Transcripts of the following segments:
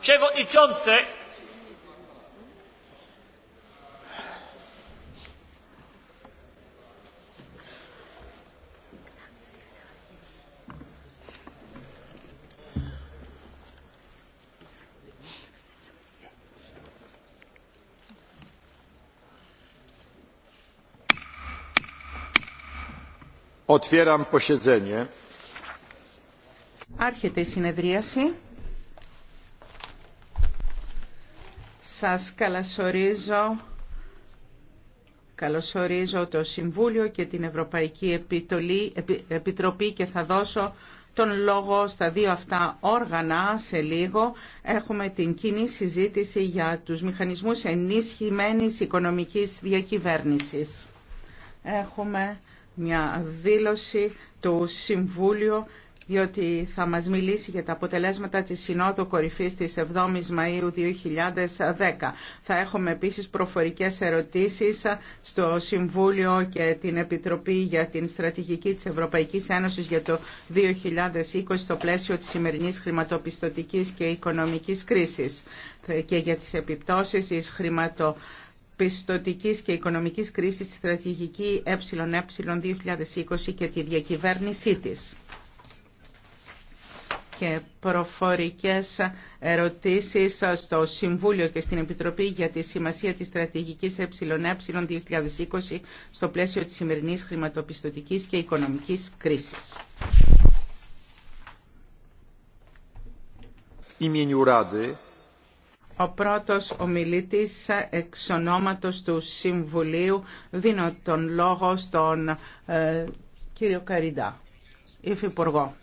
Przewodniczący! Otwieram posiedzenie. Άρχεται η συνεδρίαση. Σας καλωσορίζω. Καλωσορίζω το Συμβούλιο και την Ευρωπαϊκή Επιτολή, Επιτροπή και θα δώσω τον λόγο στα δύο αυτά όργανα σε λίγο. Έχουμε την κοινή συζήτηση για τους μηχανισμούς ενίσχυμένης οικονομικής διακυβέρνησης. Έχουμε μια δήλωση του Συμβούλιο διότι θα μας μιλήσει για τα αποτελέσματα της Συνόδου Κορυφής της 7ης Μαΐου 2010. Θα έχουμε επίσης προφορικές ερωτήσεις στο Συμβούλιο και την Επιτροπή για την Στρατηγική της Ευρωπαϊκής Ένωσης για το 2020 στο πλαίσιο της σημερινής χρηματοπιστωτικής και οικονομικής κρίσης και για τις επιπτώσεις της χρηματοπιστωτικής και οικονομικής κρίσης στη στρατηγική ΕΕ 2020 και τη διακυβέρνησή της και προφορικές ερωτήσεις στο Συμβούλιο και στην Επιτροπή για τη σημασία της στρατηγικής ΕΕ 2020 στο πλαίσιο της σημερινής χρηματοπιστωτικής και οικονομικής κρίσης. Ο πρώτος ομιλήτης εξ ονόματος του Συμβουλίου δίνω τον λόγο στον ε, κύριο Καριντά, υφυπουργό.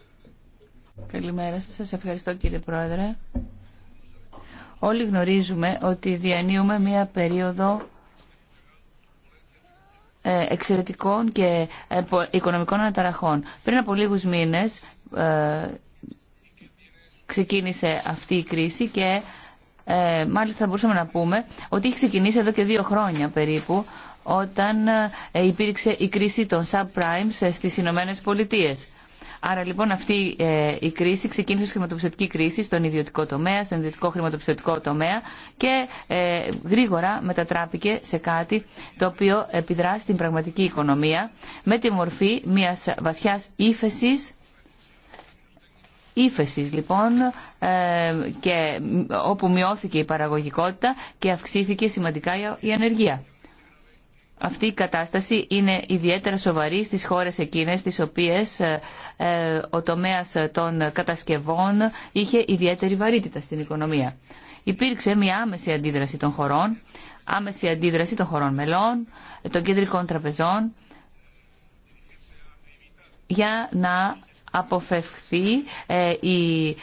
Καλημέρα σας. Σας ευχαριστώ κύριε Πρόεδρε. Όλοι γνωρίζουμε ότι διανύουμε μία περίοδο ε, εξαιρετικών και ε, οικονομικών αναταραχών. Πριν από λίγους μήνες ε, ξεκίνησε αυτή η κρίση και ε, μάλιστα μπορούσαμε να πούμε ότι έχει ξεκινήσει εδώ και δύο χρόνια περίπου όταν υπήρξε η κρίση των subprimes στις Ηνωμένε Πολιτείες. Άρα λοιπόν αυτή ε, η κρίση ξεκίνησε ως χρηματοπιστωτική κρίση στον ιδιωτικό τομέα, στον ιδιωτικό χρηματοπιστωτικό τομέα και ε, γρήγορα μετατράπηκε σε κάτι το οποίο επιδρά στην πραγματική οικονομία με τη μορφή μιας βαθιάς ύφεσης ύφεση λοιπόν ε, και όπου μειώθηκε η παραγωγικότητα και αυξήθηκε σημαντικά η ανεργία αυτή η κατάσταση είναι ιδιαίτερα σοβαρή στις χώρες εκείνες τις οποίες ε, ε, ο τομέας των κατασκευών είχε ιδιαίτερη βαρύτητα στην οικονομία. Υπήρξε μια άμεση αντίδραση των χωρών, άμεση αντίδραση των χωρών μελών, των κεντρικών τραπεζών για να αποφευχθεί ε, η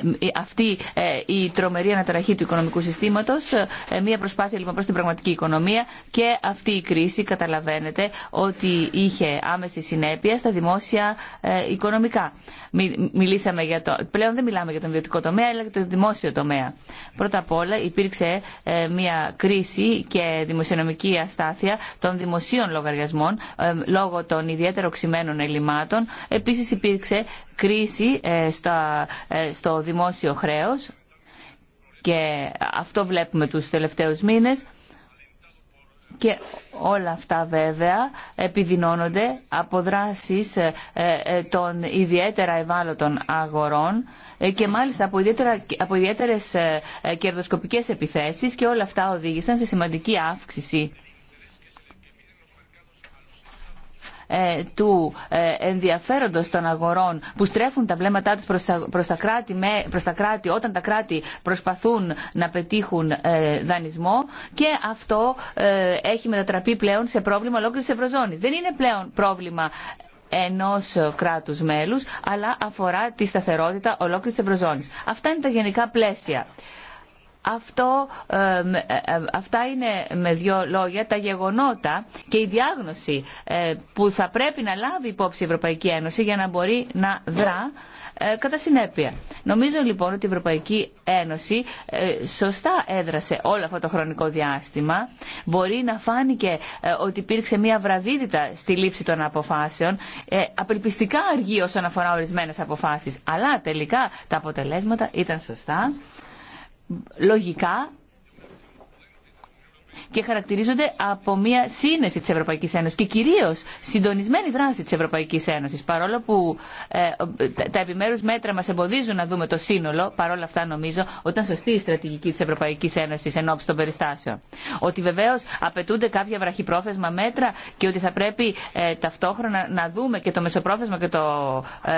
ε, αυτή ε, η τρομερή αναταραχή του οικονομικού συστήματος, ε, μια προσπάθεια λοιπόν προ την πραγματική οικονομία και αυτή η κρίση καταλαβαίνετε ότι είχε άμεση συνέπεια στα δημόσια οικονομικά. Μιλήσαμε για το... Πλέον δεν μιλάμε για τον ιδιωτικό τομέα, αλλά για το δημόσιο τομέα. Πρώτα απ' όλα υπήρξε μια κρίση και δημοσιονομική αστάθεια των δημοσίων λογαριασμών λόγω των ιδιαίτερων ξημένων ελλημάτων. Επίσης υπήρξε κρίση στο δημόσιο χρέος και αυτό βλέπουμε τους τελευταίους μήνες και όλα αυτά βέβαια επιδεινώνονται από δράσεις ε, ε, ε, των ιδιαίτερα ευάλωτων αγορών και μάλιστα από, ιδιαίτερα, από ιδιαίτερες κερδοσκοπικές επιθέσεις και όλα αυτά οδήγησαν σε σημαντική αύξηση Ε, του ε, ενδιαφέροντο των αγορών που στρέφουν τα βλέμματά τους προ τα κράτη, όταν τα κράτη προσπαθούν να πετύχουν ε, δανεισμό και αυτό έχει μετατραπεί πλέον σε πρόβλημα ολόκληρη Ευρωζώνη. Δεν είναι πλέον πρόβλημα ενός κράτους μέλους, αλλά αφορά τη σταθερότητα ολόκληρης Ευρωζώνη. Αυτά είναι τα γενικά πλαίσια. Ε, ε, ε, αυτά είναι με δύο λόγια τα γεγονότα και η διάγνωση που θα πρέπει να λάβει υπόψη η Ευρωπαϊκή Ένωση για να μπορεί να δρά κατά συνέπεια. Νομίζω λοιπόν ότι η Ευρωπαϊκή Ένωση σωστά έδρασε όλο αυτό το χρονικό διάστημα. Μπορεί να φάνηκε ότι υπήρξε μια βραδίτητα στη λήψη των αποφάσεων, απελπιστικά αργή όσον αφορά ορισμένες αποφάσεις, αλλά τελικά τα αποτελέσματα ήταν σωστά λογικά και χαρακτηρίζονται από μια σύνεση τη Ευρωπαϊκή Ένωση και κυρίω συντονισμένη δράση τη Ευρωπαϊκή Ένωση. Παρόλο που ε, τα επιμέρου μέτρα μα εμποδίζουν να δούμε το σύνολο, παρόλα αυτά νομίζω ότι ήταν σωστή η στρατηγική τη Ευρωπαϊκή Ένωση εν ώψη των περιστάσεων. Ότι βεβαίω απαιτούνται κάποια βραχυπρόθεσμα μέτρα και ότι θα πρέπει ε, ταυτόχρονα να δούμε και το μεσοπρόθεσμα και το ε,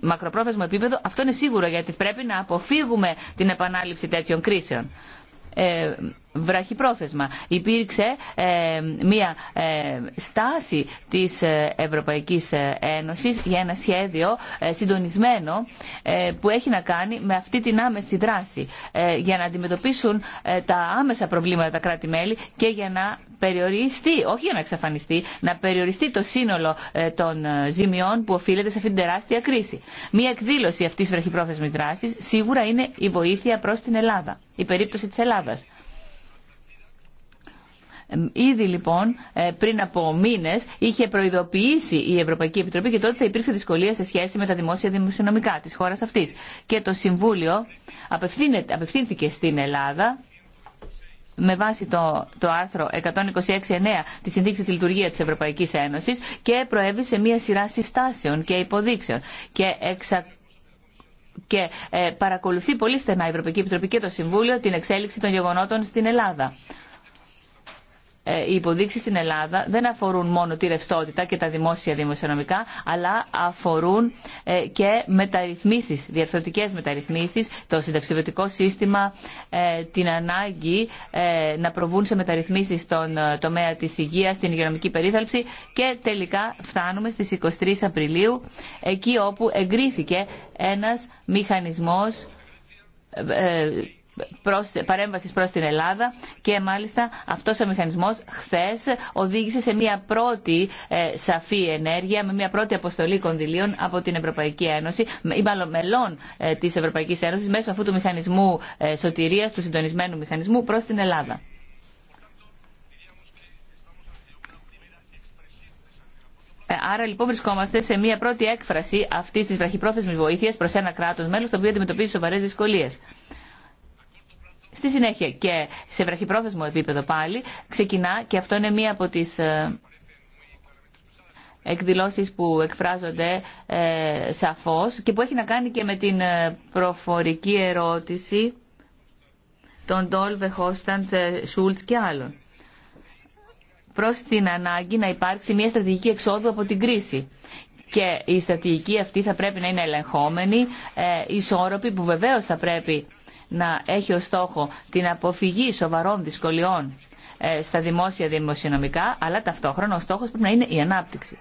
μακροπρόθεσμο επίπεδο, αυτό είναι σίγουρο γιατί πρέπει να αποφύγουμε την επανάληψη τέτοιων κρίσεων ε, βραχυπρόθεσμα. Υπήρξε ε, μια ε, στάση της ε, Ευρωπαϊκής Ένωσης για ένα σχέδιο συντονισμένο που έχει να κάνει με αυτή την άμεση δράση για να αντιμετωπίσουν τα άμεσα προβλήματα τα κράτη-μέλη και για να περιοριστεί, όχι για να εξαφανιστεί, να περιοριστεί το σύνολο ε, των ε, ζημιών που οφείλεται σε αυτήν την τεράστια κρίση. Μία εκδήλωση αυτή τη βραχυπρόθεσμη δράση σίγουρα είναι η βοήθεια προ την Ελλάδα, η περίπτωση τη Ελλάδα. Ήδη λοιπόν ε, πριν από μήνε είχε προειδοποιήσει η Ευρωπαϊκή Επιτροπή και τότε θα υπήρξε δυσκολία σε σχέση με τα δημόσια δημοσιονομικά τη χώρα αυτή. Και το Συμβούλιο απευθύνθηκε στην Ελλάδα με βάση το, το άρθρο 126.9 της Συνθήκης τη Λειτουργία τη ευρωπαϊκή Ένωση και προέβη σε μία σειρά συστάσεων και υποδείξεων και εξα... και ε, παρακολουθεί πολύ στενά η Ευρωπαϊκή Επιτροπή και το Συμβούλιο την εξέλιξη των γεγονότων στην Ελλάδα. Ε, οι υποδείξει στην Ελλάδα δεν αφορούν μόνο τη ρευστότητα και τα δημόσια δημοσιονομικά, αλλά αφορούν ε, και μεταρρυθμίσεις, διαφορετικές μεταρρυθμίσεις, το συνταξιδοτικό σύστημα, ε, την ανάγκη να προβούν σε μεταρρυθμίσεις στον τομέα της υγείας, την υγειονομική περίθαλψη και τελικά φτάνουμε στις 23 Απριλίου, εκεί όπου εγκρίθηκε ένας μηχανισμός παρέμβασης προς την Ελλάδα και μάλιστα αυτός ο μηχανισμός χθες οδήγησε σε μια πρώτη ε, σαφή ενέργεια με μια πρώτη αποστολή κονδυλίων από την Ευρωπαϊκή Ένωση ή μάλλον μελών ε, της Ευρωπαϊκής Ένωσης μέσω αυτού του μηχανισμού ε, σωτηρίας, του συντονισμένου μηχανισμού προς την Ελλάδα. Άρα λοιπόν βρισκόμαστε σε μια πρώτη έκφραση αυτή τη βραχυπρόθεσμη βοήθεια προ ένα κράτο μέλο το οποίο αντιμετωπίζει σοβαρέ δυσκολίε. Στη συνέχεια και σε βραχυπρόθεσμο επίπεδο πάλι ξεκινά και αυτό είναι μία από τις ε, εκδηλώσεις που εκφράζονται ε, σαφώς και που έχει να κάνει και με την ε, προφορική ερώτηση των Ντόλβε Χόσταντ ε, Σούλτς και άλλων προς την ανάγκη να υπάρξει μια στρατηγική εξόδου από την κρίση. Και η στρατηγική αυτή θα πρέπει να είναι ελεγχόμενη, ε, ισόρροπη, που βεβαίως θα πρέπει να έχει ως στόχο την αποφυγή σοβαρών δυσκολιών ε, στα δημόσια δημοσιονομικά, αλλά ταυτόχρονα ο στόχος πρέπει να είναι η ανάπτυξη.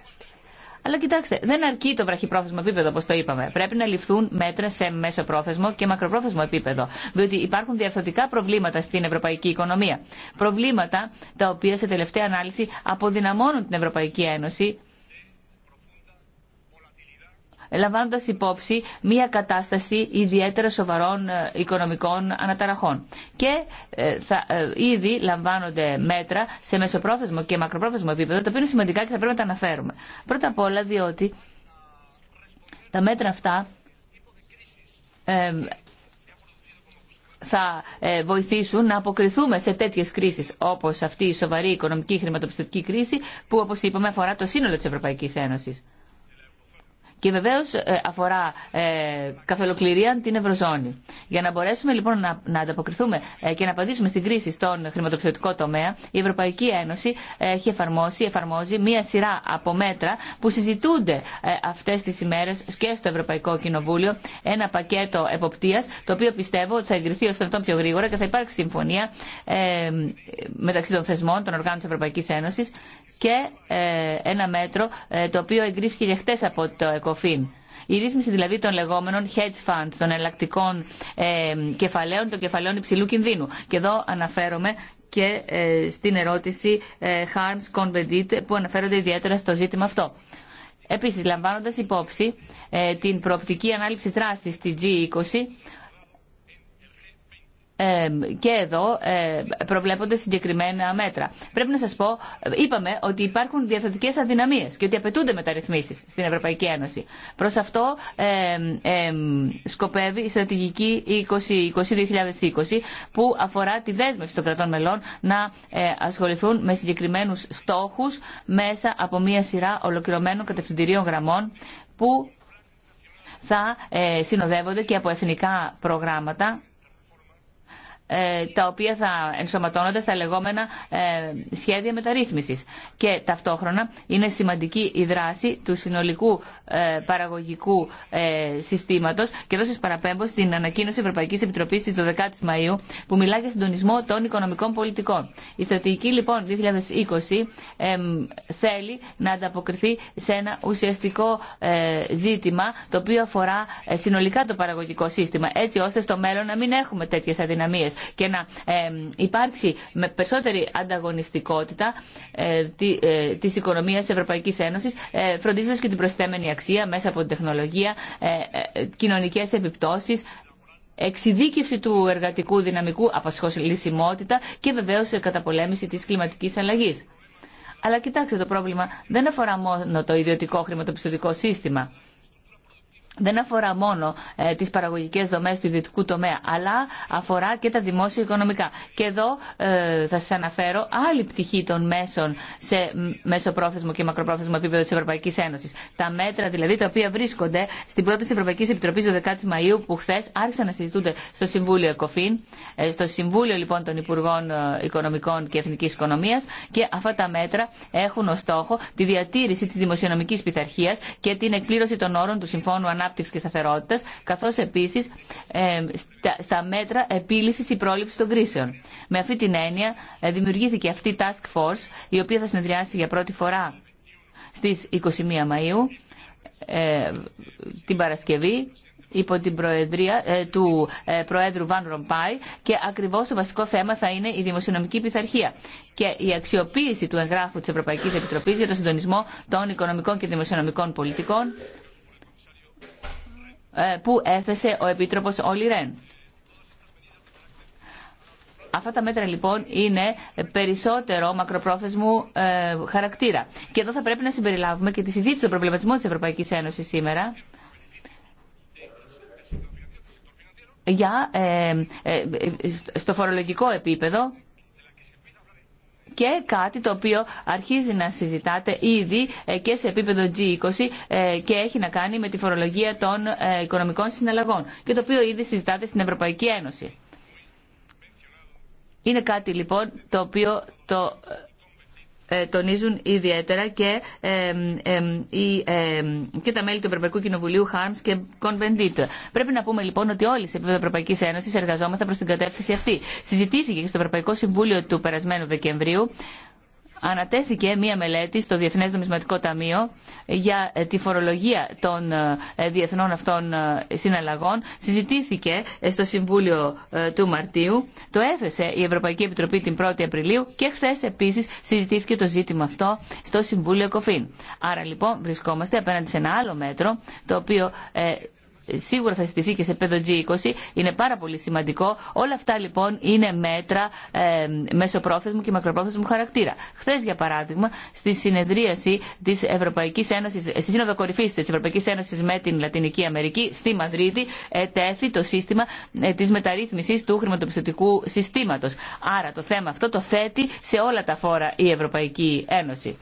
Αλλά κοιτάξτε, δεν αρκεί το βραχυπρόθεσμο επίπεδο, όπω το είπαμε. Πρέπει να ληφθούν μέτρα σε μέσοπρόθεσμο και μακροπρόθεσμο επίπεδο. Διότι υπάρχουν διαφορετικά προβλήματα στην ευρωπαϊκή οικονομία. Προβλήματα τα οποία σε τελευταία ανάλυση αποδυναμώνουν την Ευρωπαϊκή Ένωση λαμβάνοντας υπόψη μια κατάσταση ιδιαίτερα σοβαρών ε, οικονομικών αναταραχών. Και ε, θα, ε, ήδη λαμβάνονται μέτρα σε μεσοπρόθεσμο και μακροπρόθεσμο επίπεδο, τα οποία είναι σημαντικά και θα πρέπει να τα αναφέρουμε. Πρώτα απ' όλα διότι τα μέτρα αυτά θα βοηθήσουν να αποκριθούμε σε τέτοιε κρίσει όπω αυτή η σοβαρή οικονομική χρηματοπιστωτική κρίση που, όπω είπαμε, αφορά το σύνολο τη Ευρωπαϊκή Ένωση. Και βεβαίω ε, αφορά ε, καθ' ολοκληρία την Ευρωζώνη. Για να μπορέσουμε λοιπόν να, να ανταποκριθούμε ε, και να απαντήσουμε στην κρίση στον χρηματοπιστωτικό τομέα, η Ευρωπαϊκή Ένωση έχει εφαρμόσει, εφαρμόζει μία σειρά από μέτρα που συζητούνται ε, αυτέ τι ημέρε και στο Ευρωπαϊκό Κοινοβούλιο. Ένα πακέτο εποπτεία, το οποίο πιστεύω ότι θα εγκριθεί ω το πιο γρήγορα και θα υπάρξει συμφωνία ε, μεταξύ των θεσμών, των οργάνων τη Ευρωπαϊκή Ένωση και ε, ένα μέτρο ε, το οποίο εγκρίθηκε και χτες από το ΕΚΟΦΗΝ. Η ρύθμιση δηλαδή των λεγόμενων hedge funds, των εναλλακτικών ε, κεφαλαίων, των κεφαλαίων υψηλού κινδύνου. Και εδώ αναφέρομαι και στην ερώτηση Hans Convedit που αναφέρονται ιδιαίτερα στο ζήτημα αυτό. Επίσης, λαμβάνοντας υπόψη την προοπτική ανάληψη δράσης στη G20, και εδώ ε, προβλέπονται συγκεκριμένα μέτρα. Πρέπει να σα πω, είπαμε ότι υπάρχουν διαθετικέ αδυναμίε και ότι απαιτούνται μεταρρυθμίσει στην Ευρωπαϊκή Ένωση. Προ αυτό σκοπεύει η στρατηγική 2020-2020 που αφορά τη δέσμευση των κρατών μελών να ε, ασχοληθούν με συγκεκριμένου στόχου μέσα από μία σειρά ολοκληρωμένων κατευθυντηρίων γραμμών που θα ε, συνοδεύονται και από εθνικά προγράμματα ε, τα οποία θα ενσωματώνονται στα λεγόμενα ε, σχέδια μεταρρύθμισης. Και ταυτόχρονα είναι σημαντική η δράση του συνολικού ε, παραγωγικού συστήματος και εδώ σας παραπέμπω στην ανακοίνωση Ευρωπαϊκής Επιτροπής της 12ης Μαΐου που μιλά για συντονισμό των οικονομικών πολιτικών. Η στρατηγική λοιπόν 2020 θέλει να ανταποκριθεί σε ένα ουσιαστικό ζήτημα το οποίο αφορά συνολικά το παραγωγικό σύστημα έτσι ώστε στο μέλλον να μην έχουμε τέτοιες αδυναμίες και να υπάρξει με περισσότερη ανταγωνιστικότητα ε, τη ε, οικονομία Ευρωπαϊκής Ένωσης Ένωση, ε, φροντίζοντα και την προσθέμενη αξία μέσα από την τεχνολογία, κοινωνικές επιπτώσεις εξειδίκευση του εργατικού δυναμικού, απασχολησιμότητα και βεβαίω καταπολέμηση της κλιματικής αλλαγής. Αλλά κοιτάξτε, το πρόβλημα δεν αφορά μόνο το ιδιωτικό χρηματοπιστωτικό σύστημα δεν αφορά μόνο ε, τις παραγωγικές δομές του ιδιωτικού τομέα, αλλά αφορά και τα δημόσια οικονομικά. Και εδώ ε, θα σας αναφέρω άλλη πτυχή των μέσων σε μεσοπρόθεσμο και μακροπρόθεσμο επίπεδο της Ευρωπαϊκής Ένωσης. Τα μέτρα δηλαδή τα οποία βρίσκονται στην πρόταση Ευρωπαϊκής Επιτροπής 12 Μαΐου που χθε άρχισαν να συζητούνται στο Συμβούλιο ΕΚΟΦΗΝ, ε, στο Συμβούλιο λοιπόν των Υπουργών ε, Οικονομικών και Εθνικής Οικονομίας και αυτά τα μέτρα έχουν ως στόχο τη διατήρηση της δημοσιονομικής πειθαρχίας και την εκπλήρωση των όρων του Συμφώνου ανάπτυξη και σταθερότητα, καθώ επίση ε, στα μέτρα επίλυση ή πρόληψη των κρίσεων. Με αυτή την έννοια ε, δημιουργήθηκε αυτή η Task Force, η οποία θα συνεδριάσει για πρώτη φορά στι 21 Μαΐου, ε, την Παρασκευή, υπό την προεδρία ε, του ε, Προέδρου Βαν Ρομπάι και ακριβώ το βασικό θέμα θα είναι η δημοσιονομική πειθαρχία και η αξιοποίηση του εγγράφου τη Ευρωπαϊκή Επιτροπή για το συντονισμό των οικονομικών και δημοσιονομικών πολιτικών ε, που έθεσε ο Επίτροπος Όλυ Ρεν. Αυτά τα μέτρα λοιπόν είναι περισσότερο μακροπρόθεσμου ε, χαρακτήρα. Και εδώ θα πρέπει να συμπεριλάβουμε και τη συζήτηση των προβληματισμών της Ευρωπαϊκής Ένωσης σήμερα για, ε, στο φορολογικό επίπεδο και κάτι το οποίο αρχίζει να συζητάτε ήδη ε, και σε επίπεδο G20 ε, και έχει να κάνει με τη φορολογία των ε, οικονομικών συναλλαγών και το οποίο ήδη συζητάτε στην Ευρωπαϊκή Ένωση. Είναι κάτι λοιπόν το οποίο το ε, τονίζουν ιδιαίτερα και, ε, ε, και τα μέλη του Ευρωπαϊκού Κοινοβουλίου Χάρμς και Κονβεντίτ. Πρέπει να πούμε λοιπόν ότι όλοι σε επίπεδο Ευρωπαϊκή Ένωση εργαζόμαστε προ την κατεύθυνση αυτή. Συζητήθηκε και στο Ευρωπαϊκό Συμβούλιο του περασμένου Δεκεμβρίου ανατέθηκε μία μελέτη στο Διεθνές Νομισματικό Ταμείο για ε, τη φορολογία των ε, διεθνών αυτών ε, συναλλαγών. Συζητήθηκε στο Συμβούλιο του Μαρτίου. Το έθεσε η Ευρωπαϊκή Επιτροπή την 1η Απριλίου και χθε επίση συζητήθηκε το ζήτημα αυτό στο Συμβούλιο Κοφίν. Άρα λοιπόν βρισκόμαστε απέναντι σε ένα άλλο μέτρο το οποίο σίγουρα θα συστηθεί και σε επίπεδο G20. Είναι πάρα πολύ σημαντικό. Όλα αυτά λοιπόν είναι μέτρα ε, μεσοπρόθεσμου και μακροπρόθεσμου χαρακτήρα. Χθε, για παράδειγμα, στη συνεδρίαση τη Ευρωπαϊκή Ένωση, ε, στη Σύνοδο Κορυφή τη Ευρωπαϊκή Ένωση με την Λατινική Αμερική, στη Μαδρίτη, ετέθη το σύστημα ε, τη μεταρρύθμιση του χρηματοπιστωτικού συστήματο. Άρα το θέμα αυτό το θέτει σε όλα τα φόρα η Ευρωπαϊκή Ένωση.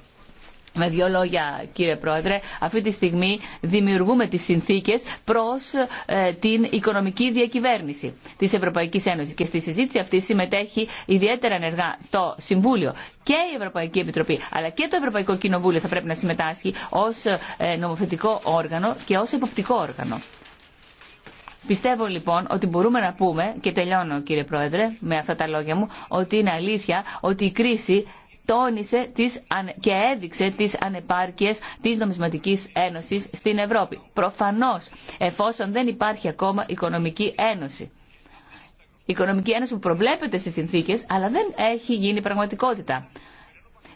Με δύο λόγια, κύριε Πρόεδρε, αυτή τη στιγμή δημιουργούμε τις συνθήκες προς ε, την οικονομική διακυβέρνηση της Ευρωπαϊκής Ένωσης. Και στη συζήτηση αυτή συμμετέχει ιδιαίτερα ενεργά το Συμβούλιο και η Ευρωπαϊκή Επιτροπή, αλλά και το Ευρωπαϊκό Κοινοβούλιο θα πρέπει να συμμετάσχει ως ε, νομοθετικό όργανο και ως εποπτικό όργανο. Πιστεύω λοιπόν ότι μπορούμε να πούμε, και τελειώνω κύριε Πρόεδρε με αυτά τα λόγια μου, ότι είναι αλήθεια ότι η κρίση τόνισε τις, και έδειξε τις ανεπάρκειες της Νομισματικής Ένωσης στην Ευρώπη. Προφανώς, εφόσον δεν υπάρχει ακόμα οικονομική ένωση. Η οικονομική ένωση που προβλέπεται στις συνθήκες, αλλά δεν έχει γίνει πραγματικότητα.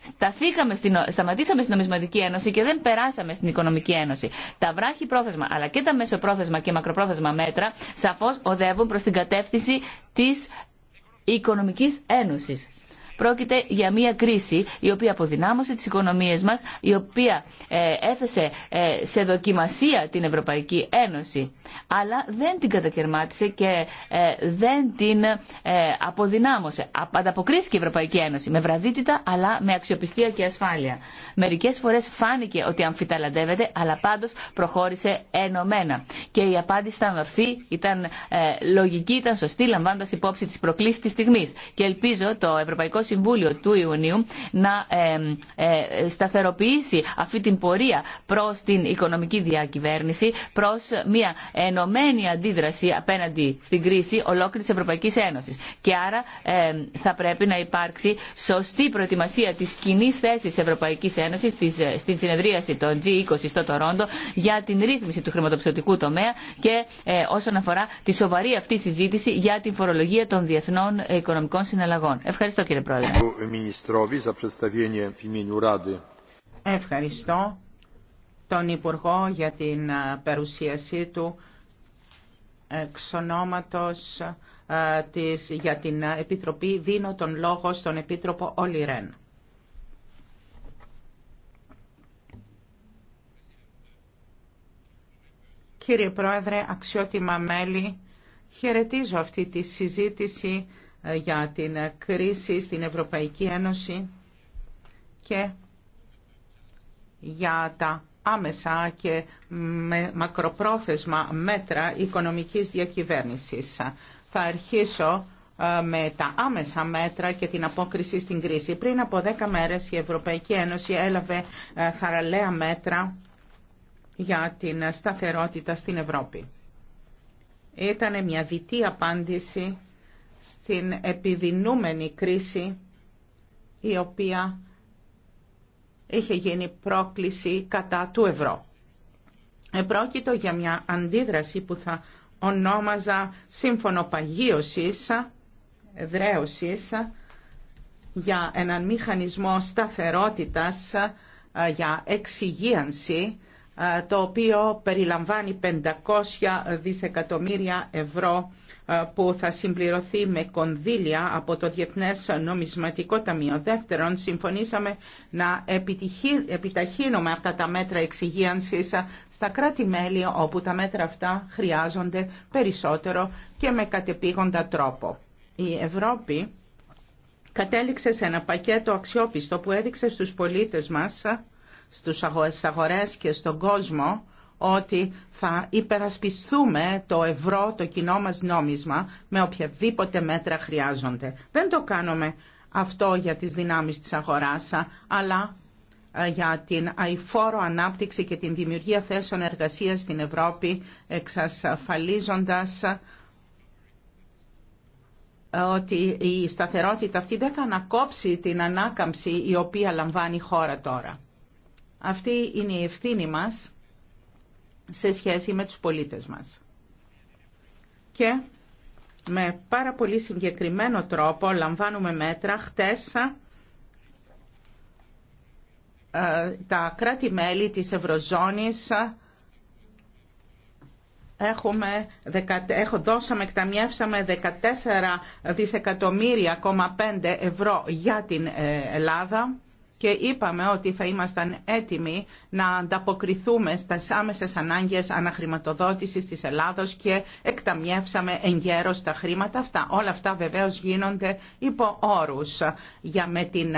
Σταθήκαμε στην, σταματήσαμε στην Νομισματική Ένωση και δεν περάσαμε στην Οικονομική Ένωση. Τα βράχη πρόθεσμα αλλά και τα μεσοπρόθεσμα και μακροπρόθεσμα μέτρα σαφώς οδεύουν προς την κατεύθυνση της Οικονομικής Ένωσης. Πρόκειται για μια κρίση η οποία αποδυνάμωσε τις οικονομίες μας, η οποία ε, έθεσε ε, σε δοκιμασία την Ευρωπαϊκή Ένωση, αλλά δεν την κατακαιρμάτισε και ε, δεν την αποδυνάμωσε. Ανταποκρίθηκε η Ευρωπαϊκή Ένωση με βραδύτητα αλλά με αξιοπιστία και ασφάλεια. Μερικές φορές φάνηκε ότι αμφιταλαντεύεται, αλλά πάντως προχώρησε ενωμένα. Και η απάντηση ήταν ορθή, ήταν λογική, ήταν σωστή, λαμβάνοντας υπόψη τις προκλήσεις της στιγμής. Και ελπίζω το Ευρωπαϊκό Συμβούλιο του Ιουνίου να ε, σταθεροποιήσει αυτή την πορεία προς την οικονομική διακυβέρνηση, προς μια ενωμένη αντίδραση απέναντι στην κρίση ολόκληρη τη Ευρωπαϊκή Ένωση. Και άρα θα πρέπει να υπάρξει σωστή προετοιμασία τη κοινή θέση Ευρωπαϊκής Ευρωπαϊκή Ένωση ε, στην συνεδρίαση των G20 στο Τορόντο για την ρύθμιση του χρηματοπιστωτικού τομέα και ε, όσον αφορά τη σοβαρή αυτή συζήτηση για την φορολογία των διεθνών οικονομικών συναλλαγών. Ευχαριστώ κύριε Πρόεδρε. Ευχαριστώ τον Υπουργό για την ε, παρουσίασή του εξ ονόματος ε, της, για την ε, Επιτροπή. Δίνω τον λόγο στον Επίτροπο Όλιρεν. Κύριε Πρόεδρε, αξιότιμα μέλη, χαιρετίζω αυτή τη συζήτηση ε, για την ε, κρίση στην Ευρωπαϊκή Ένωση και για τα άμεσα και μακροπρόθεσμα μέτρα οικονομικής διακυβέρνησης. Θα αρχίσω ε, με τα άμεσα μέτρα και την απόκριση στην κρίση. Πριν από δέκα μέρες η Ευρωπαϊκή Ένωση έλαβε θαραλέα μέτρα για την σταθερότητα στην Ευρώπη. Ήταν μια διτή απάντηση στην επιδεινούμενη κρίση η οποία είχε γίνει πρόκληση κατά του ευρώ. Επρόκειτο για μια αντίδραση που θα ονόμαζα σύμφωνο παγίωσης, δρέωσης, για έναν μηχανισμό σταθερότητας για εξυγίανση, το οποίο περιλαμβάνει 500 δισεκατομμύρια ευρώ ε, που θα συμπληρωθεί με κονδύλια από το Διεθνές Νομισματικό Ταμείο. Δεύτερον, συμφωνήσαμε να επιταχύνουμε αυτά τα μέτρα εξυγίανσης στα κράτη-μέλη όπου τα μέτρα αυτά χρειάζονται περισσότερο και με κατεπήγοντα τρόπο. Η Ευρώπη κατέληξε σε ένα πακέτο αξιόπιστο που έδειξε στους πολίτες μας, στους αγορές και στον κόσμο ότι θα υπερασπιστούμε το ευρώ, το κοινό μας νόμισμα, με οποιαδήποτε μέτρα χρειάζονται. Δεν το κάνουμε αυτό για τις δυνάμεις της αγοράς, αλλά ε, για την αηφόρο ανάπτυξη και την δημιουργία θέσεων εργασίας στην Ευρώπη, εξασφαλίζοντας ε, ότι η σταθερότητα αυτή δεν θα ανακόψει την ανάκαμψη η οποία λαμβάνει η χώρα τώρα. Αυτή είναι η ευθύνη μας σε σχέση με τους πολίτες μας. Και με πάρα πολύ συγκεκριμένο τρόπο λαμβάνουμε μέτρα χτες ε, τα κράτη-μέλη της Ευρωζώνης ε, έχουμε, έχω, δώσαμε, εκταμιεύσαμε 14 δισεκατομμύρια, ευρώ για την ε, Ελλάδα και είπαμε ότι θα ήμασταν έτοιμοι να ανταποκριθούμε στις άμεσες ανάγκες αναχρηματοδότησης της Ελλάδος και εκταμιεύσαμε εγκαίρως τα χρήματα αυτά. Όλα αυτά βεβαίως γίνονται υπό όρους για με την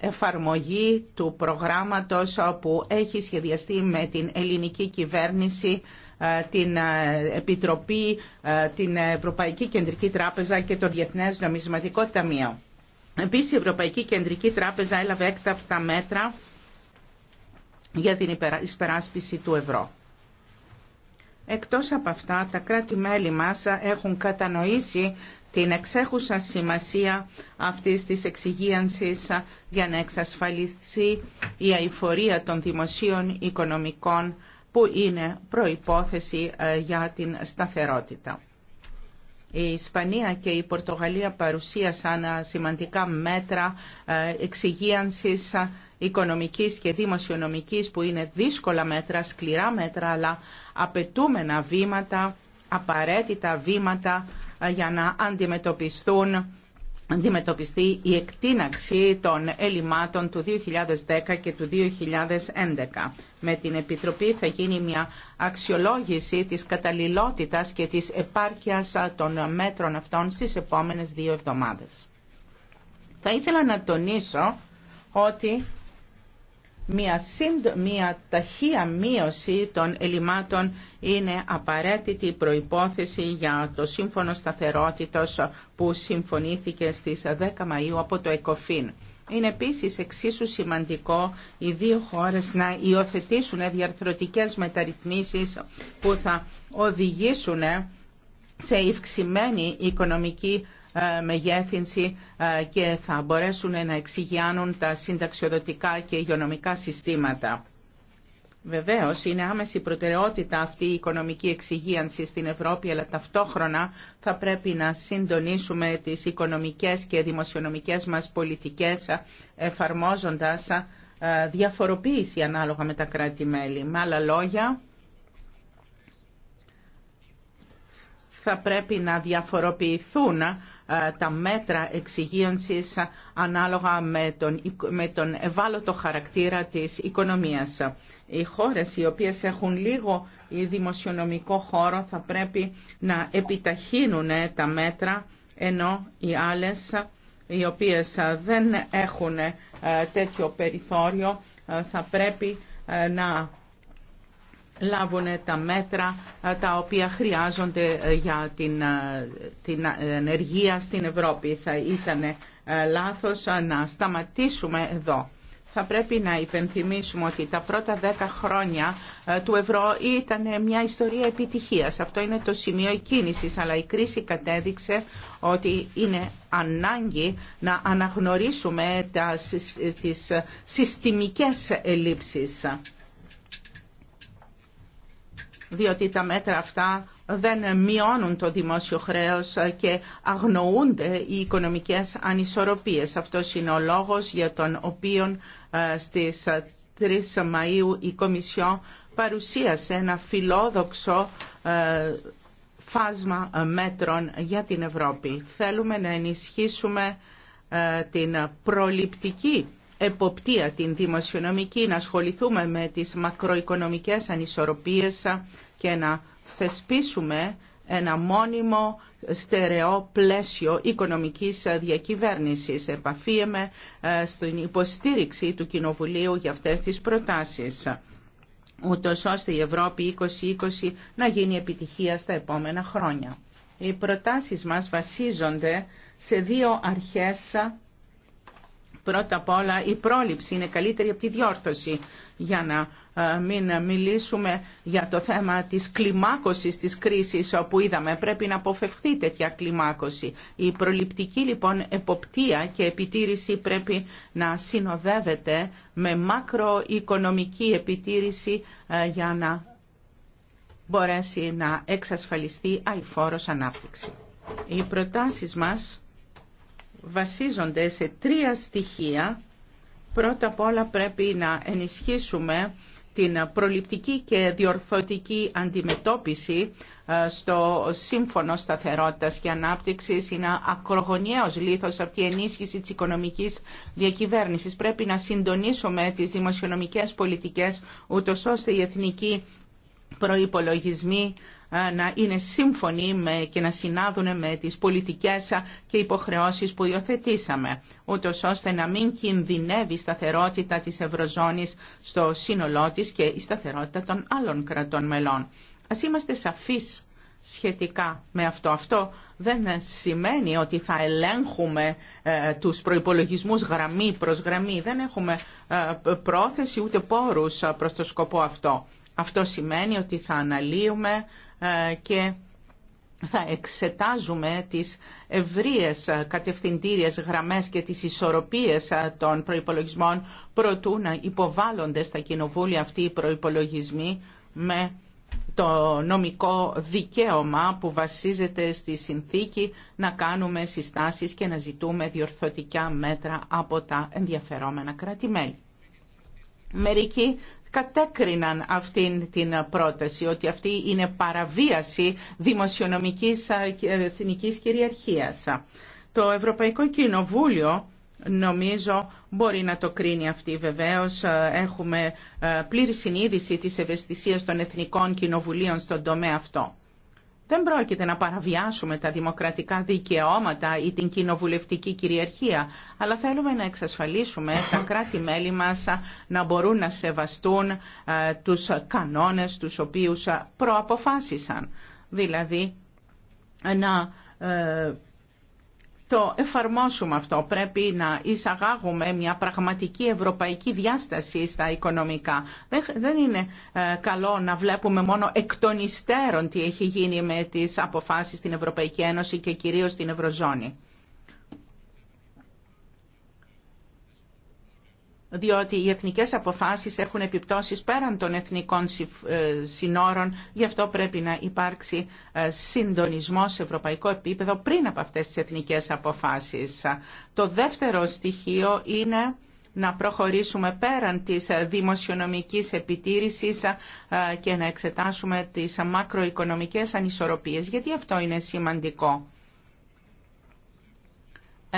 εφαρμογή του προγράμματος που έχει σχεδιαστεί με την ελληνική κυβέρνηση ε, την ε, Επιτροπή, ε, την Ευρωπαϊκή Κεντρική Τράπεζα και το Διεθνές Νομισματικό Ταμείο. Επίσης η Ευρωπαϊκή Κεντρική Τράπεζα έλαβε έκτακτα μέτρα για την υπεράσπιση του ευρώ. Εκτός από αυτά, τα κράτη-μέλη μας έχουν κατανοήσει την εξέχουσα σημασία αυτής της εξυγίανσης για να εξασφαλιστεί η αηφορία των δημοσίων οικονομικών που είναι προϋπόθεση ε, για την σταθερότητα. Η Ισπανία και η Πορτογαλία παρουσίασαν ε, σημαντικά μέτρα ε, εξυγίανσης ε, οικονομικής και δημοσιονομικής που είναι δύσκολα μέτρα, σκληρά μέτρα, αλλά απαιτούμενα βήματα, απαραίτητα βήματα για να αντιμετωπιστούν αντιμετωπιστεί η εκτίναξη των ελλημάτων του 2010 και του 2011. Με την Επιτροπή θα γίνει μια αξιολόγηση της καταλληλότητας και της επάρκειας των μέτρων αυτών στις επόμενες δύο εβδομάδες. Θα ήθελα να τονίσω ότι μια, συντο... μια ταχεία μείωση των ελλημάτων είναι απαραίτητη προϋπόθεση για το Σύμφωνο Σταθερότητος που συμφωνήθηκε στις 10 Μαΐου από το ΕΚΟΦΗΝ. Είναι επίσης εξίσου σημαντικό οι δύο χώρες να υιοθετήσουν διαρθρωτικές μεταρρυθμίσεις που θα οδηγήσουν σε ευξημένη οικονομική ε, μεγέθυνση ε, και θα μπορέσουν να εξηγιάνουν τα συνταξιοδοτικά και υγειονομικά συστήματα. Βεβαίω, είναι άμεση προτεραιότητα αυτή η οικονομική εξυγίανση στην Ευρώπη, αλλά ταυτόχρονα θα πρέπει να συντονίσουμε τι οικονομικέ και δημοσιονομικέ μας πολιτικέ, ε, εφαρμόζοντα διαφοροποίηση ανάλογα με τα κράτη-μέλη. Με άλλα λόγια, θα πρέπει να διαφοροποιηθούν ε, τα μέτρα εξυγίανσης ανάλογα με τον, με τον ευάλωτο χαρακτήρα της οικονομίας. Οι χώρες οι οποίες έχουν λίγο δημοσιονομικό χώρο θα πρέπει να επιταχύνουν ε, τα μέτρα ενώ οι άλλες οι οποίες δεν έχουν ε, τέτοιο περιθώριο θα πρέπει να λάβουν τα μέτρα ε, τα οποία χρειάζονται ε, για την, ε, την ενεργεία στην Ευρώπη. Θα ήταν λάθος να σταματήσουμε εδώ. Θα πρέπει να υπενθυμίσουμε ότι τα πρώτα δέκα χρόνια του ευρώ ήταν μια ιστορία επιτυχίας. Αυτό είναι το σημείο κίνησης, αλλά η κρίση κατέδειξε ότι είναι ανάγκη να αναγνωρίσουμε τα, τις συστημικές ελλείψεις διότι τα μέτρα αυτά δεν μειώνουν το δημόσιο χρέος και αγνοούνται οι οικονομικές ανισορροπίες. Αυτός είναι ο λόγος για τον οποίο ε, στις 3 ε, Μαΐου η Κομισιό παρουσίασε ένα φιλόδοξο ε, φάσμα μέτρων για την Ευρώπη. Θέλουμε να ενισχύσουμε την προληπτική εποπτεία, την δημοσιονομική, να ασχοληθούμε με τις μακροοικονομικές ανισορροπίες και να θεσπίσουμε ένα μόνιμο στερεό πλαίσιο οικονομικής διακυβέρνησης. Επαφίεμαι ε, στην υποστήριξη του Κοινοβουλίου για αυτές τις προτάσεις ούτως ώστε η Ευρώπη 2020 να γίνει επιτυχία στα επόμενα χρόνια. Οι προτάσεις μας βασίζονται σε δύο αρχές Πρώτα απ' όλα η πρόληψη είναι καλύτερη από τη διόρθωση για να ε, μην μιλήσουμε για το θέμα της κλιμάκωσης της κρίσης όπου είδαμε. Πρέπει να αποφευχθεί τέτοια κλιμάκωση. Η προληπτική λοιπόν εποπτεία και επιτήρηση πρέπει να συνοδεύεται με μακροοικονομική επιτήρηση ε, για να μπορέσει να εξασφαλιστεί αηφόρος ανάπτυξη. Οι προτάσεις μας βασίζονται σε τρία στοιχεία. Πρώτα απ' όλα πρέπει να ενισχύσουμε την προληπτική και διορθωτική αντιμετώπιση ε, στο Σύμφωνο Σταθερότητας και Ανάπτυξης είναι ακρογωνιαίος λίθος αυτή η ενίσχυση της οικονομικής διακυβέρνησης. Πρέπει να συντονίσουμε τις δημοσιονομικές πολιτικές ούτως ώστε οι εθνικοί προϋπολογισμοί ε, να είναι σύμφωνοι με και να συνάδουν με τις πολιτικές και υποχρεώσεις που υιοθετήσαμε, ούτω ώστε να μην κινδυνεύει η σταθερότητα της Ευρωζώνης στο σύνολό της και η σταθερότητα των άλλων κρατών μελών. Ας είμαστε σαφείς σχετικά με αυτό. Αυτό δεν σημαίνει ότι θα ελέγχουμε ε, τους προϋπολογισμούς γραμμή προς γραμμή. Δεν έχουμε ε, πρόθεση ούτε πόρους προς το σκοπό αυτό. Αυτό σημαίνει ότι θα αναλύουμε ε, και θα εξετάζουμε τις ευρείες κατευθυντήριες γραμμές και τις ισορροπίες ε, των προϋπολογισμών προτού να υποβάλλονται στα κοινοβούλια αυτοί οι προϋπολογισμοί με το νομικό δικαίωμα που βασίζεται στη συνθήκη να κάνουμε συστάσεις και να ζητούμε διορθωτικά μέτρα από τα ενδιαφερόμενα κράτη-μέλη. Μερικοί κατέκριναν αυτήν την πρόταση, ότι αυτή είναι παραβίαση δημοσιονομικής ε, ε, εθνικής κυριαρχίας. Το Ευρωπαϊκό Κοινοβούλιο νομίζω μπορεί να το κρίνει αυτή βεβαίως. Ε, έχουμε πλήρη συνείδηση της ευαισθησίας των εθνικών κοινοβουλίων στον τομέα αυτό. Δεν πρόκειται να παραβιάσουμε τα δημοκρατικά δικαιώματα ή την κοινοβουλευτική κυριαρχία, αλλά θέλουμε να εξασφαλίσουμε τα κράτη-μέλη μας να μπορούν να σεβαστούν τους κανόνες τους οποίους προαποφάσισαν. Δηλαδή, να ε, το εφαρμόσουμε αυτό. Πρέπει να εισαγάγουμε μια πραγματική ευρωπαϊκή διάσταση στα οικονομικά. Δεν είναι ε, καλό να βλέπουμε μόνο εκ των υστέρων τι έχει γίνει με τις αποφάσεις στην Ευρωπαϊκή Ένωση και κυρίως στην Ευρωζώνη. διότι οι εθνικές αποφάσεις έχουν επιπτώσεις πέραν των εθνικών ε, συνόρων, γι' αυτό πρέπει να υπάρξει ε, συντονισμός σε ευρωπαϊκό επίπεδο πριν από αυτές τις εθνικές αποφάσεις. Το δεύτερο στοιχείο είναι να προχωρήσουμε πέραν της δημοσιονομικής επιτήρησης ε, και να εξετάσουμε τις μακροοικονομικές ανισορροπίες, γιατί αυτό είναι σημαντικό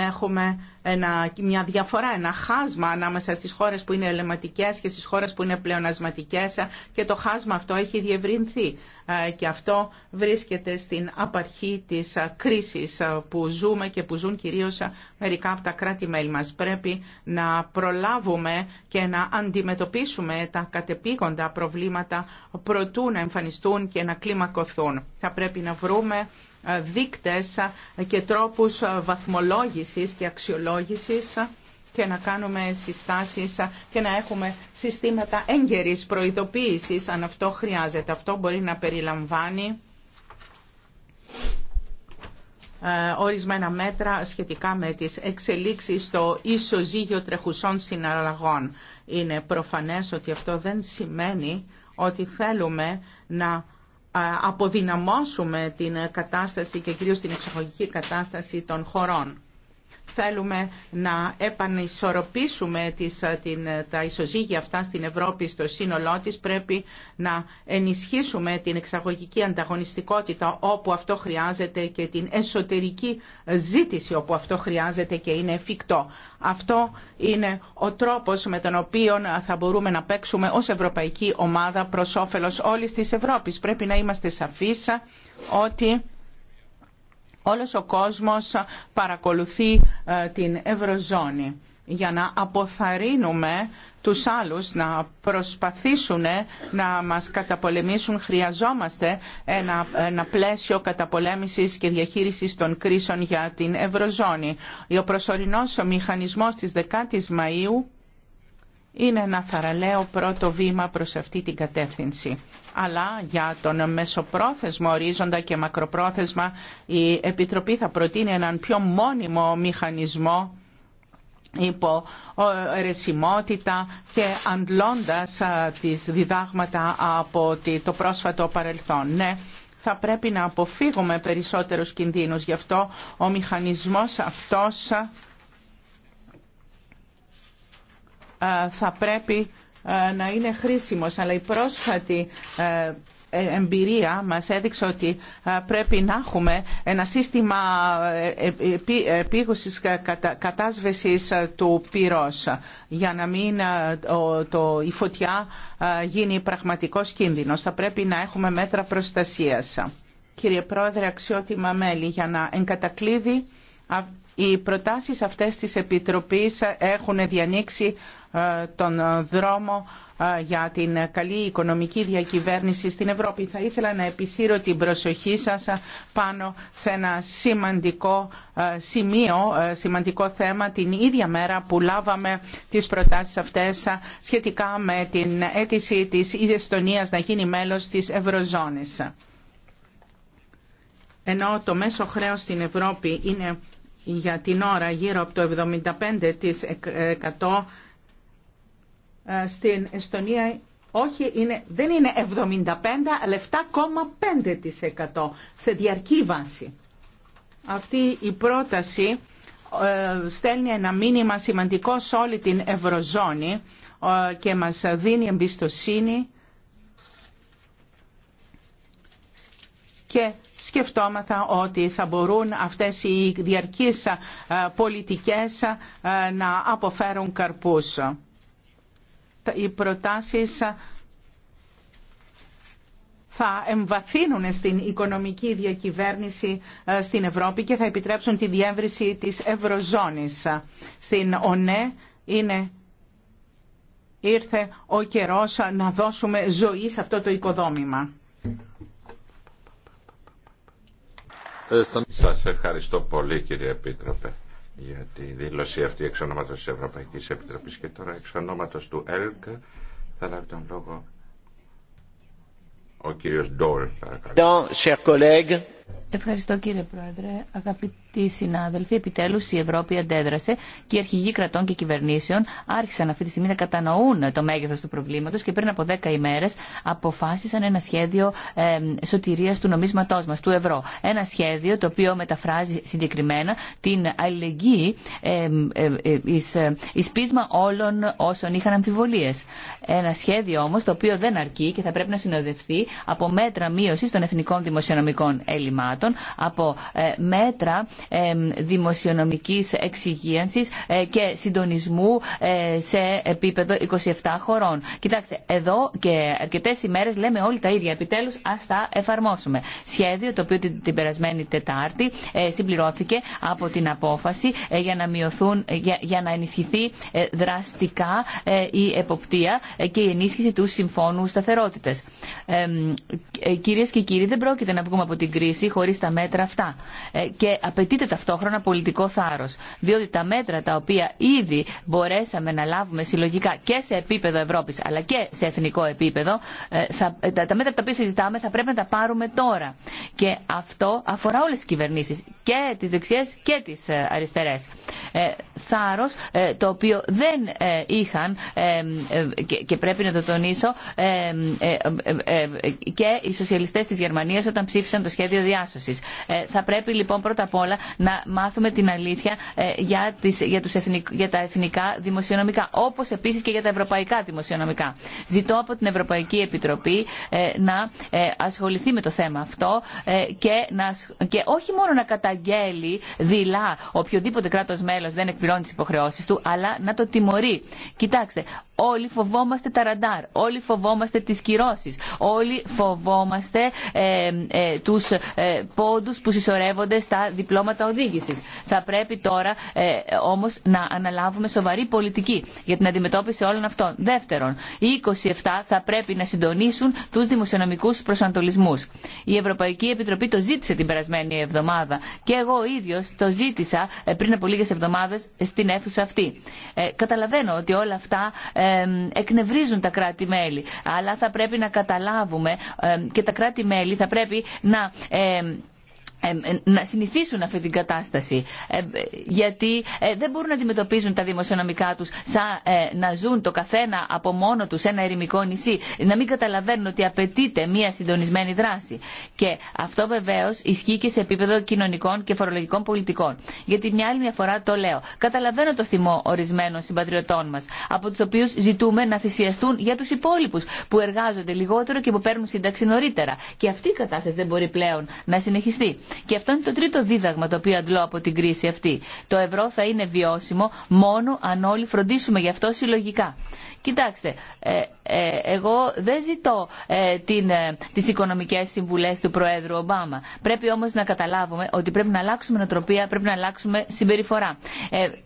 έχουμε ένα, μια διαφορά, ένα χάσμα ανάμεσα στις χώρες που είναι ελεματικές και στις χώρες που είναι πλεονασματικές και το χάσμα αυτό έχει διευρυνθεί ε, και αυτό βρίσκεται στην απαρχή της κρίσης ε, που ζούμε και που ζουν κυρίως μερικά από τα κράτη-μέλη μας. Πρέπει να προλάβουμε και να αντιμετωπίσουμε τα κατεπήγοντα προβλήματα προτού να εμφανιστούν και να κλιμακωθούν. Θα πρέπει να βρούμε δείκτες και τρόπους βαθμολόγησης και αξιολόγησης και να κάνουμε συστάσεις και να έχουμε συστήματα έγκαιρης προειδοποίησης αν αυτό χρειάζεται. Αυτό μπορεί να περιλαμβάνει ε, ορισμένα μέτρα σχετικά με τις εξελίξεις στο ισοζύγιο τρεχουσών συναλλαγών. Είναι προφανές ότι αυτό δεν σημαίνει ότι θέλουμε να ε, αποδυναμώσουμε την κατάσταση και κυρίως την εξαγωγική κατάσταση των χωρών θέλουμε να επανισορροπήσουμε τις, την, τα ισοζύγια αυτά στην Ευρώπη στο σύνολό της, πρέπει να ενισχύσουμε την εξαγωγική ανταγωνιστικότητα όπου αυτό χρειάζεται και την εσωτερική ζήτηση όπου αυτό χρειάζεται και είναι εφικτό. Αυτό είναι ο τρόπος με τον οποίο θα μπορούμε να παίξουμε ως Ευρωπαϊκή Ομάδα προ όφελος όλης της Ευρώπης. Πρέπει να είμαστε σαφείς ότι Όλος ο κόσμος παρακολουθεί ε, την Ευρωζώνη για να αποθαρρύνουμε τους άλλους να προσπαθήσουν να μας καταπολεμήσουν. Χρειαζόμαστε ένα, ένα πλαίσιο καταπολέμησης και διαχείρισης των κρίσεων για την Ευρωζώνη. Ο προσωρινός μηχανισμός της 10ης Μαΐου είναι ένα θαραλέο πρώτο βήμα προς αυτή την κατεύθυνση. Αλλά για τον μεσοπρόθεσμο ορίζοντα και μακροπρόθεσμα η Επιτροπή θα προτείνει έναν πιο μόνιμο μηχανισμό υπό ερεσιμότητα και αντλώντας τις διδάγματα από το πρόσφατο παρελθόν. Ναι, θα πρέπει να αποφύγουμε περισσότερους κινδύνους. Γι' αυτό ο μηχανισμός αυτός ε, θα πρέπει ε, να είναι χρήσιμος, αλλά η πρόσφατη ε, εμπειρία μας έδειξε ότι πρέπει να έχουμε ένα σύστημα επίγουσης κατάσβεσης του πυρός για να μην το, η φωτιά γίνει πραγματικός κίνδυνος. Θα πρέπει να έχουμε μέτρα προστασίας. Κύριε Πρόεδρε, αξιότιμα μέλη, για να εγκατακλείδει οι προτάσεις αυτές της Επιτροπής έχουν διανοίξει ε, τον ε, δρόμο ε, για την καλή οικονομική διακυβέρνηση στην Ευρώπη. Θα ήθελα να επισύρω την προσοχή σας πάνω σε ένα σημαντικό σημείο, σημαντικό θέμα την ίδια μέρα που λάβαμε τις προτάσεις αυτές σχετικά με την αίτηση της Ιδεστονίας να γίνει μέλος της Ευρωζώνης. Ενώ το μέσο χρέος στην Ευρώπη είναι για την ώρα γύρω από το 75% ε, στην Εστονία όχι, είναι, δεν είναι 75, αλλά 7,5% σε διαρκή βάση. Αυτή η πρόταση ε, στέλνει ένα μήνυμα σημαντικό σε όλη την Ευρωζώνη ε, και μας δίνει εμπιστοσύνη και σκεφτόμαθα ότι θα μπορούν αυτές οι διαρκείς ε, πολιτικές ε, να αποφέρουν καρπούς. Οι προτάσεις ε, θα εμβαθύνουν στην οικονομική διακυβέρνηση στην Ευρώπη και θα επιτρέψουν τη διεύρυνση της Ευρωζώνης. Στην ΟΝΕ είναι ήρθε ο καιρός να δώσουμε ζωή σε αυτό το οικοδόμημα. Σας ευχαριστώ πολύ κύριε Επίτροπε για τη δήλωση αυτή εξ ονόματος της Ευρωπαϊκής Επιτροπής και τώρα εξ ονόματος του ΕΛΚ θα λάβει τον λόγο ο κύριος Ντόλ παρακαλώ. Ευχαριστώ κύριε Πρόεδρε. Αγαπητοί συνάδελφοι, επιτέλου η Ευρώπη αντέδρασε και οι αρχηγοί κρατών και κυβερνήσεων άρχισαν αυτή τη στιγμή να κατανοούν το μέγεθο του προβλήματο και πριν από δέκα ημέρε αποφάσισαν ένα σχέδιο ε, σωτηρία του νομίσματό μα, του ευρώ. Ένα σχέδιο το οποίο μεταφράζει συγκεκριμένα την αλληλεγγύη ε, ει ε, πείσμα όλων όσων είχαν αμφιβολίε. Ένα σχέδιο όμω το οποίο δεν αρκεί και θα πρέπει να συνοδευτεί από μέτρα μείωση των εθνικών δημοσιονομικών έλλειμμα από ε, μέτρα ε, δημοσιονομικής εξυγίανσης ε, και συντονισμού σε επίπεδο 27 χωρών. Κοιτάξτε, εδώ και αρκετές ημέρες λέμε όλοι τα ίδια. Επιτέλους, ας τα εφαρμόσουμε. Σχέδιο το οποίο την περασμένη Τετάρτη συμπληρώθηκε από την απόφαση για να μειωθούν, για να ενισχυθεί δραστικά η εποπτεία και η ενίσχυση του Συμφώνου Σταθερότητες. Κυρίες και κύριοι, δεν πρόκειται να βγούμε από την κρίση χωρί τα μέτρα αυτά. Ε, και απαιτείται ταυτόχρονα πολιτικό θάρρο. Διότι τα μέτρα τα οποία ήδη μπορέσαμε να λάβουμε συλλογικά και σε επίπεδο Ευρώπη αλλά και σε εθνικό επίπεδο, ε, ε, τα, μέτρα τα οποία συζητάμε θα πρέπει να τα πάρουμε τώρα. Και αυτό αφορά όλε τι κυβερνήσει, και τι δεξιέ και τι αριστερέ. Θάρρο το οποίο δεν είχαν και πρέπει να το τονίσω και οι σοσιαλιστές της Γερμανίας όταν ψήφισαν το σχέδιο ε, θα πρέπει λοιπόν πρώτα απ' όλα να μάθουμε την αλήθεια ε, για, τις, για, τους για τα εθνικά δημοσιονομικά, όπως επίσης και για τα ευρωπαϊκά δημοσιονομικά. Ζητώ από την Ευρωπαϊκή Επιτροπή ε, να ασχοληθεί με το θέμα αυτό και, να, και όχι μόνο να καταγγέλει δειλά οποιοδήποτε κράτος μέλος δεν εκπληρώνει τις υποχρεώσεις του, αλλά να το τιμωρεί. Κοιτάξτε, όλοι φοβόμαστε τα ραντάρ, όλοι φοβόμαστε τι κυρώσει, όλοι φοβόμαστε τους ε, πόντους που συσσωρεύονται στα διπλώματα οδήγησης. Θα πρέπει τώρα ε, όμως να αναλάβουμε σοβαρή πολιτική για την αντιμετώπιση όλων αυτών. Δεύτερον, οι 27 θα πρέπει να συντονίσουν τους δημοσιονομικούς προσανατολισμούς. Η Ευρωπαϊκή Επιτροπή το ζήτησε την περασμένη εβδομάδα και εγώ ίδιος το ζήτησα ε, πριν από λίγες εβδομάδες στην αίθουσα αυτή. καταλαβαίνω ότι όλα αυτά ε, εκνευρίζουν τα κράτη-μέλη, αλλά θα πρέπει να καταλάβουμε ε, και τα κράτη-μέλη θα πρέπει να Εμ. Ε, ε, να συνηθίσουν αυτή την κατάσταση ε, γιατί δεν μπορούν να αντιμετωπίζουν τα δημοσιονομικά τους σαν να ζουν το καθένα από μόνο τους σε ένα ερημικό νησί να μην καταλαβαίνουν ότι απαιτείται μια συντονισμένη δράση και αυτό βεβαίως ισχύει και σε επίπεδο κοινωνικών και φορολογικών πολιτικών γιατί μια άλλη μια φορά το λέω καταλαβαίνω το θυμό ορισμένων συμπατριωτών μας από τους οποίους ζητούμε να θυσιαστούν για τους υπόλοιπου που εργάζονται λιγότερο και που παίρνουν σύνταξη νωρίτερα και αυτή η κατάσταση δεν μπορεί πλέον να συνεχιστεί και αυτό είναι το τρίτο δίδαγμα το οποίο αντλώ από την κρίση αυτή. Το ευρώ θα είναι βιώσιμο μόνο αν όλοι φροντίσουμε γι' αυτό συλλογικά. Κοιτάξτε, ε, ε, εγώ δεν ζητώ ε, την, ε, τις οικονομικές συμβουλές του Προέδρου Ομπάμα. Πρέπει όμως να καταλάβουμε ότι πρέπει να αλλάξουμε νοοτροπία, πρέπει να αλλάξουμε συμπεριφορά.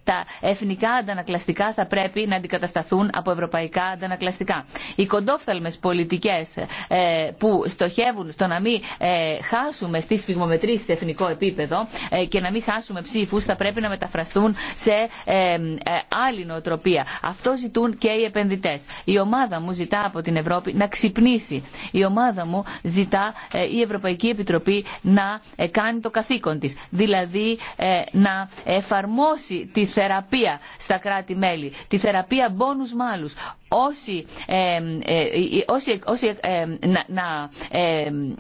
τα εθνικά αντανακλαστικά θα πρέπει να αντικατασταθούν από ευρωπαϊκά αντανακλαστικά. Οι κοντόφθαλμες πολιτικές που στοχεύουν στο να μην χάσουμε στις φυγμομετρήσεις σε εθνικό επίπεδο και να μην χάσουμε ψήφους θα πρέπει να μεταφραστούν σε άλλη νοοτροπία. Αυτό ζητούν και οι επενδυτές. Η ομάδα μου ζητά από την Ευρώπη να ξυπνήσει. Η ομάδα μου ζητά ε, η Ευρωπαϊκή Επιτροπή να ε, κάνει το καθήκον της. Δηλαδή ε, να εφαρμόσει τη θεραπεία στα κράτη-μέλη. Τη θεραπεία bonus μάλους όσοι, ε, να, να,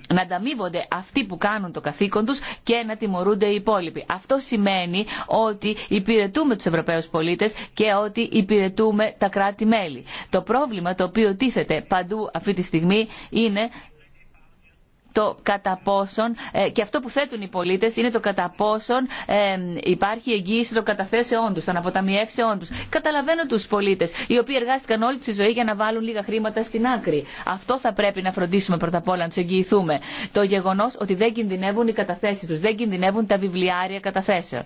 να ανταμείβονται αυτοί που κάνουν το καθήκον τους και να τιμωρούνται οι υπόλοιποι. Αυτό σημαίνει ότι υπηρετούμε τους Ευρωπαίους πολίτες και ότι υπηρετούμε τα κράτη-μέλη. Το πρόβλημα το οποίο τίθεται παντού αυτή τη στιγμή είναι το κατά πόσον ε, και αυτό που θέτουν οι πολίτες είναι το κατά πόσον ε, υπάρχει εγγύηση των καταθέσεών τους, των αποταμιεύσεών τους. Καταλαβαίνω τους πολίτες οι οποίοι εργάστηκαν όλη τη ζωή για να βάλουν λίγα χρήματα στην άκρη. Αυτό θα πρέπει να φροντίσουμε πρώτα απ' όλα να του εγγυηθούμε. Το γεγονός ότι δεν κινδυνεύουν οι καταθέσεις τους, δεν κινδυνεύουν τα βιβλιάρια καταθέσεων.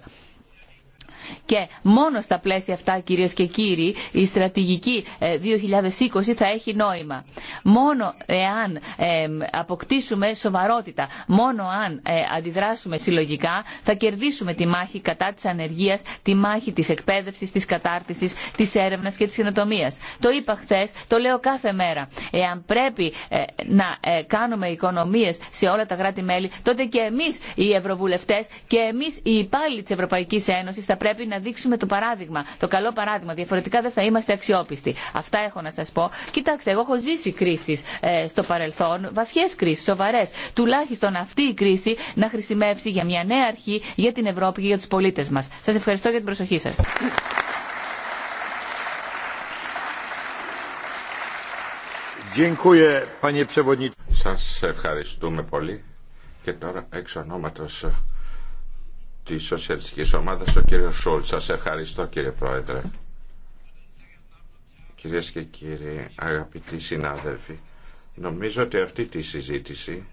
Και μόνο στα πλαίσια αυτά, κυρίε και κύριοι, η στρατηγική 2020 ε, θα έχει νόημα. Μόνο εάν ε, αποκτήσουμε σοβαρότητα, μόνο αν ε, αντιδράσουμε συλλογικά, θα κερδίσουμε τη μάχη κατά τη ανεργία, τη μάχη τη εκπαίδευση, τη κατάρτιση, τη έρευνα και τη καινοτομία. Το είπα χθε, το λέω κάθε μέρα. Εάν πρέπει να κάνουμε οικονομίε σε όλα τα κράτη-μέλη, τότε και εμεί οι Ευρωβουλευτέ και εμεί οι υπάλληλοι τη Ευρωπαϊκή Ένωση θα πρέπει πρέπει να δείξουμε το παράδειγμα, το καλό παράδειγμα. Διαφορετικά δεν θα είμαστε αξιόπιστοι. Αυτά έχω να σα πω. Κοιτάξτε, εγώ έχω ζήσει κρίσει ε, στο παρελθόν, βαθιέ κρίσει, σοβαρέ. Τουλάχιστον αυτή η κρίση να χρησιμεύσει για μια νέα αρχή για την Ευρώπη και για του πολίτε μα. Σα ευχαριστώ για την προσοχή σα. Σας ευχαριστούμε πολύ και τώρα εξ ονόματος Τη σοσιαλιστική ομάδα, ο κύριο Σόλτ. Σας ευχαριστώ κύριε Πρόεδρε. Κυρίες και κύριοι, αγαπητοί συνάδελφοι, νομίζω ότι αυτή τη συζήτηση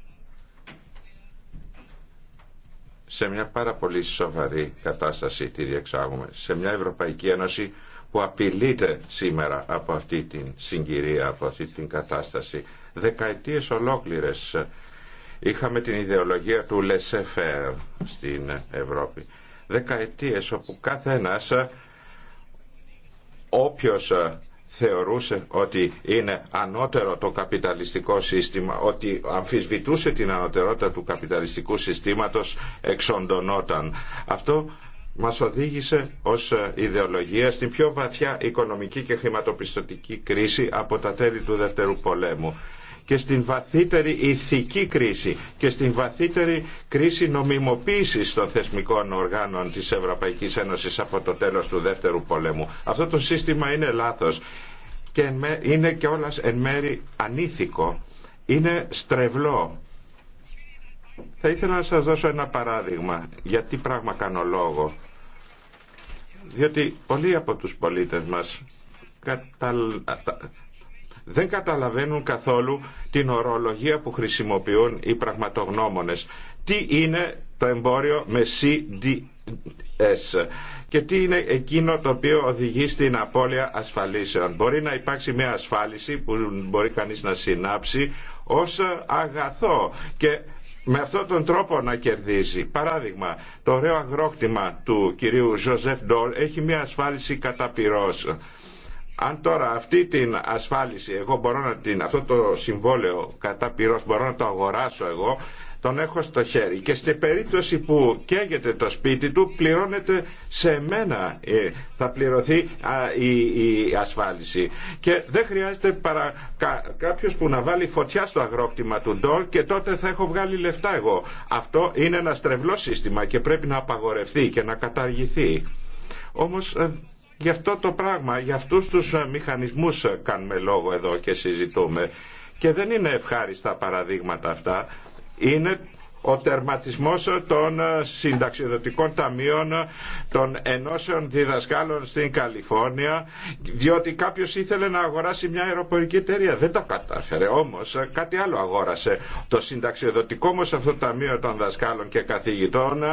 σε μια πάρα πολύ σοβαρή κατάσταση τη διεξάγουμε. Σε μια Ευρωπαϊκή Ένωση που απειλείται σήμερα από αυτή την συγκυρία, από αυτή την κατάσταση. Δεκαετίες ολόκληρες είχαμε την ιδεολογία του laissez-faire στην Ευρώπη. Δεκαετίες όπου κάθε ένας όποιος θεωρούσε ότι είναι ανώτερο το καπιταλιστικό σύστημα, ότι αμφισβητούσε την ανωτερότητα του καπιταλιστικού συστήματος, εξοντωνόταν. Αυτό μας οδήγησε ως ιδεολογία στην πιο βαθιά οικονομική και χρηματοπιστωτική κρίση από τα τέλη του Δεύτερου Πολέμου και στην βαθύτερη ηθική κρίση και στην βαθύτερη κρίση νομιμοποίησης των θεσμικών οργάνων της Ευρωπαϊκής Ένωσης από το τέλος του Δεύτερου Πολέμου. Αυτό το σύστημα είναι λάθος και είναι και όλας εν μέρη ανήθικο. Είναι στρεβλό. Θα ήθελα να σας δώσω ένα παράδειγμα για τι πράγμα κάνω λόγο. Διότι πολλοί από τους πολίτες μας δεν καταλαβαίνουν καθόλου την ορολογία που χρησιμοποιούν οι πραγματογνώμονες. Τι είναι το εμπόριο με CDS και τι είναι εκείνο το οποίο οδηγεί στην απώλεια ασφαλίσεων. Μπορεί να υπάρξει μια ασφάλιση που μπορεί κανείς να συνάψει ως αγαθό και με αυτόν τον τρόπο να κερδίζει. Παράδειγμα, το ωραίο αγρόκτημα του κυρίου Ζωζεφ Ντόλ έχει μια ασφάλιση κατά αν τώρα αυτή την ασφάλιση, εγώ μπορώ να την, αυτό το συμβόλαιο κατά πυρός μπορώ να το αγοράσω εγώ, τον έχω στο χέρι και στην περίπτωση που καίγεται το σπίτι του πληρώνεται σε μένα ε, θα πληρωθεί η ασφάλιση και δεν χρειάζεται παρά κάποιος που να βάλει φωτιά στο αγρόκτημα του ντόλ και τότε θα έχω βγάλει λεφτά εγώ αυτό είναι ένα στρεβλό σύστημα και πρέπει να απαγορευτεί και να καταργηθεί όμως ε, Γι' αυτό το πράγμα, για αυτούς τους ε, μηχανισμούς ε, κάνουμε λόγο εδώ και συζητούμε. Και δεν είναι ευχάριστα παραδείγματα αυτά. Είναι ο τερματισμός των ε, συνταξιδοτικών ταμείων των ενώσεων διδασκάλων στην Καλιφόρνια διότι κάποιος ήθελε να αγοράσει μια αεροπορική εταιρεία. Δεν τα κατάφερε όμως κάτι άλλο αγόρασε. Το συνταξιδοτικό όμως αυτό το ταμείο των δασκάλων και καθηγητών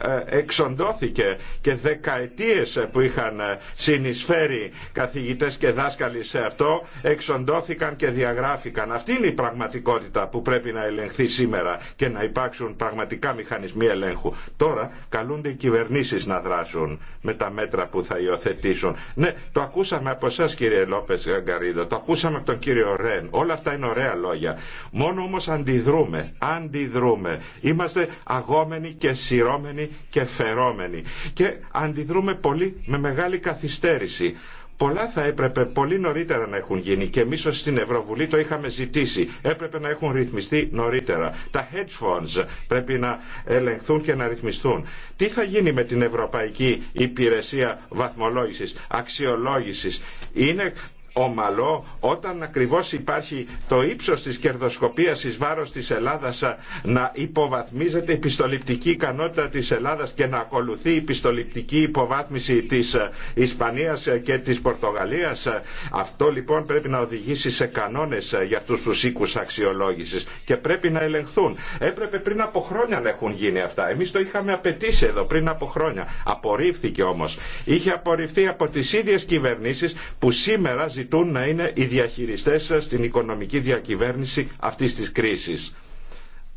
ε, εξοντώθηκε και δεκαετίες που είχαν ε, συνεισφέρει καθηγητές και δάσκαλοι σε αυτό εξοντώθηκαν και διαγράφηκαν. Αυτή είναι η πραγματικότητα που πρέπει να ελεγχθεί σήμερα και να υπάρξουν πραγματικά μηχανισμοί ελέγχου. Τώρα καλούνται οι κυβερνήσεις να δράσουν με τα μέτρα που θα υιοθετήσουν. Ναι, το ακούσαμε από εσά κύριε Λόπε Γκαρίδο, το ακούσαμε από τον κύριο Ρεν. Όλα αυτά είναι ωραία λόγια. Μόνο όμω αντιδρούμε, αντιδρούμε. Είμαστε αγόμενοι και σειρώμενοι και φερόμενοι. Και αντιδρούμε πολύ με μεγάλη καθυστέρηση. Πολλά θα έπρεπε πολύ νωρίτερα να έχουν γίνει και εμεί στην Ευρωβουλή το είχαμε ζητήσει. Έπρεπε να έχουν ρυθμιστεί νωρίτερα. Τα hedge funds πρέπει να ελεγχθούν και να ρυθμιστούν. Τι θα γίνει με την Ευρωπαϊκή Υπηρεσία Βαθμολόγηση, Αξιολόγηση. Είναι ομαλό όταν ακριβώς υπάρχει το ύψος της κερδοσκοπίας εις βάρος της Ελλάδας να υποβαθμίζεται η πιστοληπτική ικανότητα της Ελλάδας και να ακολουθεί η πιστοληπτική υποβάθμιση της Ισπανίας και της Πορτογαλίας. Αυτό λοιπόν πρέπει να οδηγήσει σε κανόνες για αυτούς τους οίκους αξιολόγησης και πρέπει να ελεγχθούν. Έπρεπε πριν από χρόνια να έχουν γίνει αυτά. Εμείς το είχαμε απαιτήσει εδώ πριν από χρόνια. Απορρίφθηκε όμως. Είχε απορριφθεί από τις ίδιες κυβερνήσεις που σήμερα ζητούν ζητούν να είναι οι διαχειριστές στην οικονομική διακυβέρνηση αυτής της κρίσης.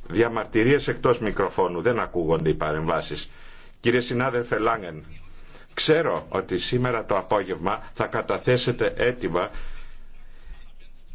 Διαμαρτυρίες εκτός μικροφώνου, δεν ακούγονται οι παρεμβάσεις. Κύριε συνάδελφε Λάγεν, ξέρω ότι σήμερα το απόγευμα θα καταθέσετε έτοιμα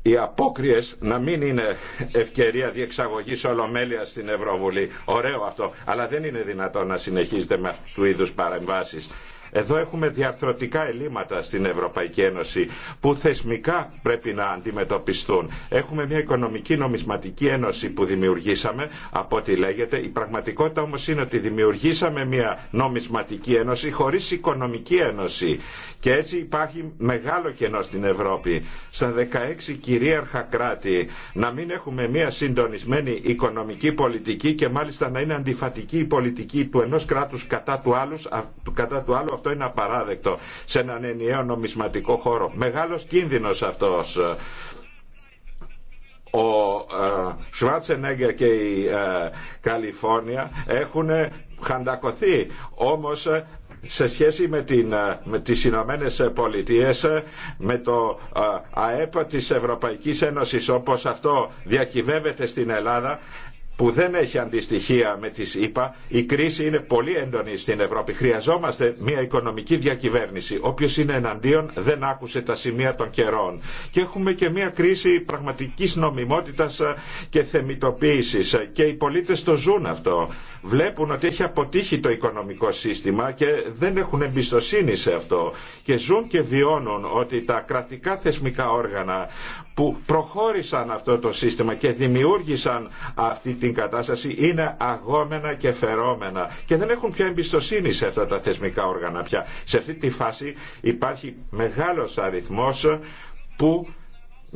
οι απόκριες να μην είναι ευκαιρία διεξαγωγής ολομέλειας στην Ευρωβουλή. Ωραίο αυτό, αλλά δεν είναι δυνατόν να συνεχίζετε με αυτού είδους παρεμβάσεις. Εδώ έχουμε διαρθρωτικά ελλείμματα στην Ευρωπαϊκή Ένωση που θεσμικά πρέπει να αντιμετωπιστούν. Έχουμε μια οικονομική νομισματική ένωση που δημιουργήσαμε, από ό,τι λέγεται. Η πραγματικότητα όμως είναι ότι δημιουργήσαμε μια νομισματική ένωση χωρίς οικονομική ένωση. Και έτσι υπάρχει μεγάλο κενό στην Ευρώπη. Στα 16 κυρίαρχα κράτη να μην έχουμε μια συντονισμένη οικονομική πολιτική και μάλιστα να είναι αντιφατική η πολιτική του ενός κράτους κατά του, άλλου κατά του άλλου αυτό είναι απαράδεκτο σε έναν ενιαίο νομισματικό χώρο. Μεγάλος κίνδυνος αυτός ο Σουάτσενέγκερ και η ε, Καλιφόρνια έχουν χαντακωθεί. Όμως ε, σε σχέση με, την, ε, με τις Ηνωμένε Πολιτείε, με το ΑΕΠ της Ευρωπαϊκής Ένωσης όπως αυτό διακυβεύεται στην Ελλάδα, που δεν έχει αντιστοιχεία με τις ΗΠΑ, η κρίση είναι πολύ έντονη στην Ευρώπη. Χρειαζόμαστε μια οικονομική διακυβέρνηση. Όποιος είναι εναντίον δεν άκουσε τα σημεία των καιρών. Και έχουμε και μια κρίση πραγματικής νομιμότητας ε, και θεμητοποίησης. Ε, και οι πολίτες το ζουν αυτό. Βλέπουν ότι έχει αποτύχει το οικονομικό σύστημα και δεν έχουν εμπιστοσύνη σε αυτό. Και ζουν και βιώνουν ότι τα κρατικά θεσμικά όργανα που προχώρησαν αυτό το σύστημα και δημιούργησαν αυτή την κατάσταση είναι αγόμενα και φερόμενα και δεν έχουν πια εμπιστοσύνη σε αυτά τα θεσμικά όργανα πια. Σε αυτή τη φάση υπάρχει μεγάλος αριθμός που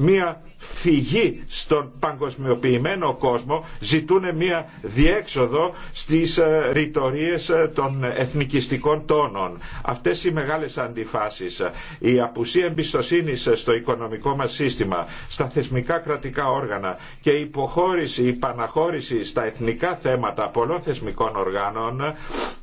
μία φυγή στον παγκοσμιοποιημένο κόσμο, ζητούν μία διέξοδο στις ε, ρητορίες ε, των εθνικιστικών τόνων. Αυτές οι μεγάλες αντιφάσεις, ε, η απουσία εμπιστοσύνης στο οικονομικό μας σύστημα, στα θεσμικά κρατικά όργανα και η υποχώρηση, η παναχώρηση στα εθνικά θέματα πολλών θεσμικών οργάνων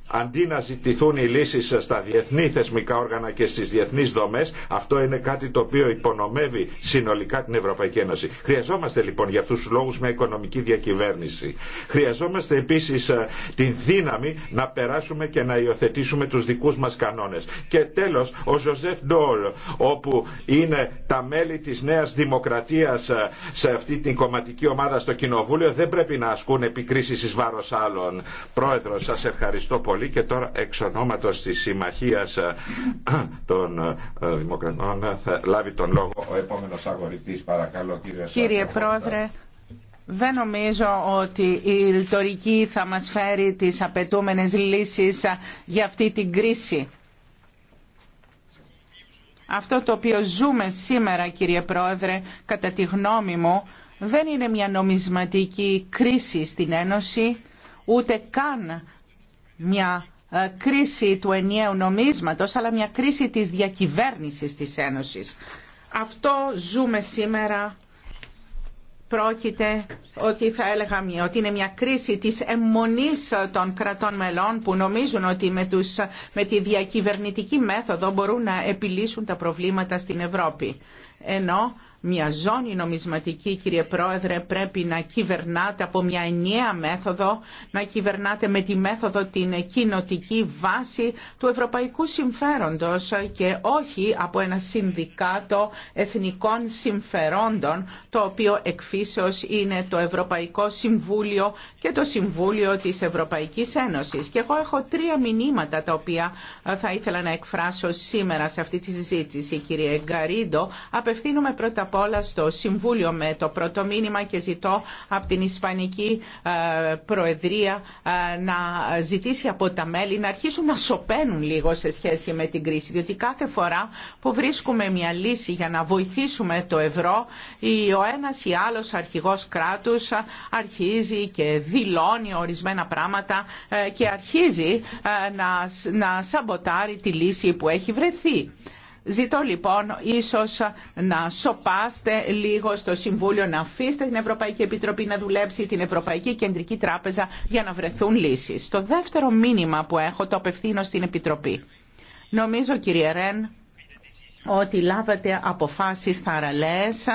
αντί να ζητηθούν οι λύσεις στα διεθνή θεσμικά όργανα και στις διεθνείς δομές, αυτό είναι κάτι το οποίο υπονομεύει συνολικά την Ευρωπαϊκή Ένωση. Χρειαζόμαστε λοιπόν για αυτούς τους λόγους μια οικονομική διακυβέρνηση. Χρειαζόμαστε επίσης ε, την δύναμη να περάσουμε και να υιοθετήσουμε τους δικούς μας κανόνες. Και τέλος, ο Ζωζεφ Ντόλ, όπου είναι τα μέλη της Νέας Δημοκρατίας ε, σε αυτή την κομματική ομάδα στο Κοινοβούλιο, δεν πρέπει να ασκούν επικρίσεις εις βάρος άλλων. σας ευχαριστώ πολύ πολύ και τώρα εξ ονόματος της Συμμαχίας ε, των ε, Δημοκρατών ε, θα λάβει τον λόγο ο επόμενος αγορητής. Παρακαλώ κύριε Κύριε Πρόεδρε, δεν νομίζω ότι η ρητορική θα μας φέρει τις απαιτούμενες λύσεις για αυτή την κρίση. Αυτό το οποίο ζούμε σήμερα, κύριε Πρόεδρε, κατά τη γνώμη μου, δεν είναι μια νομισματική κρίση στην Ένωση, ούτε καν μια ε, κρίση του ενιαίου νομίσματος, αλλά μια κρίση της διακυβέρνησης της Ένωσης. Αυτό ζούμε σήμερα πρόκειται ότι θα έλεγα ότι είναι μια κρίση της εμμονής των κρατών μελών που νομίζουν ότι με, τους, με τη διακυβερνητική μέθοδο μπορούν να επιλύσουν τα προβλήματα στην Ευρώπη. Ενώ μια ζώνη νομισματική, κύριε Πρόεδρε, πρέπει να κυβερνάτε από μια ενιαία μέθοδο, να κυβερνάτε με τη μέθοδο την κοινοτική βάση του ευρωπαϊκού συμφέροντος και όχι από ένα συνδικάτο εθνικών συμφερόντων, το οποίο εκφύσεως είναι το Ευρωπαϊκό Συμβούλιο και το Συμβούλιο της Ευρωπαϊκής Ένωσης. Και εγώ έχω τρία μηνύματα τα οποία θα ήθελα να εκφράσω σήμερα σε αυτή τη συζήτηση, κύριε Γκαρίντο. πρώτα απ' όλα στο Συμβούλιο με το πρώτο μήνυμα και ζητώ από την Ισπανική ε, Προεδρία ε, να ζητήσει από τα μέλη να αρχίσουν να σωπαίνουν λίγο σε σχέση με την κρίση. Διότι κάθε φορά που βρίσκουμε μια λύση για να βοηθήσουμε το ευρώ, ο ένας ή άλλος αρχηγός κράτους ε, αρχίζει και δηλώνει ορισμένα πράγματα και αρχίζει να, να σαμποτάρει τη λύση που έχει βρεθεί. Ζητώ λοιπόν ίσως να σοπάστε λίγο στο Συμβούλιο, να αφήσετε την Ευρωπαϊκή Επιτροπή να δουλέψει την Ευρωπαϊκή Κεντρική Τράπεζα για να βρεθούν λύσεις. Το δεύτερο μήνυμα που έχω το απευθύνω στην Επιτροπή. Νομίζω κύριε Ρεν ότι λάβατε αποφάσεις θαραλές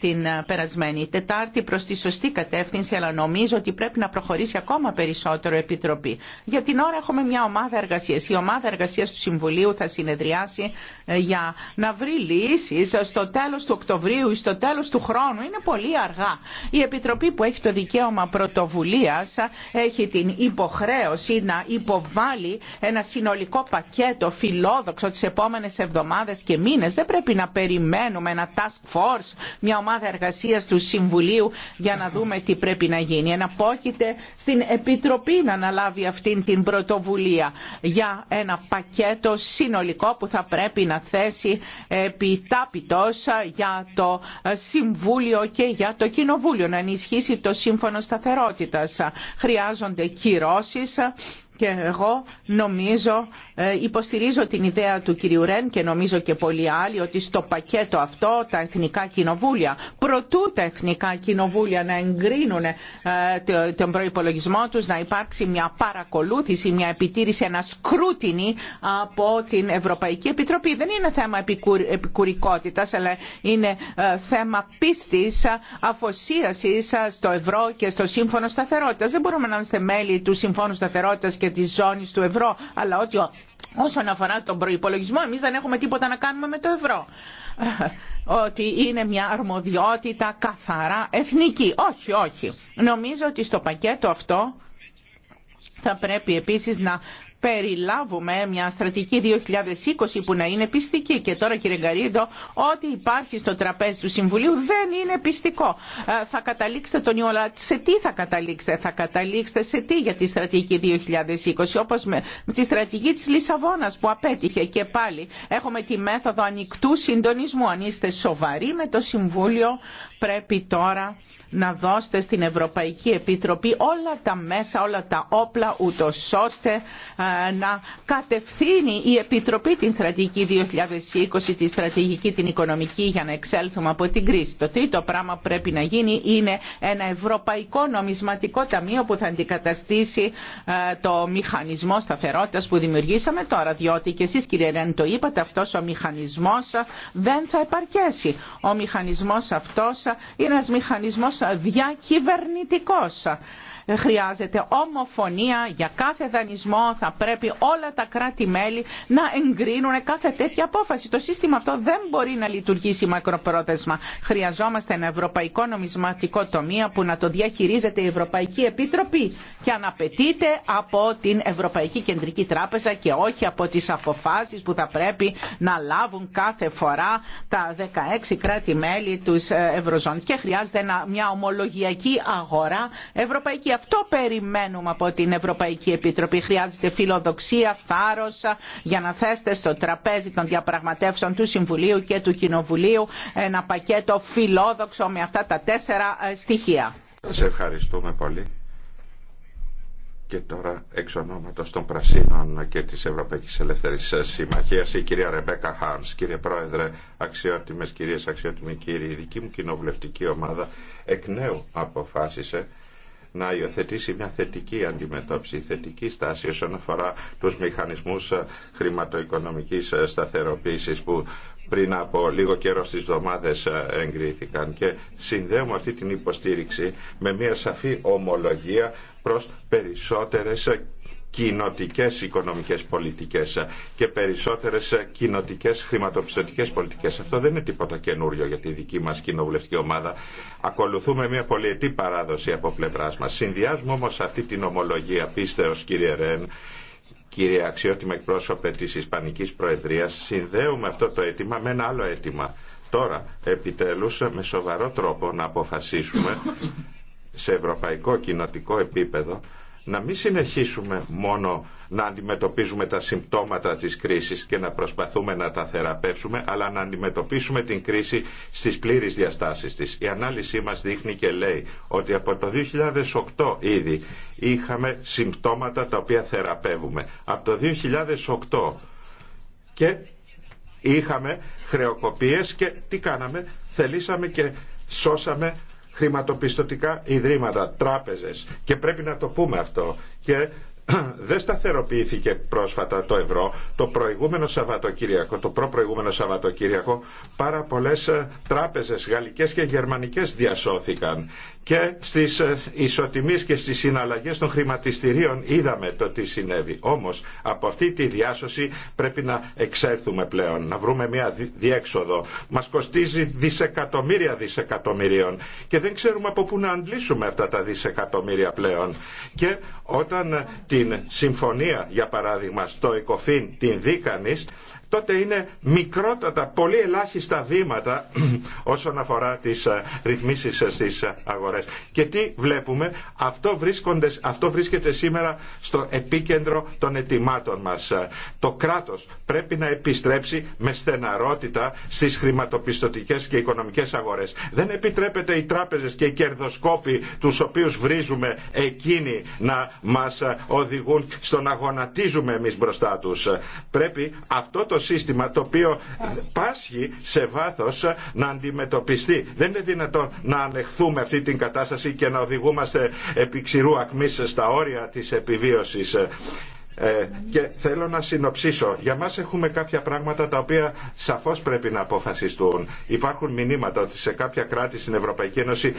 την ε, περασμένη Τετάρτη προς τη σωστή κατεύθυνση, αλλά νομίζω ότι πρέπει να προχωρήσει ακόμα περισσότερο η Επιτροπή. Για την ώρα έχουμε μια ομάδα εργασίας. Η ομάδα εργασίας του Συμβουλίου θα συνεδριάσει ε, για να βρει λύσεις στο τέλος του Οκτωβρίου ή στο τέλος του χρόνου. Είναι πολύ αργά. Η Επιτροπή που έχει το δικαίωμα πρωτοβουλίας ε, έχει την υποχρέωση να υποβάλει ένα συνολικό πακέτο φιλόδοξο τις επόμενες εβδομάδες και μήνες. Δεν πρέπει να περιμένουμε ένα task force, μια ομάδα εργασία του Συμβουλίου για να δούμε τι πρέπει να γίνει. Εναπόκειται στην Επιτροπή να αναλάβει αυτήν την πρωτοβουλία για ένα πακέτο συνολικό που θα πρέπει να θέσει επιτάπητο για το Συμβούλιο και για το Κοινοβούλιο να ενισχύσει το Σύμφωνο Σταθερότητα. Χρειάζονται κυρώσει και εγώ νομίζω, ε, υποστηρίζω την ιδέα του κυρίου Ρεν και νομίζω και πολλοί άλλοι ότι στο πακέτο αυτό τα εθνικά κοινοβούλια, προτού τα εθνικά κοινοβούλια να εγκρίνουν ε, τον προϋπολογισμό τους, να υπάρξει μια παρακολούθηση, μια επιτήρηση, ένα σκρούτινι από την Ευρωπαϊκή Επιτροπή. Δεν είναι θέμα επικουρικότητας, αλλά είναι ε, θέμα πίστης, αφοσίασης στο ευρώ και στο σύμφωνο σταθερότητας. Δεν μπορούμε να είμαστε μέλη του Συμφώνου και και της του ευρώ, αλλά ότι όσον αφορά τον προπολογισμό, εμεί δεν έχουμε τίποτα να κάνουμε με το ευρώ. Ε, ότι είναι μια αρμοδιότητα καθαρά εθνική. Όχι, όχι. Νομίζω ότι στο πακέτο αυτό θα πρέπει επίσης να περιλάβουμε μια στρατηγική 2020 που να είναι πιστική. Και τώρα κύριε Γκαρίντο, ό,τι υπάρχει στο τραπέζι του Συμβουλίου δεν είναι πιστικό. Ε, θα καταλήξετε τον Ιωλά. Σε τι θα καταλήξετε. Θα καταλήξετε σε τι για τη στρατηγική 2020. Όπως με τη στρατηγική της Λισαβόνας που απέτυχε και πάλι. Έχουμε τη μέθοδο ανοιχτού συντονισμού. Αν είστε σοβαροί με το Συμβούλιο πρέπει τώρα να δώστε στην Ευρωπαϊκή Επιτροπή όλα τα μέσα, όλα τα όπλα, ούτω ώστε ε, να κατευθύνει η Επιτροπή την στρατηγική 2020, τη στρατηγική την οικονομική για να εξέλθουμε από την κρίση. Το τρίτο πράγμα που πρέπει να γίνει είναι ένα ευρωπαϊκό νομισματικό ταμείο που θα αντικαταστήσει ε, το μηχανισμό σταθερότητα που δημιουργήσαμε τώρα, διότι και εσεί, κύριε Ρέν το είπατε, αυτό ο μηχανισμό δεν θα επαρκέσει. Ο μηχανισμό αυτό είναι ένα μηχανισμό διακυβερνητικός χρειάζεται ομοφωνία για κάθε δανεισμό. Θα πρέπει όλα τα κράτη-μέλη να εγκρίνουν κάθε τέτοια απόφαση. Το σύστημα αυτό δεν μπορεί να λειτουργήσει μακροπρόθεσμα. Χρειαζόμαστε ένα Ευρωπαϊκό Νομισματικό Τομείο που να το διαχειρίζεται η Ευρωπαϊκή Επίτροπη και αναπαιτείται από την Ευρωπαϊκή Κεντρική Τράπεζα και όχι από τις αποφάσεις που θα πρέπει να λάβουν κάθε φορά τα 16 κράτη-μέλη τους ε, Ευρωζών. Και χρειάζεται μια ομολογιακή αγορά ευρωπαϊκή αυτό περιμένουμε από την Ευρωπαϊκή Επιτροπή. Χρειάζεται φιλοδοξία, θάρρο για να θέσετε στο τραπέζι των διαπραγματεύσεων του Συμβουλίου και του Κοινοβουλίου ένα πακέτο φιλόδοξο με αυτά τα τέσσερα ε, στοιχεία. Σας ευχαριστούμε πολύ. Και τώρα εξ ονόματος των Πρασίνων και της Ευρωπαϊκής Ελεύθερη Συμμαχίας η κυρία Ρεμπέκα Χάρμς. Κύριε Πρόεδρε, αξιότιμες κυρίες, αξιότιμοι κύριοι, η δική μου κοινοβουλευτική ομάδα εκ νέου αποφάσισε να υιοθετήσει μια θετική αντιμετώπιση, θετική στάση όσον αφορά τους μηχανισμούς ε, χρηματοοικονομικής ε, σταθεροποίησης που πριν από λίγο καιρό στις εβδομάδες ε, εγκρίθηκαν και συνδέουμε αυτή την υποστήριξη με μια σαφή ομολογία προς περισσότερες κοινοτικέ οικονομικές πολιτικές και περισσότερες κοινοτικές χρηματοπιστωτικές πολιτικές. Αυτό δεν είναι τίποτα καινούριο για τη δική μας κοινοβουλευτική ομάδα. Ακολουθούμε μια πολυετή παράδοση από πλευράς μας. Συνδυάζουμε όμως αυτή την ομολογία πίστεως κύριε Ρεν Κύριε αξιότιμα εκπρόσωπε της Ισπανικής Προεδρίας, συνδέουμε αυτό το αίτημα με ένα άλλο αίτημα. Τώρα, επιτέλους, με σοβαρό τρόπο να αποφασίσουμε σε ευρωπαϊκό κοινοτικό επίπεδο να μην συνεχίσουμε μόνο να αντιμετωπίζουμε τα συμπτώματα της κρίσης και να προσπαθούμε να τα θεραπεύσουμε, αλλά να αντιμετωπίσουμε την κρίση στις πλήρεις διαστάσεις της. Η ανάλυση μας δείχνει και λέει ότι από το 2008 ήδη είχαμε συμπτώματα τα οποία θεραπεύουμε. Από το 2008 και είχαμε χρεοκοπίες και τι κάναμε, θελήσαμε και σώσαμε χρηματοπιστωτικά ιδρύματα, τράπεζες και πρέπει να το πούμε αυτό και δεν σταθεροποιήθηκε πρόσφατα το ευρώ. Το προηγούμενο Σαββατοκύριακο, το προπροηγούμενο Σαββατοκύριακο, πάρα πολλές ε, τράπεζες γαλλικές και γερμανικές διασώθηκαν και στις ε, ισοτιμίες και στις συναλλαγές των χρηματιστηρίων είδαμε το τι συνέβη. Όμως από αυτή τη διάσωση πρέπει να εξέλθουμε πλέον, να βρούμε μια διέξοδο. Μας κοστίζει δισεκατομμύρια δισεκατομμυρίων και δεν ξέρουμε από πού να αντλήσουμε αυτά τα δισεκατομμύρια πλέον. Και όταν την συμφωνία, για παράδειγμα, στο ΕΚΟΦΗΝ την δίκανης, τότε είναι μικρότατα, πολύ ελάχιστα βήματα όσον αφορά τις ε, ρυθμίσεις ε, στις ε, αγορές. Και τι βλέπουμε, αυτό, αυτό βρίσκεται σήμερα στο επίκεντρο των ετοιμάτων μας. Το κράτος πρέπει να επιστρέψει με στεναρότητα στις χρηματοπιστωτικές και οικονομικές αγορές. Δεν επιτρέπεται οι τράπεζες και οι κερδοσκόποι τους οποίους βρίζουμε εκείνοι να μας οδηγούν στο να γονατίζουμε εμείς μπροστά τους. Πρέπει αυτό το σύστημα το οποίο πάσχει σε βάθος να αντιμετωπιστεί. Δεν είναι δυνατόν να ανεχθούμε αυτή την κατάσταση και να οδηγούμαστε επί ξηρού ακμής στα όρια της επιβίωσης. Ε, και θέλω να συνοψίσω. Για μας έχουμε κάποια πράγματα τα οποία σαφώς πρέπει να αποφασιστούν. Υπάρχουν μηνύματα ότι σε κάποια κράτη στην Ευρωπαϊκή Ένωση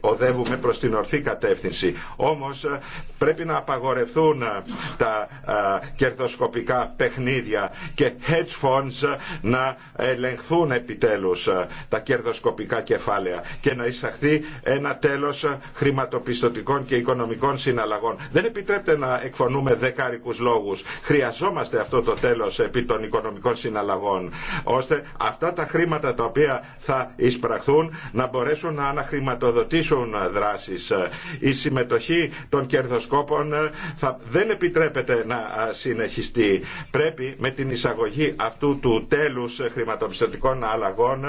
οδεύουμε προς την ορθή κατεύθυνση. Όμως ε, πρέπει να απαγορευτούν ε, τα κερδοσκοπικά παιχνίδια και hedge funds να ελεγχθούν επιτέλους τα κερδοσκοπικά κεφάλαια και να εισαχθεί ένα τέλος χρηματοπιστωτικών και οικονομικών συναλλαγών. Δεν επιτρέπεται να εκφωνούμε δεκάρικους λόγους. Χρειαζόμαστε αυτό το τέλος επί των οικονομικών συναλλαγών, ώστε αυτά τα χρήματα τα οποία θα εισπραχθούν να μπορέσουν να αναχρηματοδοτήσουν δράσεις. Η συμμετοχή των κερδοσκόπων ε, θα, δεν επιτρέπεται να ε, συνεχιστεί. Πρέπει με την εισαγωγή αυτού του τέλους ε, χρηματοπιστωτικών αλλαγών,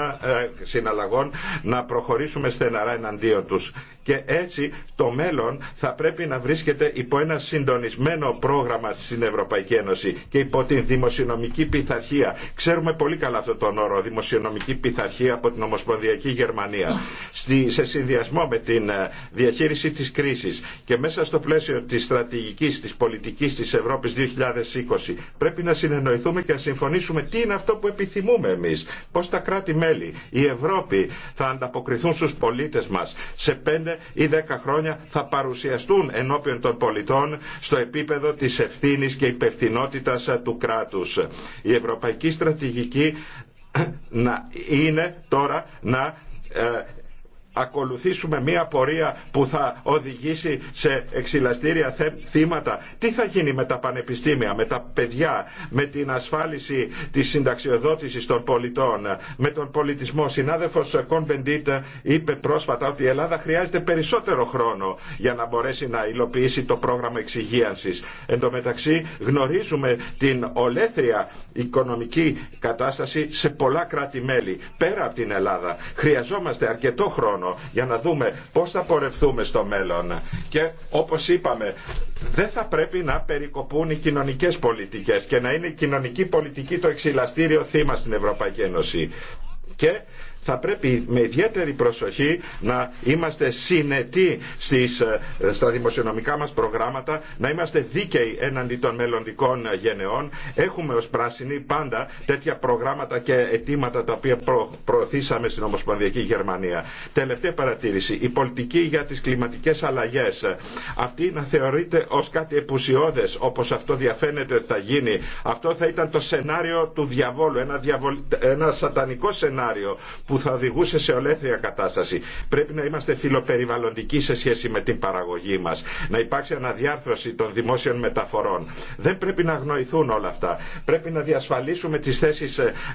συναλλαγών να προχωρήσουμε στεναρά εναντίον τους και έτσι το μέλλον θα πρέπει να βρίσκεται υπό ένα συντονισμένο πρόγραμμα στην Ευρωπαϊκή Ένωση και υπό την δημοσιονομική πειθαρχία. Ξέρουμε πολύ καλά αυτόν τον όρο, δημοσιονομική πειθαρχία από την Ομοσπονδιακή Γερμανία, στη, σε συνδυασμό με την ε, διαχείριση της κρίσης και μέσα στο πλαίσιο της στρατηγικής, της πολιτικής της Ευρώπης 2020 πρέπει να συνεννοηθούμε και να συμφωνήσουμε τι είναι αυτό που επιθυμούμε εμείς, πώς τα κράτη-μέλη, η Ευρώπη θα ανταποκριθούν στους πολίτες μας σε πέντε ή 10 χρόνια θα παρουσιαστούν ενώπιον των πολιτών στο επίπεδο της ευθύνης και υπευθυνότητας του κράτους. Η ευρωπαϊκή στρατηγική να είναι τώρα να ε, ακολουθήσουμε μία πορεία που θα οδηγήσει σε εξυλαστήρια θύματα. Τι θα γίνει με τα πανεπιστήμια, με τα παιδιά, με την ασφάλιση της συνταξιοδότησης των πολιτών, με τον πολιτισμό. Συνάδελφος Μπεντίτ είπε πρόσφατα ότι η Ελλάδα χρειάζεται περισσότερο χρόνο για να μπορέσει να υλοποιήσει το πρόγραμμα εξυγίανσης. Εν τω μεταξύ γνωρίζουμε την ολέθρια οικονομική κατάσταση σε πολλά κράτη-μέλη πέρα από την Ελλάδα. Χρειαζόμαστε αρκετό χρόνο για να δούμε πώς θα πορευθούμε στο μέλλον. Και όπως είπαμε, δεν θα πρέπει να περικοπούν οι κοινωνικές πολιτικές και να είναι η κοινωνική πολιτική το εξυλαστήριο θύμα στην Ευρωπαϊκή Ένωση. Και θα πρέπει με ιδιαίτερη προσοχή να είμαστε συνετοί στις, ε, στα δημοσιονομικά μας προγράμματα, να είμαστε δίκαιοι έναντι των μελλοντικών γενεών. Έχουμε ως πράσινοι πάντα τέτοια προγράμματα και αιτήματα τα οποία προ, προωθήσαμε στην Ομοσπονδιακή Γερμανία. Τελευταία παρατήρηση. Η πολιτική για τις κλιματικές αλλαγές. Αυτή να θεωρείται ως κάτι επουσιώδες, όπως αυτό διαφαίνεται ότι θα γίνει. Αυτό θα ήταν το σενάριο του διαβόλου, ένα, διαβολ, ένα σατανικό σενάριο που θα οδηγούσε σε ολέθρια κατάσταση. Πρέπει να είμαστε φιλοπεριβαλλοντικοί σε σχέση με την παραγωγή μα. Να υπάρξει αναδιάρθρωση των δημόσιων μεταφορών. Δεν πρέπει να αγνοηθούν όλα αυτά. Πρέπει να διασφαλίσουμε τι θέσει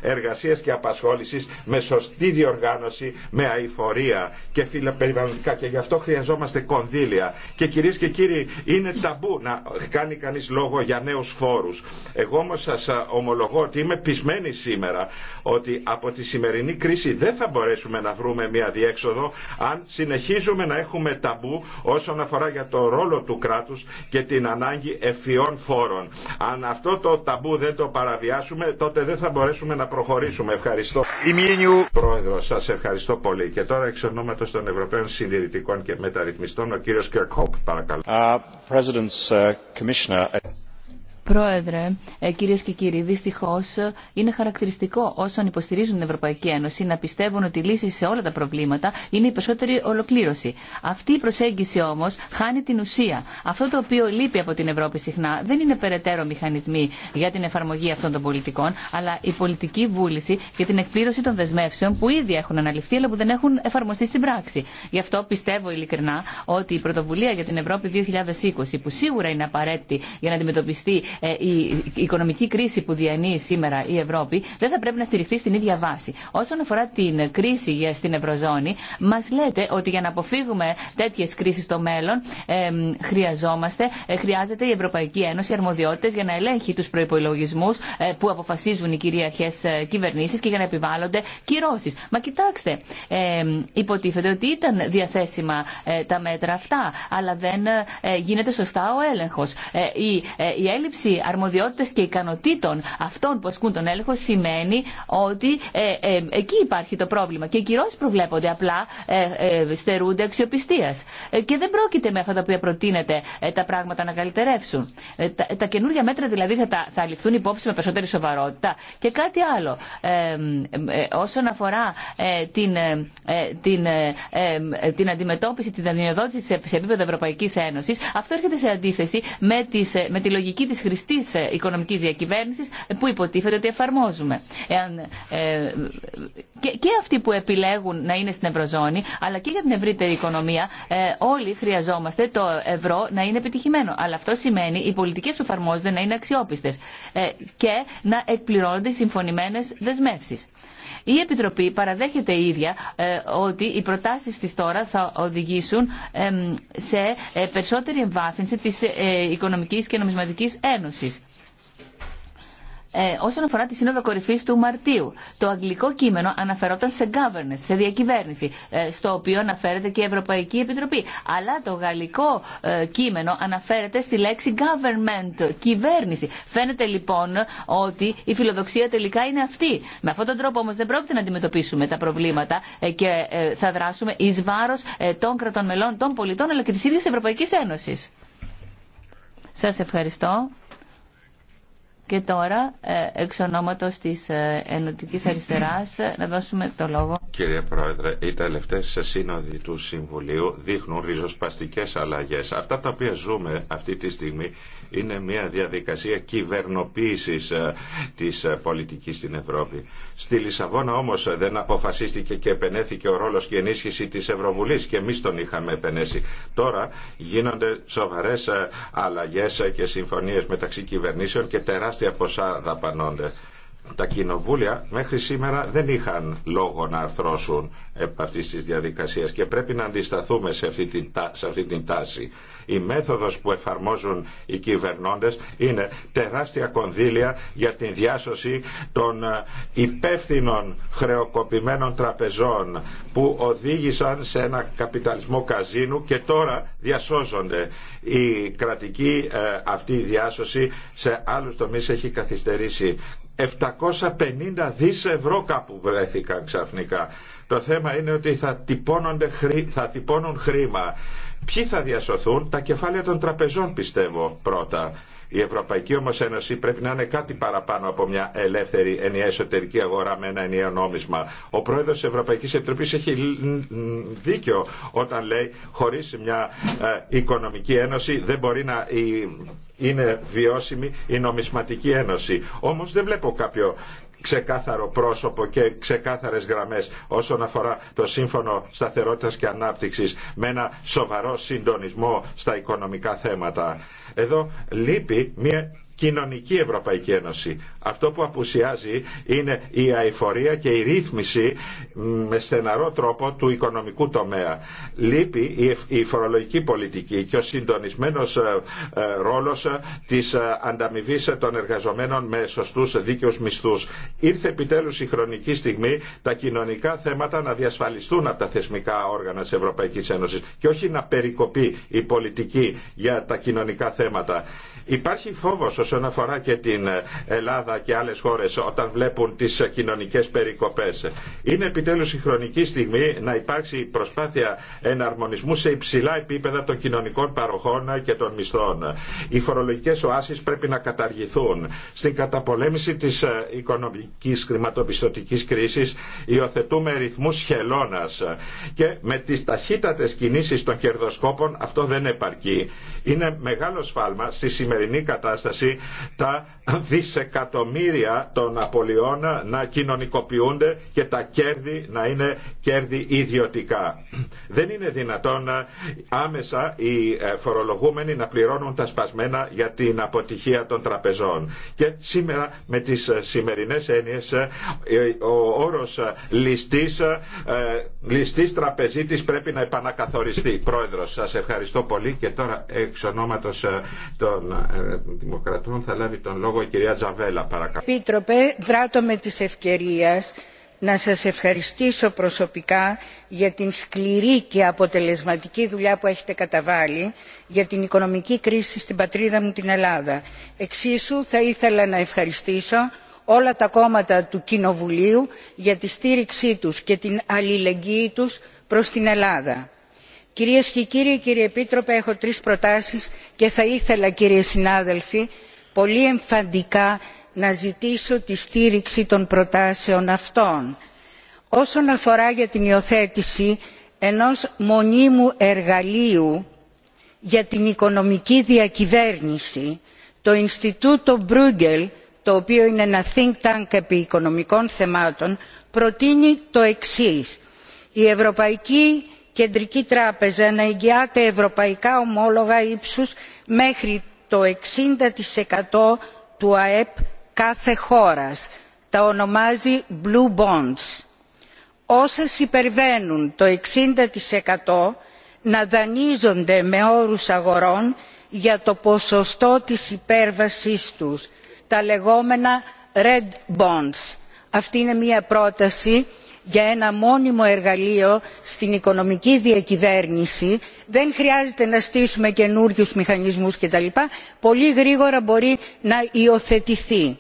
ε, εργασία και απασχόληση με σωστή διοργάνωση, με αηφορία και φιλοπεριβαλλοντικά. Και γι' αυτό χρειαζόμαστε κονδύλια. Και κυρίε και κύριοι, είναι ταμπού να κάνει κανεί λόγο για νέου φόρου. Εγώ όμω σα ε, ομολογώ ότι είμαι πεισμένη σήμερα ότι από τη σημερινή κρίση δεν θα μπορέσουμε να βρούμε μια διέξοδο αν συνεχίζουμε να έχουμε ταμπού όσον αφορά για το ρόλο του κράτους και την ανάγκη ευφυών φόρων. Αν αυτό το ταμπού δεν το παραβιάσουμε τότε δεν θα μπορέσουμε να προχωρήσουμε. Ευχαριστώ. Ημίνιου. Πρόεδρο, σας ευχαριστώ πολύ. Και τώρα εξ ονόματος των Ευρωπαίων Συντηρητικών και Μεταρρυθμιστών ο κύριος Κερκόπ, παρακαλώ. Uh, Πρόεδρε, ε, κυρίε και κύριοι, δυστυχώ ε, είναι χαρακτηριστικό όσων υποστηρίζουν την Ευρωπαϊκή Ένωση να πιστεύουν ότι η λύση σε όλα τα προβλήματα είναι η περισσότερη ολοκλήρωση. Αυτή η προσέγγιση όμω χάνει την ουσία. Αυτό το οποίο λείπει από την Ευρώπη συχνά δεν είναι περαιτέρω μηχανισμοί για την εφαρμογή αυτών των πολιτικών, αλλά η πολιτική βούληση για την εκπλήρωση των δεσμεύσεων που ήδη έχουν αναλυφθεί αλλά που δεν έχουν εφαρμοστεί στην πράξη. Γι' αυτό πιστεύω ειλικρινά ότι η πρωτοβουλία για την Ευρώπη 2020, που σίγουρα είναι απαραίτητη για να αντιμετωπιστεί ε, η οικονομική κρίση που διανύει σήμερα η Ευρώπη δεν θα πρέπει να στηριχθεί στην ίδια βάση. Όσον αφορά την κρίση στην Ευρωζώνη, μα λέτε ότι για να αποφύγουμε τέτοιε κρίσει στο μέλλον ε, χρειαζόμαστε, ε, χρειάζεται η Ευρωπαϊκή Ένωση αρμοδιότητε για να ελέγχει του προπολογισμού που αποφασίζουν οι κυριαρχέ κυβερνήσει και για να επιβάλλονται κυρώσει. Μα κοιτάξτε, υποτίθεται ότι ήταν διαθέσιμα τα μέτρα αυτά, αλλά δεν γίνεται σωστά ο έλεγχο. Η έλλειψη οι αρμοδιότητες και ικανοτήτων αυτών που ασκούν τον έλεγχο σημαίνει ότι ε, ε, εκεί υπάρχει το πρόβλημα και οι κυρώσεις προβλέπονται απλά ε, στερούνται αξιοπιστίας και δεν πρόκειται με αυτά τα οποία προτείνεται τα πράγματα να καλυτερεύσουν. Τα, τα καινούργια μέτρα δηλαδή θα, ληφθούν υπόψη με περισσότερη σοβαρότητα και κάτι άλλο όσον αφορά την, την, την αντιμετώπιση, την αδειοδότηση σε, σε επίπεδο Ευρωπαϊκής Ένωσης αυτό έρχεται σε αντίθεση με, τις, με τη λογική της Τη οικονομική διακυβέρνηση που υποτίθεται ότι εφαρμόζουμε. Εάν, ε, και, και αυτοί που επιλέγουν να είναι στην Ευρωζώνη, αλλά και για την ευρύτερη οικονομία, ε, όλοι χρειαζόμαστε το ευρώ να είναι επιτυχημένο. Αλλά αυτό σημαίνει οι πολιτικέ που εφαρμόζονται να είναι αξιόπιστε ε, και να εκπληρώνονται οι συμφωνημένε δεσμεύσει. Η Επιτροπή παραδέχεται η ίδια ότι οι προτάσει τη τώρα θα οδηγήσουν σε περισσότερη εμβάθυνση τη Οικονομική και Νομισματική Ένωση ε, όσον αφορά τη Σύνοδο Κορυφή του Μαρτίου. Το αγγλικό κείμενο αναφερόταν σε governance, σε διακυβέρνηση, ε, στο οποίο αναφέρεται και η Ευρωπαϊκή Επιτροπή. Αλλά το γαλλικό ε, κείμενο αναφέρεται στη λέξη government, κυβέρνηση. Φαίνεται λοιπόν ότι η φιλοδοξία τελικά είναι αυτή. Με αυτόν τον τρόπο όμω δεν πρόκειται να αντιμετωπίσουμε τα προβλήματα ε, και θα δράσουμε ει βάρο των κρατών μελών, των πολιτών αλλά και τη ίδια Ευρωπαϊκή Ένωση. Σα ευχαριστώ. Και τώρα, ε, εξ ονόματο τη ε, ενωτική Αριστεράς, ε, να δώσουμε το λόγο. Κύριε Πρόεδρε, οι τελευταίες σύνοδοι του Συμβουλίου δείχνουν ριζοσπαστικέ αλλαγέ. Αυτά τα οποία ζούμε αυτή τη στιγμή είναι μια διαδικασία κυβερνοποίησης ε, της ε, πολιτικής στην Ευρώπη. Στη Λισαβόνα όμως δεν αποφασίστηκε και επενέθηκε ο ρόλος και ενίσχυση της Ευρωβουλής και εμείς τον είχαμε επενέσει. Τώρα γίνονται σοβαρές ε, αλλαγές και συμφωνίες μεταξύ κυβερνήσεων και τεράστια ποσά δαπανώνται τα κοινοβούλια μέχρι σήμερα δεν είχαν λόγο να αρθρώσουν επ' αυτής της διαδικασίας και πρέπει να αντισταθούμε σε αυτή την, σε αυτή την τάση. Η μέθοδος που εφαρμόζουν οι κυβερνώντες είναι τεράστια κονδύλια για την διάσωση των ε, υπεύθυνων χρεοκοπημένων τραπεζών που οδήγησαν σε ένα καπιταλισμό καζίνου και τώρα διασώζονται. Η κρατική ε, αυτή διάσωση σε άλλους τομείς έχει καθυστερήσει. 750 δις ευρώ κάπου βρέθηκαν ξαφνικά. Το θέμα είναι ότι θα, θα τυπώνουν χρήμα. Ποιοι θα διασωθούν, τα κεφάλαια των τραπεζών πιστεύω πρώτα. Η Ευρωπαϊκή όμω Ένωση πρέπει να είναι κάτι παραπάνω από μια ελεύθερη ενιαία εσωτερική αγορά με ένα ενιαίο νόμισμα. Ο πρόεδρος τη Ευρωπαϊκής Επιτροπής έχει δίκιο όταν λέει χωρί μια ε, οικονομική ένωση δεν μπορεί να είναι βιώσιμη η νομισματική ένωση. Όμως δεν βλέπω κάποιο ξεκάθαρο πρόσωπο και ξεκάθαρες γραμμές όσον αφορά το Σύμφωνο Σταθερότητας και Ανάπτυξης με ένα σοβαρό συντονισμό στα οικονομικά θέματα. Εδώ λείπει μια κοινωνική Ευρωπαϊκή Ένωση. Αυτό που απουσιάζει είναι η αηφορία και η ρύθμιση με στεναρό τρόπο του οικονομικού τομέα. Λείπει η φορολογική πολιτική και ο συντονισμένος ε, ε, ρόλος ε, της ανταμοιβή των εργαζομένων με σωστούς δίκαιους μισθούς. Ήρθε επιτέλους η χρονική στιγμή τα κοινωνικά θέματα να διασφαλιστούν από τα θεσμικά όργανα της Ευρωπαϊκής Ένωσης και όχι να περικοπεί η πολιτική για τα κοινωνικά θέματα. Υπάρχει φόβος όσον αφορά και την Ελλάδα και άλλες χώρες όταν βλέπουν τις κοινωνικές περικοπές. Είναι επιτέλους η χρονική στιγμή να υπάρξει προσπάθεια εναρμονισμού σε υψηλά επίπεδα των κοινωνικών παροχών και των μισθών. Οι φορολογικές οάσεις πρέπει να καταργηθούν. Στην καταπολέμηση της οικονομικής χρηματοπιστωτικής κρίσης υιοθετούμε ρυθμούς χελώνας και με τις ταχύτατες κινήσεις των κερδοσκόπων αυτό δεν επαρκεί. Είναι μεγάλο σφάλμα στη σημερινή κατάσταση τα δισεκατομμύρια των απολειών να κοινωνικοποιούνται και τα κέρδη να είναι κέρδη ιδιωτικά. Δεν είναι δυνατόν άμεσα οι ε, φορολογούμενοι να πληρώνουν τα σπασμένα για την αποτυχία των τραπεζών. Και σήμερα με τις ε, σημερινές έννοιες ε, ο όρος ληστής, ληστής τραπεζίτης πρέπει να επανακαθοριστεί. Πρόεδρος, σας ευχαριστώ πολύ και τώρα εξ ονόματος των Δημοκρατών θα λάβει τον λόγο η κυρία Τζαβέλα παρακαλώ. Επίτροπε, δράτω με τη ευκαιρία να σας ευχαριστήσω προσωπικά για την σκληρή και αποτελεσματική δουλειά που έχετε καταβάλει για την οικονομική κρίση στην πατρίδα μου την Ελλάδα. Εξίσου θα ήθελα να ευχαριστήσω όλα τα κόμματα του Κοινοβουλίου για τη στήριξή τους και την αλληλεγγύη τους προς την Ελλάδα. Κυρίε και κύριοι, κύριε Επίτροπε, έχω τρει προτάσει και θα ήθελα, κύριε συνάδελφοι, πολύ εμφαντικά να ζητήσω τη στήριξη των προτάσεων αυτών. όσον αφορά για την υιοθέτηση ενός μονίμου εργαλείου για την οικονομική διακυβέρνηση το ινστιτούτο Μπρούγκελ, το οποίο είναι ένα think tank επί οικονομικών θεμάτων προτείνει το εξής η ευρωπαϊκή κεντρική τράπεζα να εγγυάται ευρωπαϊκά ομόλογα ύψους μέχρι το 60% του ΑΕΠ κάθε χώρας. Τα ονομάζει blue bonds. Όσες υπερβαίνουν το 60% να δανείζονται με όρους αγορών για το ποσοστό της υπέρβασής τους, τα λεγόμενα red bonds. Αυτή είναι μια πρόταση για ένα μόνιμο εργαλείο στην οικονομική διακυβέρνηση δεν χρειάζεται να στήσουμε καινούριου μηχανισμούς κτλ. πολύ γρήγορα μπορεί να υιοθετηθεί.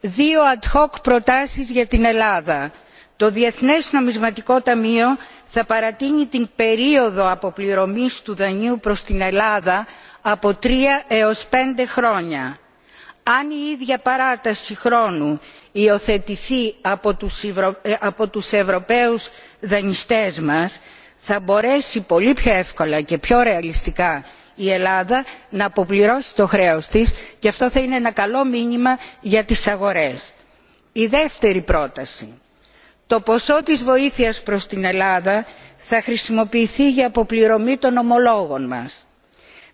δύο ad hoc προτάσεις για την ελλάδα το διεθνές νομισματικό ταμείο θα παρατείνει την περίοδο αποπληρωμής του δανείου προς την ελλάδα από τρία έως πέντε χρόνια αν η ίδια παράταση χρόνου υιοθετηθεί ε, από τους ευρωπαίους δανειστές μας θα μπορέσει πολύ πιο εύκολα και πιο ρεαλιστικά η ελλάδα να αποπληρώσει το χρέος της και αυτό θα είναι ένα καλό μήνυμα για τις αγορές. η δεύτερη πρόταση το ποσό της βοήθειας προς την ελλάδα θα χρησιμοποιηθεί για αποπληρωμή των ομολόγων μας.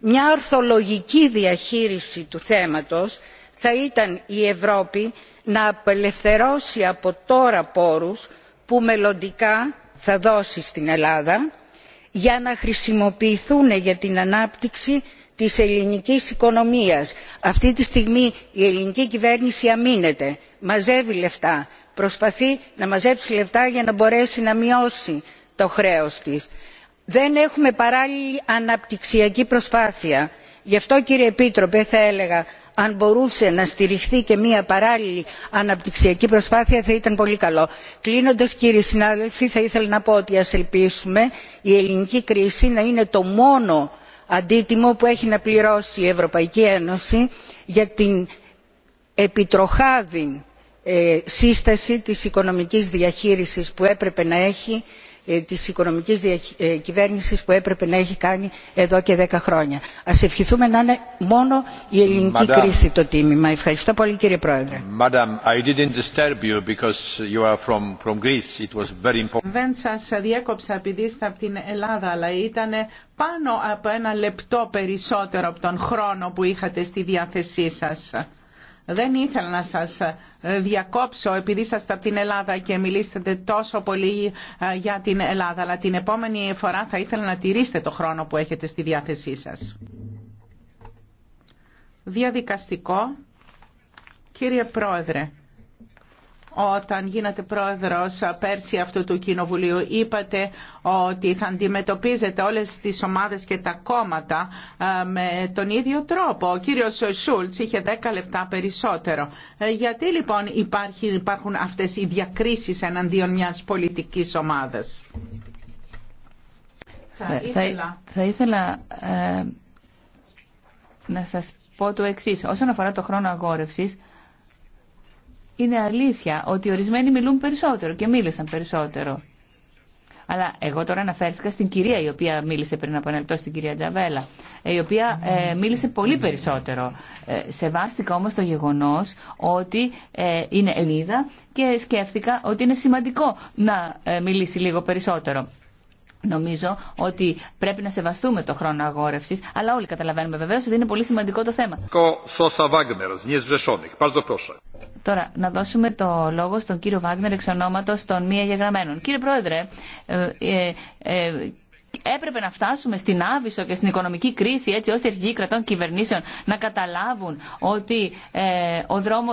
μια ορθολογική διαχείριση του θέματος θα ήταν η ευρώπη να απελευθερώσει από τώρα πόρους που μελλοντικά θα δώσει στην ελλάδα για να χρησιμοποιηθούν για την ανάπτυξη της ελληνικής οικονομίας. αυτή τη στιγμή η ελληνική κυβέρνηση αμήνεται μαζεύει λεφτά προσπαθεί να μαζέψει λεφτά για να μπορέσει να μειώσει το χρέος της. δεν έχουμε παράλληλη αναπτυξιακή προσπάθεια. γι' αυτό κύριε επίτροπε θα έλεγα αν μπορούσε να στηριχθεί και μια παράλληλη αναπτυξιακή προσπάθεια θα ήταν πολύ καλό. κλείνοντας κύριοι συνάδελφοι θα ήθελα να πω ότι ας ελπίσουμε η ελληνική κρίση να είναι το μόνο αντίτιμο που έχει να πληρώσει η ευρωπαϊκή ένωση για την επιτροχάδη ε, σύσταση της οικονομικής διαχείρισης που έπρεπε να έχει ε, τη οικονομική ε, κυβέρνηση που έπρεπε να έχει κάνει εδώ και δέκα χρόνια. Α ευχηθούμε να είναι μόνο η ελληνική κρίση το τίμημα. Ευχαριστώ πολύ κύριε Πρόεδρε. Δεν σα διέκοψα επειδή είστε από την Ελλάδα, αλλά ήταν πάνω από ένα λεπτό περισσότερο από τον χρόνο που είχατε στη διάθεσή σας. Δεν ήθελα να σας ε, διακόψω επειδή είσαστε από την Ελλάδα και μιλήσετε τόσο πολύ ε, για την Ελλάδα, αλλά την επόμενη φορά θα ήθελα να τηρήσετε το χρόνο που έχετε στη διάθεσή σας. Διαδικαστικό. Κύριε Πρόεδρε, όταν γίνατε πρόεδρος πέρσι αυτού του Κοινοβουλίου είπατε ότι θα αντιμετωπίζετε όλες τις ομάδες και τα κόμματα ε, με τον ίδιο τρόπο. Ο κύριος Σούλτς είχε 10 λεπτά περισσότερο. Ε, γιατί λοιπόν υπάρχει, υπάρχουν αυτές οι διακρίσεις εναντίον μιας πολιτικής ομάδας. Θα ήθελα, ε, να σας πω το εξής. Όσον αφορά το χρόνο αγόρευσης, είναι αλήθεια ότι ορισμένοι μιλούν περισσότερο και μίλησαν περισσότερο. Αλλά εγώ τώρα αναφέρθηκα στην κυρία η οποία μίλησε πριν από ένα λεπτό, στην κυρία Τζαβέλα, η οποία ε, μίλησε πολύ περισσότερο. Ε, σεβάστηκα όμως το γεγονός ότι ε, είναι Ελίδα και σκέφτηκα ότι είναι σημαντικό να ε, μιλήσει λίγο περισσότερο. Νομίζω ότι πρέπει να σεβαστούμε το χρόνο αγόρευση, αλλά όλοι καταλαβαίνουμε βεβαίω ότι είναι πολύ σημαντικό το θέμα. Τώρα, να δώσουμε το λόγο στον κύριο Βάγνερ εξ ονόματος των μη εγγεγραμμένων. Κύριε Πρόεδρε, ε, ε, ε έπρεπε να φτάσουμε στην άβυσο και στην οικονομική κρίση έτσι ώστε οι αρχηγοί κρατών κυβερνήσεων να καταλάβουν ότι ε, ο δρόμο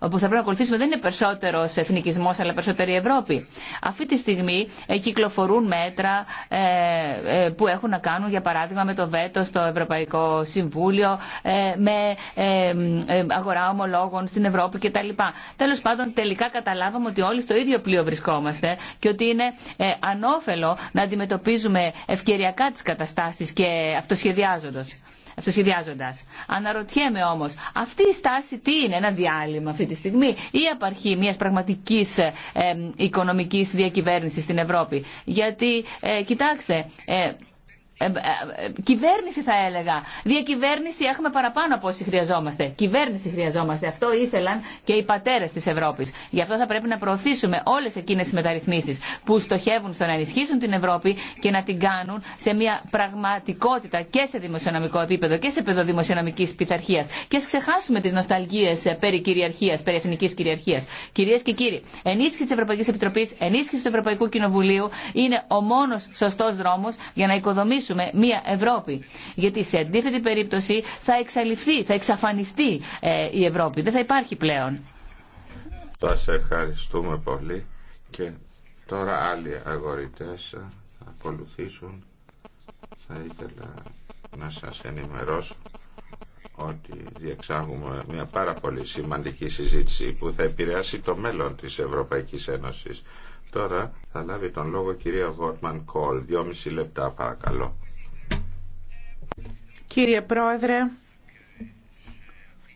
ε, που θα πρέπει να ακολουθήσουμε δεν είναι περισσότερο εθνικισμό αλλά περισσότερη Ευρώπη. Αυτή τη στιγμή ε, κυκλοφορούν μέτρα ε, που έχουν να κάνουν για παράδειγμα με το βέτο στο Ευρωπαϊκό Συμβούλιο, με αγορά ομολόγων στην Ευρώπη κτλ. Τέλο πάντων τελικά καταλάβαμε ότι όλοι στο ίδιο πλοίο βρισκόμαστε και ότι είναι ανώφελο να αντιμετωπίζουμε ευκαιριακά τις καταστάσεις και αυτοσχεδιάζοντας. Αυτοσχεδιάζοντας. Αναρωτιέμαι όμως, αυτή η στάση τι είναι, ένα διάλειμμα αυτή τη στιγμή ή απαρχή μιας πραγματικής ε, οικονομικής διακυβέρνησης στην Ευρώπη. Γιατί, ε, κοιτάξτε, ε, ε, ε, ε, κυβέρνηση θα έλεγα. Διακυβέρνηση έχουμε παραπάνω από όσοι χρειαζόμαστε. Κυβέρνηση χρειαζόμαστε. Αυτό ήθελαν και οι πατέρε τη Ευρώπη. Γι' αυτό θα πρέπει να προωθήσουμε όλε εκείνε τι μεταρρυθμίσει που στοχεύουν στο να ενισχύσουν την Ευρώπη και να την κάνουν σε μια πραγματικότητα και σε δημοσιονομικό επίπεδο και σε επίπεδο δημοσιονομική πειθαρχία. Και α ξεχάσουμε τι νοσταλγίε ε, περί κυριαρχία, περί εθνική κυριαρχία. Κυρίε και κύριοι, ενίσχυση τη Ευρωπαϊκή Επιτροπή, ενίσχυση του Ευρωπαϊκού Κοινοβουλίου είναι ο μόνο σωστό δρόμο για να οικοδομήσουμε με μία Ευρώπη. Γιατί σε αντίθετη περίπτωση θα εξαλειφθεί, θα εξαφανιστεί ε, η Ευρώπη. Δεν θα υπάρχει πλέον. Θα σε ευχαριστούμε πολύ και τώρα άλλοι αγορητές θα ακολουθήσουν. Θα ήθελα να σας ενημερώσω ότι διεξάγουμε μια πάρα πολύ σημαντική συζήτηση που θα επηρεάσει το μέλλον της Ευρωπαϊκής Ένωσης. Τώρα θα λάβει τον λόγο κυρία Βόρτμαν Κόλ. Δυόμιση λεπτά παρακαλώ. Κύριε Πρόεδρε,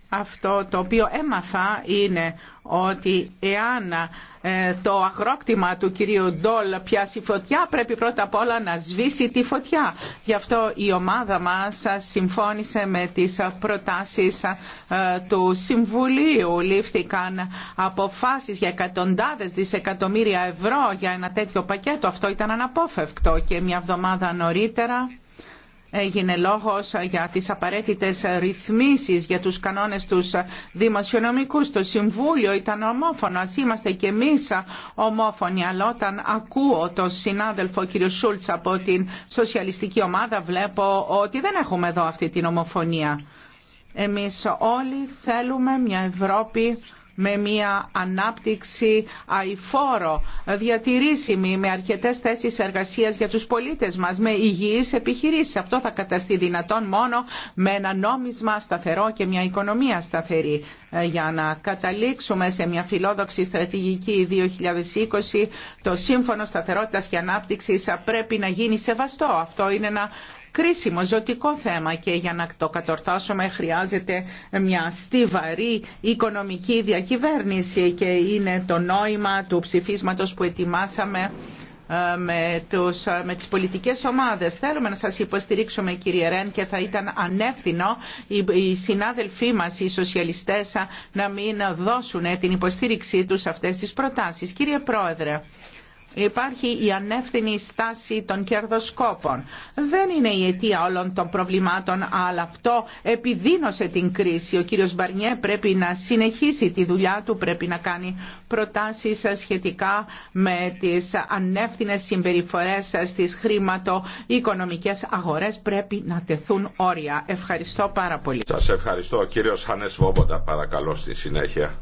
αυτό το οποίο έμαθα είναι ότι εάν ε, το αγρόκτημα του κυρίου Ντόλ πιάσει φωτιά, πρέπει πρώτα απ' όλα να σβήσει τη φωτιά. Γι' αυτό η ομάδα μας συμφώνησε με τις προτάσεις ε, του Συμβουλίου. Λήφθηκαν αποφάσεις για εκατοντάδες δισεκατομμύρια ευρώ για ένα τέτοιο πακέτο. Αυτό ήταν αναπόφευκτο και μια εβδομάδα νωρίτερα έγινε λόγος για τις απαραίτητες ρυθμίσεις για τους κανόνες τους δημοσιονομικούς. Το Συμβούλιο ήταν ομόφωνο, ας είμαστε και εμείς ομόφωνοι, αλλά όταν ακούω τον συνάδελφο κ. Σούλτ από την σοσιαλιστική ομάδα βλέπω ότι δεν έχουμε εδώ αυτή την ομοφωνία. Εμείς όλοι θέλουμε μια Ευρώπη με μια ανάπτυξη αηφόρο, διατηρήσιμη, με αρκετές θέσεις εργασίας για τους πολίτες μας, με υγιείς επιχειρήσεις. Αυτό θα καταστεί δυνατόν μόνο με ένα νόμισμα σταθερό και μια οικονομία σταθερή. Ε, για να καταλήξουμε σε μια φιλόδοξη στρατηγική 2020, το Σύμφωνο Σταθερότητας και Ανάπτυξης πρέπει να γίνει σεβαστό. Αυτό είναι ένα κρίσιμο, ζωτικό θέμα και για να το κατορθώσουμε χρειάζεται μια στιβαρή οικονομική διακυβέρνηση και είναι το νόημα του ψηφίσματος που ετοιμάσαμε ε, με, τους, ε, με τις πολιτικές ομάδες. Θέλουμε να σας υποστηρίξουμε κύριε Ρέν και θα ήταν ανεύθυνο οι, οι συνάδελφοί μας, οι σοσιαλιστές, να μην δώσουν την υποστήριξή τους αυτές τις προτάσεις. Κύριε Πρόεδρε, Υπάρχει η ανεύθυνη στάση των κερδοσκόπων. Δεν είναι η αιτία όλων των προβλημάτων, αλλά αυτό επιδίνωσε την κρίση. Ο κύριος Μπαρνιέ πρέπει να συνεχίσει τη δουλειά του, πρέπει να κάνει προτάσεις σχετικά με τις ανεύθυνες συμπεριφορές στις οικονομικες αγορές. Πρέπει να τεθούν όρια. Ευχαριστώ πάρα πολύ. Σας ευχαριστώ. Ο κύριος Χανές Βόμποντα παρακαλώ στη συνέχεια.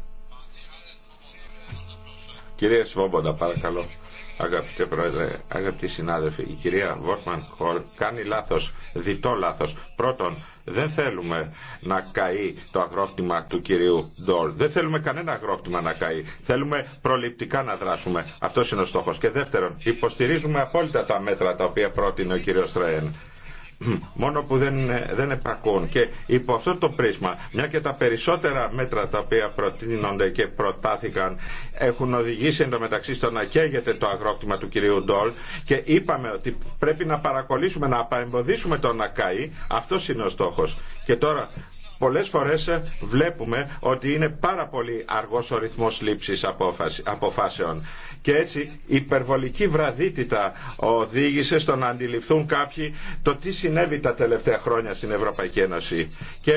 Κύριε Σβόμποντα παρακαλώ. Αγαπητέ Πρόεδρε, αγαπητοί συνάδελφοι, η κυρία Βόρτμαν Κολ κάνει λάθος, διτό λάθος. Πρώτον, δεν θέλουμε να καεί το αγρόκτημα του κυρίου Ντόλ. Δεν θέλουμε κανένα αγρόκτημα να καεί. Θέλουμε προληπτικά να δράσουμε. Αυτό είναι ο στόχος. Και δεύτερον, υποστηρίζουμε απόλυτα τα μέτρα τα οποία πρότεινε ο κύριος Στραέν μόνο που δεν, δεν επακούν. Και υπό αυτό το πρίσμα, μια και τα περισσότερα μέτρα τα οποία προτείνονται και προτάθηκαν έχουν οδηγήσει εντωμεταξύ στο να καίγεται το αγρόκτημα του κυρίου Ντόλ και είπαμε ότι πρέπει να παρακολύσουμε, να παρεμποδίσουμε το να καεί. Αυτός είναι ο στόχος. Και τώρα πολλές φορές ε, βλέπουμε ότι είναι πάρα πολύ αργός ο ρυθμός λήψης αποφάσεων. Και έτσι η υπερβολική βραδύτητα οδήγησε στο να αντιληφθούν κάποιοι το τι συνέβη τα τελευταία χρόνια στην Ευρωπαϊκή Ένωση. Και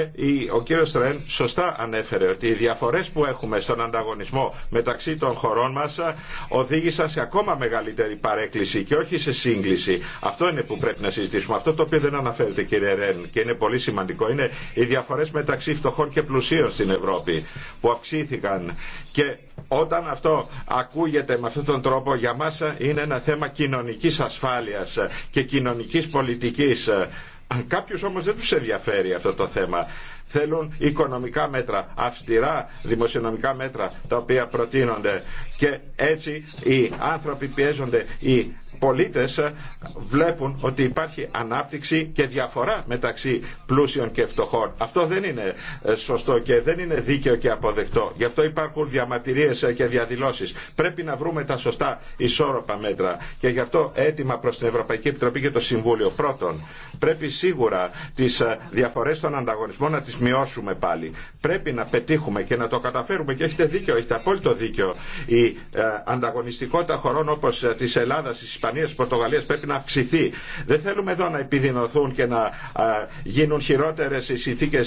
ο κύριος Ρεν σωστά ανέφερε ότι οι διαφορές που έχουμε στον ανταγωνισμό μεταξύ των χωρών μας ε, οδήγησαν σε ακόμα μεγαλύτερη παρέκκληση και όχι σε σύγκληση. Αυτό είναι που πρέπει να συζητήσουμε. Αυτό το οποίο δεν αναφέρεται κύριε Ρέν και είναι πολύ σημαντικό είναι οι διαφορές μεταξύ φτωχών και πλουσίων στην Ευρώπη που αυξήθηκαν και όταν αυτό ακούγεται με αυτόν τον τρόπο για μας είναι ένα θέμα κοινωνικής ασφάλειας και κοινωνικής πολιτικής. Κάποιους όμως δεν τους ενδιαφέρει αυτό το θέμα θέλουν οικονομικά μέτρα, αυστηρά δημοσιονομικά μέτρα τα οποία προτείνονται και έτσι οι άνθρωποι πιέζονται, οι πολίτες ε, βλέπουν ότι υπάρχει ανάπτυξη και διαφορά μεταξύ πλούσιων και φτωχών. Αυτό δεν είναι ε, σωστό και δεν είναι δίκαιο και αποδεκτό. Γι' αυτό υπάρχουν διαμαρτυρίες ε, και διαδηλώσεις. Πρέπει να βρούμε τα σωστά ισόρροπα μέτρα και γι' αυτό έτοιμα προς την Ευρωπαϊκή Επιτροπή και το Συμβούλιο. Πρώτον, πρέπει σίγουρα τις διαφορές των ανταγωνισμών να τις μειώσουμε πάλι. Πρέπει να πετύχουμε και να το καταφέρουμε και έχετε δίκιο, έχετε απόλυτο δίκιο. Η ανταγωνιστικότητα χωρών όπως της Ελλάδας, της Ισπανία, τη Πορτογαλία πρέπει να αυξηθεί. Δεν θέλουμε εδώ να επιδεινωθούν και να γίνουν χειρότερε οι συνθήκε ε,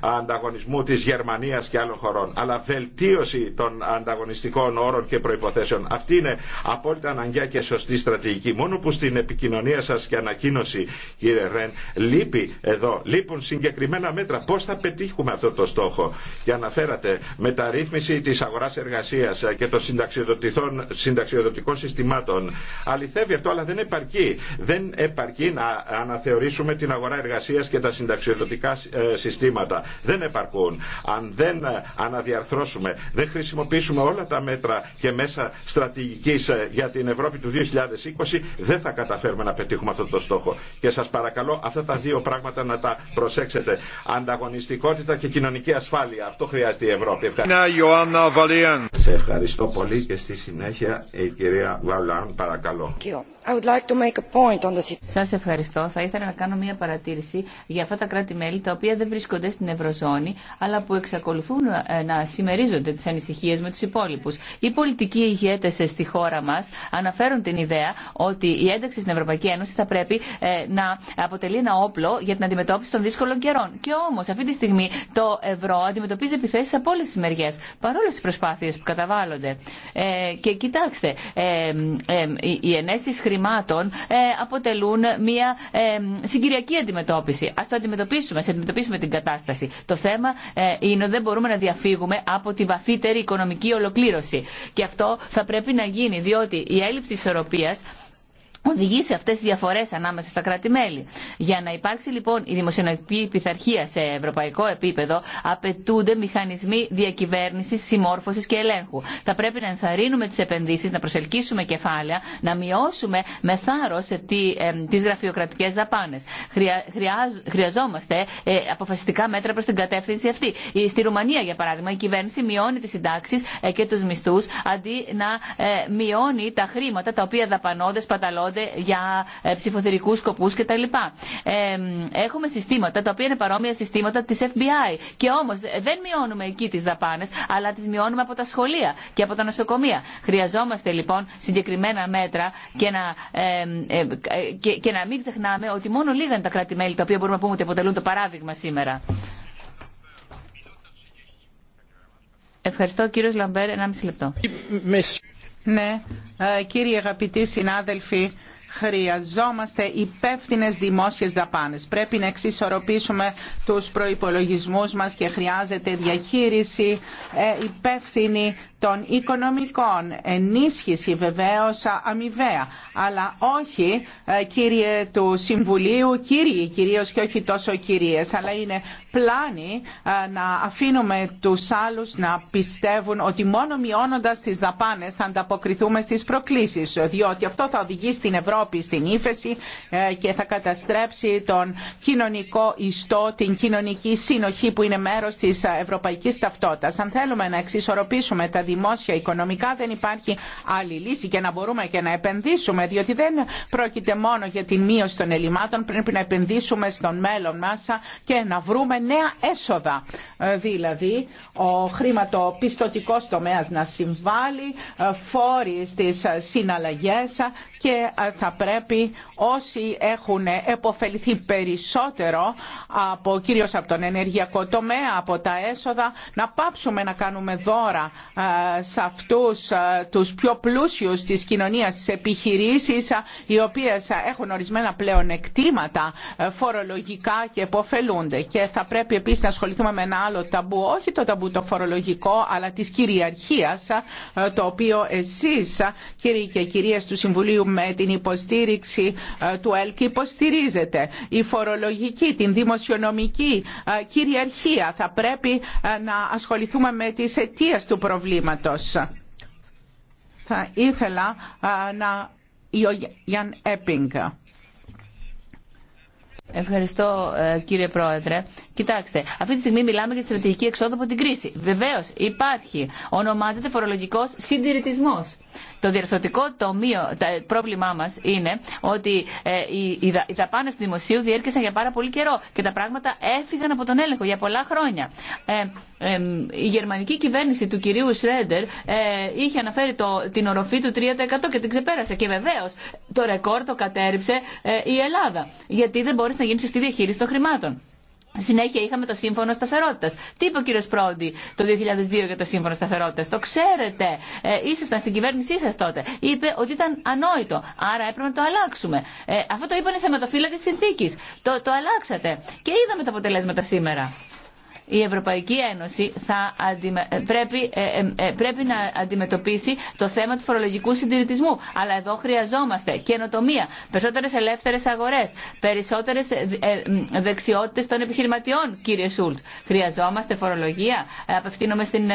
ανταγωνισμού τη Γερμανία και άλλων χωρών. Αλλά βελτίωση των ανταγωνιστικών όρων και προποθέσεων. Αυτή είναι απόλυτα αναγκαία και σωστή στρατηγική. Μόνο που στην επικοινωνία σα και ανακοίνωση, κύριε Ρεν, λείπει εδώ, λείπουν συγκεκριμένα μέτρα. Πώ θα πετύχουμε αυτό το στόχο. Και αναφέρατε μεταρρύθμιση τη αγορά εργασία ε, και των συνταξιοδοτικών συστημάτων. Αληθέ δουλεύει αυτό, αλλά δεν επαρκεί. Δεν επαρκεί να αναθεωρήσουμε την αγορά εργασία και τα συνταξιοδοτικά ε, συστήματα. Δεν επαρκούν. Αν δεν ε, αναδιαρθρώσουμε, δεν χρησιμοποιήσουμε όλα τα μέτρα και μέσα στρατηγική ε, για την Ευρώπη του 2020, δεν θα καταφέρουμε να πετύχουμε αυτό το στόχο. Και σα παρακαλώ αυτά τα δύο πράγματα να τα προσέξετε. Ανταγωνιστικότητα και κοινωνική ασφάλεια. Αυτό χρειάζεται η Ευρώπη. Ευχαριστώ. Σε ευχαριστώ πολύ και στη συνέχεια η κυρία Βαλάν, παρακαλώ. Σας ευχαριστώ. Θα ήθελα να κάνω μια παρατήρηση για αυτά τα κράτη-μέλη τα οποία δεν βρίσκονται στην Ευρωζώνη αλλά που εξακολουθούν ε, να συμμερίζονται τις ανησυχίες με τους υπόλοιπους. Οι πολιτικοί ηγέτες ε, στη χώρα μας αναφέρουν την ιδέα ότι η ένταξη στην Ευρωπαϊκή Ένωση θα πρέπει ε, να αποτελεί ένα όπλο για την αντιμετώπιση των δύσκολων καιρών. Και όμως αυτή τη στιγμή το ευρώ αντιμετωπίζει επιθέσεις από όλες τις μεριές παρόλε τι προσπάθειες που καταβάλλονται. και κοιτάξτε, η εξαιρέσεις χρημάτων ε, αποτελούν μια ε, συγκυριακή αντιμετώπιση. Ας το αντιμετωπίσουμε, ας αντιμετωπίσουμε την κατάσταση. Το θέμα ε, είναι ότι δεν μπορούμε να διαφύγουμε από τη βαθύτερη οικονομική ολοκλήρωση. Και αυτό θα πρέπει να γίνει, διότι η έλλειψη ισορροπίας οδηγεί σε αυτές τις διαφορές ανάμεσα στα κράτη-μέλη. Για να υπάρξει λοιπόν η δημοσιονομική πειθαρχία σε ευρωπαϊκό επίπεδο απαιτούνται μηχανισμοί διακυβέρνησης, συμμόρφωσης και ελέγχου. Θα πρέπει να ενθαρρύνουμε τις επενδύσεις, να προσελκύσουμε κεφάλαια, να μειώσουμε με θάρρος τις γραφειοκρατικές δαπάνες. Χρειαζόμαστε ε, αποφασιστικά μέτρα προς την κατεύθυνση αυτή. Στη Ρουμανία για παράδειγμα η κυβέρνηση μειώνει τις συντάξεις ε, και του μισθού αντί να ε, μειώνει τα χρήματα τα οποία δαπανώνται, σπαταλώνται για ε, ψηφοθερικού σκοπούς κτλ. Ε, έχουμε συστήματα τα οποία είναι παρόμοια συστήματα της FBI και όμως ε, δεν μειώνουμε εκεί τι δαπάνε, αλλά τις μειώνουμε από τα σχολεία και από τα νοσοκομεία. Χρειαζόμαστε λοιπόν συγκεκριμένα μέτρα και να, και, και να μην ξεχνάμε ότι μόνο λίγα είναι τα κράτη-μέλη τα οποία μπορούμε να πούμε ότι αποτελούν το παράδειγμα σήμερα. Ευχαριστώ κύριο Λαμπέρ, ένα μισή λεπτό. Ναι, ε, κύριοι αγαπητοί συνάδελφοι, Χρειαζόμαστε υπεύθυνε δημόσιε δαπάνε. Πρέπει να εξισορροπήσουμε του προπολογισμού μα και χρειάζεται διαχείριση ε, υπεύθυνη των οικονομικών. Ενίσχυση βεβαίω αμοιβαία, αλλά όχι ε, κύριε του Συμβουλίου, κύριοι κυρίω και όχι τόσο κυρίε, αλλά είναι πλάνη ε, να αφήνουμε του άλλου να πιστεύουν ότι μόνο μειώνοντα τι δαπάνε θα ανταποκριθούμε στι προκλήσει, διότι αυτό θα οδηγεί στην Ευρώπη στην ύφεση ε, και θα καταστρέψει τον κοινωνικό ιστό, την κοινωνική συνοχή που είναι μέρος της ε, ευρωπαϊκής ταυτότητας. Αν θέλουμε να εξισορροπήσουμε τα δημόσια οικονομικά δεν υπάρχει άλλη λύση και να μπορούμε και να επενδύσουμε διότι δεν πρόκειται μόνο για την μείωση των ελλημάτων πρέπει να επενδύσουμε στον μέλλον μας ε, και να βρούμε νέα έσοδα. Δηλαδή ο χρηματοπιστωτικός τομέας να συμβάλλει, φόροι στις συναλλαγές και θα πρέπει όσοι έχουν επωφεληθεί περισσότερο από, κυρίως από τον ενεργειακό τομέα, από τα έσοδα, να πάψουμε να κάνουμε δώρα ε, σε αυτούς ε, τους πιο πλούσιους της κοινωνίας, στις επιχειρήσεις ε, οι οποίες έχουν ορισμένα πλέον εκτήματα φορολογικά και επωφελούνται. Και θα πρέπει επίσης να ασχοληθούμε με ένα άλλο ταμπού, όχι το ταμπού το φορολογικό, αλλά της κυριαρχίας, το οποίο εσείς κύριοι και κυρίες του Συμβουλίου με την υποστήριξη ε, του ΕΛΚ υποστηρίζεται. Η φορολογική, την δημοσιονομική ε, κυριαρχία θα πρέπει ε, να ασχοληθούμε με τις αιτίε του προβλήματος. Θα ήθελα να... Ιωγιάν Έπινγκ. Ευχαριστώ κύριε Πρόεδρε. Κοιτάξτε, αυτή τη στιγμή μιλάμε για τη στρατηγική εξόδου από την κρίση. Βεβαίω υπάρχει. Ονομάζεται φορολογικό συντηρητισμό. Το διορθωτικό τομείο, το πρόβλημά μα είναι ότι ε, οι δαπάνε του δημοσίου διέρχεσαν για πάρα πολύ καιρό και τα πράγματα έφυγαν από τον έλεγχο για πολλά χρόνια. Ε, η γερμανική κυβέρνηση του κυρίου Σρέντερ ε, είχε αναφέρει το, την οροφή του 3% και την ξεπέρασε. Και βεβαίω το ρεκόρ το κατέριψε η Ελλάδα. Γιατί δεν μπόρεσε να γίνει σωστή διαχείριση των χρημάτων. Συνέχεια είχαμε το Σύμφωνο Σταθερότητα. Τι είπε ο κύριο Πρόντι το 2002 για το Σύμφωνο Σταθερότητα. Το ξέρετε. Ε, ήσασταν στην κυβέρνησή σα τότε. Είπε ότι ήταν ανόητο. Άρα έπρεπε να το αλλάξουμε. Ε, αυτό το είπαν οι θεματοφύλακε τη συνθήκη. Το, το αλλάξατε. Και είδαμε τα αποτελέσματα σήμερα η Ευρωπαϊκή Ένωση θα ε, πρέπει, ε, ε, πρέπει να αντιμετωπίσει το θέμα του φορολογικού συντηρητισμού. Αλλά εδώ χρειαζόμαστε καινοτομία, περισσότερε ελεύθερε αγορέ, περισσότερε δεξιότητε των επιχειρηματιών, κύριε Σούλτ. Χρειαζόμαστε φορολογία. Απευθύνομαι στην,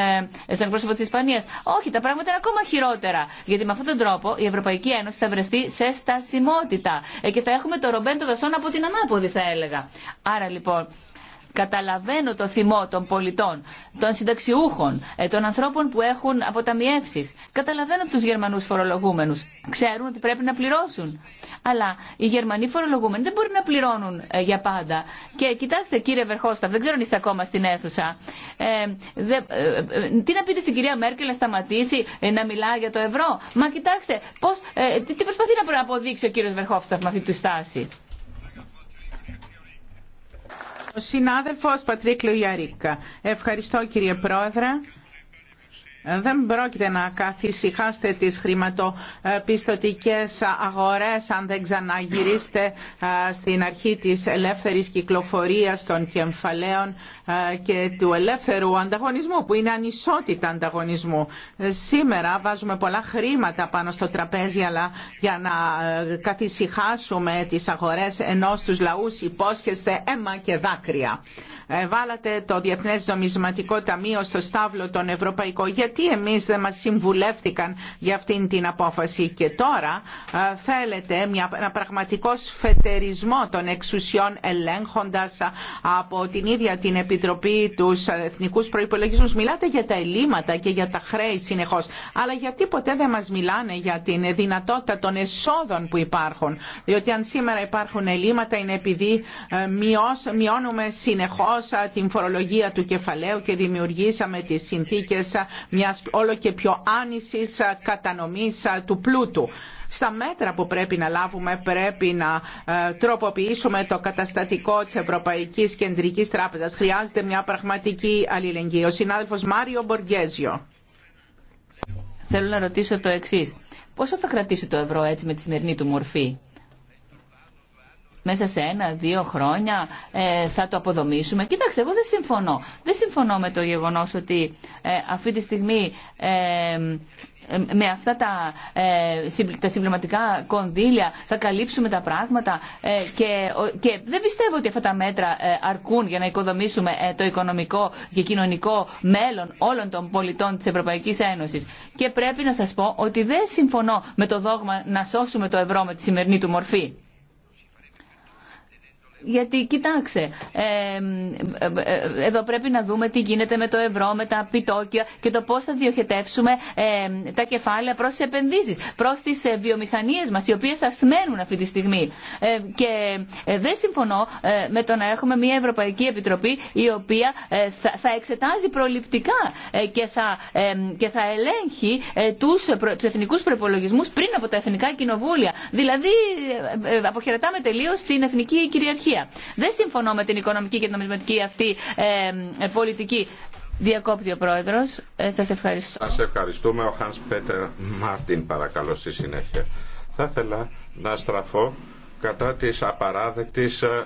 στον πρόσωπο τη Ισπανία. Όχι, τα πράγματα είναι ακόμα χειρότερα. Γιατί με αυτόν τον τρόπο η Ευρωπαϊκή Ένωση θα βρεθεί σε στασιμότητα. Και θα έχουμε το Ρομπέντο Δασόν από την ανάποδη, θα έλεγα. Άρα λοιπόν Καταλαβαίνω το θυμό των πολιτών, των συνταξιούχων, ε, των ανθρώπων που έχουν αποταμιεύσει. Καταλαβαίνω του Γερμανού φορολογούμενου. Ξέρουν ότι πρέπει να πληρώσουν. Αλλά οι Γερμανοί φορολογούμενοι δεν μπορεί να πληρώνουν ε, για πάντα. Και κοιτάξτε κύριε Βερχόστα, δεν ξέρω αν είστε ακόμα στην αίθουσα. Ε, δε, ε, ε τι να πείτε στην κυρία Μέρκελ να σταματήσει να μιλά για το ευρώ. Μα κοιτάξτε, πώς, ε, τι προσπαθεί να αποδείξει ο κύριο Βερχόφσταφ με αυτή τη στάση. Ο συνάδελφος Πατρίκλου Γιαρίκα. Ευχαριστώ κύριε Πρόεδρε. Δεν πρόκειται να καθησυχάσετε τις χρηματοπιστωτικές αγορές αν δεν ξαναγυρίσετε στην αρχή της ελεύθερης κυκλοφορίας των κεμφαλαίων και του ελεύθερου ανταγωνισμού που είναι ανισότητα ανταγωνισμού. Σήμερα βάζουμε πολλά χρήματα πάνω στο τραπέζι αλλά για να καθυσυχάσουμε τις αγορές ενώ στους λαούς υπόσχεστε αίμα και δάκρυα. Ε, βάλατε το διεθνέ Νομισματικό Ταμείο στο στάβλο των Ευρωπαϊκών. Γιατί εμεί δεν μα συμβουλεύτηκαν για αυτήν την απόφαση και τώρα ε, θέλετε ένα πραγματικό σφετερισμό των εξουσιών ελέγχοντα ε, από την ίδια την Επιτροπή του εθνικού προπολογισμού, Μιλάτε για τα ελλείμματα και για τα χρέη συνεχώ. αλλά γιατί ποτέ δεν μα μιλάνε για την δυνατότητα των εσόδων που υπάρχουν. Διότι αν σήμερα υπάρχουν ελλείμματα είναι επειδή μειώνουμε συνεχώ την φορολογία του κεφαλαίου και δημιουργήσαμε τις συνθήκες μιας όλο και πιο άνησης κατανομής του πλούτου στα μέτρα που πρέπει να λάβουμε πρέπει να ε, τροποποιήσουμε το καταστατικό της Ευρωπαϊκής Κεντρικής Τράπεζας. Χρειάζεται μια πραγματική αλληλεγγύη. Ο συνάδελφος Μάριο Μποργέζιο. Θέλω να ρωτήσω το εξής. Πόσο θα κρατήσει το ευρώ έτσι με τη σημερινή του μορφή μέσα σε ένα-δύο χρόνια ε, θα το αποδομήσουμε. Κοιτάξτε, εγώ δεν συμφωνώ. Δεν συμφωνώ με το γεγονός ότι ε, αυτή τη στιγμή ε, ε με αυτά τα, τα συμπληρωματικά κονδύλια θα καλύψουμε τα πράγματα και, και δεν πιστεύω ότι αυτά τα μέτρα αρκούν για να οικοδομήσουμε το οικονομικό και κοινωνικό μέλλον όλων των πολιτών της Ευρωπαϊκής Ένωσης. Και πρέπει να σας πω ότι δεν συμφωνώ με το δόγμα να σώσουμε το ευρώ με τη σημερινή του μορφή. Γιατί κοιτάξτε, ε, ε, εδώ πρέπει να δούμε τι γίνεται με το ευρώ, με τα επιτόκια και το πώς θα διοχετεύσουμε ε, τα κεφάλαια προς τις επενδύσεις, προς τις βιομηχανίες μας, οι οποίες ασθμένουν αυτή τη στιγμή. και δεν συμφωνώ με το να έχουμε μια Ευρωπαϊκή Επιτροπή η οποία θα, εξετάζει προληπτικά και, θα, και θα ελέγχει τους, προ, προπολογισμού πριν από τα εθνικά κοινοβούλια. Δηλαδή, αποχαιρετάμε τελείω την εθνική κυριαρχία στοιχεία. Δεν συμφωνώ με την οικονομική και την νομισματική αυτή ε, πολιτική. Διακόπτει ο πρόεδρο. Ε, Σα ευχαριστώ. Σα ευχαριστούμε. Ο Χάν Πέτερ Μάρτιν, παρακαλώ, στη συνέχεια. Θα ήθελα να στραφώ κατά της απαράδεκτης ε,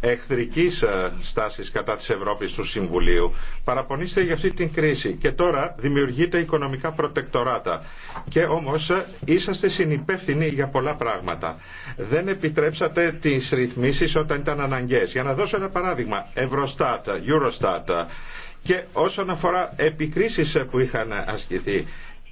Εχθρική ε, στάσης κατά της Ευρώπης του Συμβουλίου. Παραπονείστε για αυτή την κρίση και τώρα δημιουργείται οικονομικά προτεκτοράτα. Και όμως ε, είσαστε συνυπεύθυνοι για πολλά πράγματα. Δεν επιτρέψατε τι ρυθμίσει όταν ήταν αναγκαίε Για να δώσω ένα παράδειγμα, Ευρωστάτ, Eurostat και όσον αφορά επικρίσεις ε, που είχαν ασκηθεί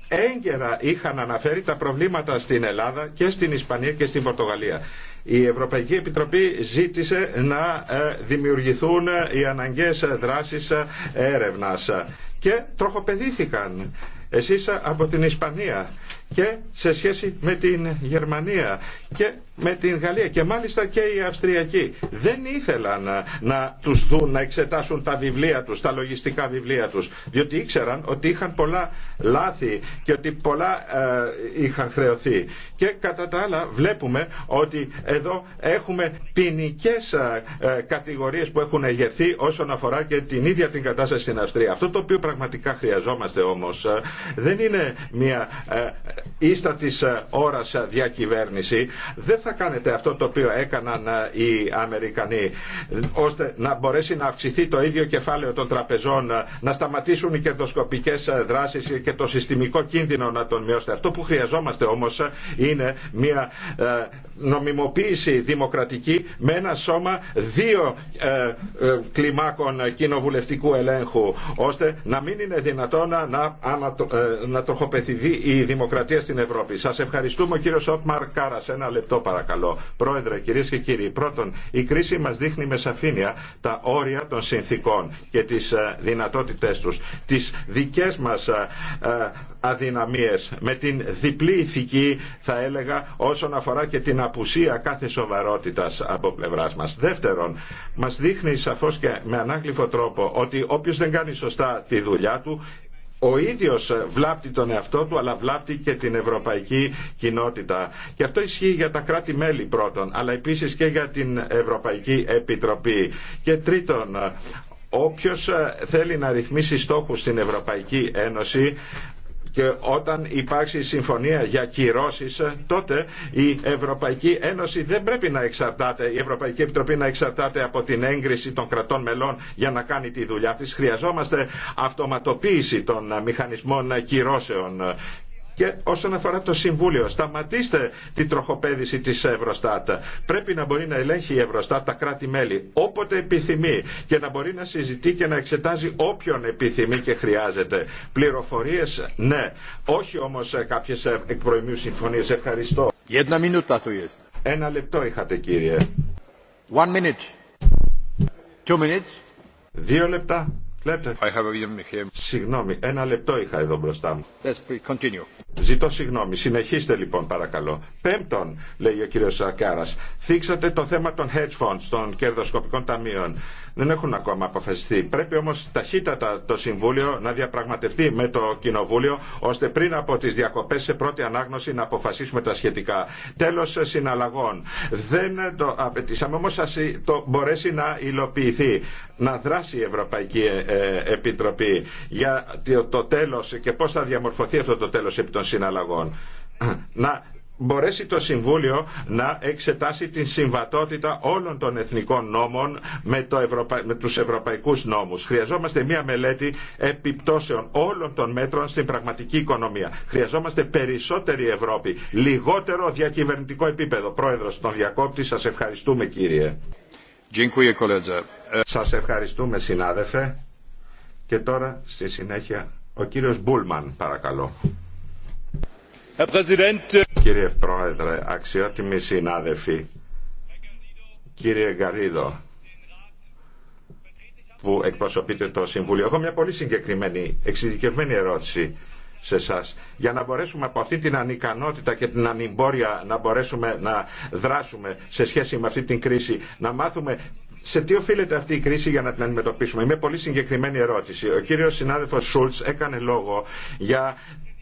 έγκαιρα είχαν αναφέρει τα προβλήματα στην Ελλάδα και στην Ισπανία και στην Πορτογαλία. Η Ευρωπαϊκή Επιτροπή ζήτησε να ε, δημιουργηθούν ε, οι αναγκαίες ε, δράσεις έρευνας και τροχοπεδήθηκαν εσείς από την Ισπανία και σε σχέση με την Γερμανία και με την Γαλλία και μάλιστα και οι Αυστριακοί δεν ήθελαν να, να τους δουν να εξετάσουν τα βιβλία τους, τα λογιστικά βιβλία τους διότι ήξεραν ότι είχαν πολλά λάθη και ότι πολλά ε, είχαν χρεωθεί και κατά τα άλλα βλέπουμε ότι εδώ έχουμε ποινικέ ε, ε, κατηγορίες που έχουν εγερθεί όσον αφορά και την ίδια την κατάσταση στην Αυστρία. Αυτό το οποίο πραγματικά χρειαζόμαστε όμως ε, δεν είναι μια ε, ίστα της ε, ώρας ε, διακυβέρνηση. Δεν θα κάνετε αυτό το οποίο έκαναν οι Αμερικανοί ώστε να μπορέσει να αυξηθεί το ίδιο κεφάλαιο των τραπεζών, να σταματήσουν οι κερδοσκοπικές δράσεις και το συστημικό κίνδυνο να τον μειώσετε. Αυτό που χρειαζόμαστε όμως είναι μια νομιμοποίηση δημοκρατική με ένα σώμα δύο κλιμάκων κοινοβουλευτικού ελέγχου ώστε να μην είναι δυνατόν να ε, να τροχοπεθηθεί η δημοκρατία στην Ευρώπη. Σα ευχαριστούμε κύριο Σότμαρ Κάρας. Κάρα. Ένα λεπτό παρακαλώ. Πρόεδρε, κυρίε και κύριοι, πρώτον, η κρίση μα δείχνει με σαφήνεια τα όρια των συνθήκων και τις ε, δυνατότητές τους. Τις δικές μας ε, αδυναμίες με την διπλή ηθική θα έλεγα όσον αφορά και την απουσία κάθε σοβαρότητας από πλευρά μας. Δεύτερον, μας δείχνει σαφώς και με ανάγλυφο τρόπο ότι όποιο δεν κάνει σωστά τη δουλειά του ο ίδιος βλάπτει τον εαυτό του αλλά βλάπτει και την ευρωπαϊκή κοινότητα. Και αυτό ισχύει για τα κράτη-μέλη πρώτον, αλλά επίσης και για την Ευρωπαϊκή Επιτροπή. Και τρίτον, όποιος θέλει να ρυθμίσει στόχους στην Ευρωπαϊκή Ένωση και όταν υπάρξει συμφωνία για κυρώσει, τότε η Ευρωπαϊκή Ένωση δεν πρέπει να εξαρτάται, η Ευρωπαϊκή Επιτροπή να εξαρτάται από την έγκριση των κρατών μελών για να κάνει τη δουλειά της. Χρειαζόμαστε αυτοματοποίηση των μηχανισμών κυρώσεων και όσον αφορά το Συμβούλιο, σταματήστε την τροχοπέδηση τη Ευρωστάτ. Πρέπει να μπορεί να ελέγχει η Ευρωστάτ τα κράτη-μέλη όποτε επιθυμεί και να μπορεί να συζητεί και να εξετάζει όποιον επιθυμεί και χρειάζεται. Πληροφορίε, ναι. Όχι όμω κάποιε ε, εκπροημίου συμφωνίε. Ευχαριστώ. Ένα λεπτό είχατε κύριε. One minute. minutes. Δύο λεπτά. Λέτε. συγγνώμη, ένα λεπτό είχα εδώ μπροστά μου. Ζητώ συγγνώμη. Συνεχίστε λοιπόν παρακαλώ. Πέμπτον, λέει ο κύριος Σακάρας, θίξατε το θέμα των hedge funds, των κερδοσκοπικών ταμείων δεν έχουν ακόμα αποφασιστεί. Πρέπει όμως ταχύτατα το Συμβούλιο να διαπραγματευτεί με το Κοινοβούλιο ώστε πριν από τις διακοπές σε πρώτη ανάγνωση να αποφασίσουμε τα σχετικά. Τέλος συναλλαγών. Δεν το απαιτήσαμε όμως να το μπορέσει να υλοποιηθεί. Να δράσει η Ευρωπαϊκή ε, ε, Επιτροπή για το τέλος και πώς θα διαμορφωθεί αυτό το τέλος επί των συναλλαγών να μπορέσει το Συμβούλιο να εξετάσει την συμβατότητα όλων των εθνικών νόμων με, το Ευρωπα... με τους ευρωπαϊκούς νόμους. Χρειαζόμαστε μία μελέτη επιπτώσεων όλων των μέτρων στην πραγματική οικονομία. Χρειαζόμαστε περισσότερη Ευρώπη, λιγότερο διακυβερνητικό επίπεδο. Πρόεδρος, των διακόπτη, σας ευχαριστούμε κύριε. Σας ευχαριστούμε συνάδελφε. Και τώρα στη συνέχεια ο κύριος Μπούλμαν παρακαλώ. Äh, κύριε Πρόεδρε, αξιότιμοι συνάδελφοι, κύριε Γκαρίδο, που εκπροσωπείτε το Συμβούλιο, έχω μια πολύ συγκεκριμένη, εξειδικευμένη ερώτηση σε εσά για να μπορέσουμε από αυτή την ανικανότητα και την ανυμπόρια να μπορέσουμε να δράσουμε σε σχέση με αυτή την κρίση, να μάθουμε σε τι οφείλεται αυτή η κρίση για να την αντιμετωπίσουμε. Είμαι πολύ συγκεκριμένη ερώτηση. Ο κύριος συνάδελφος Σούλτς έκανε λόγο για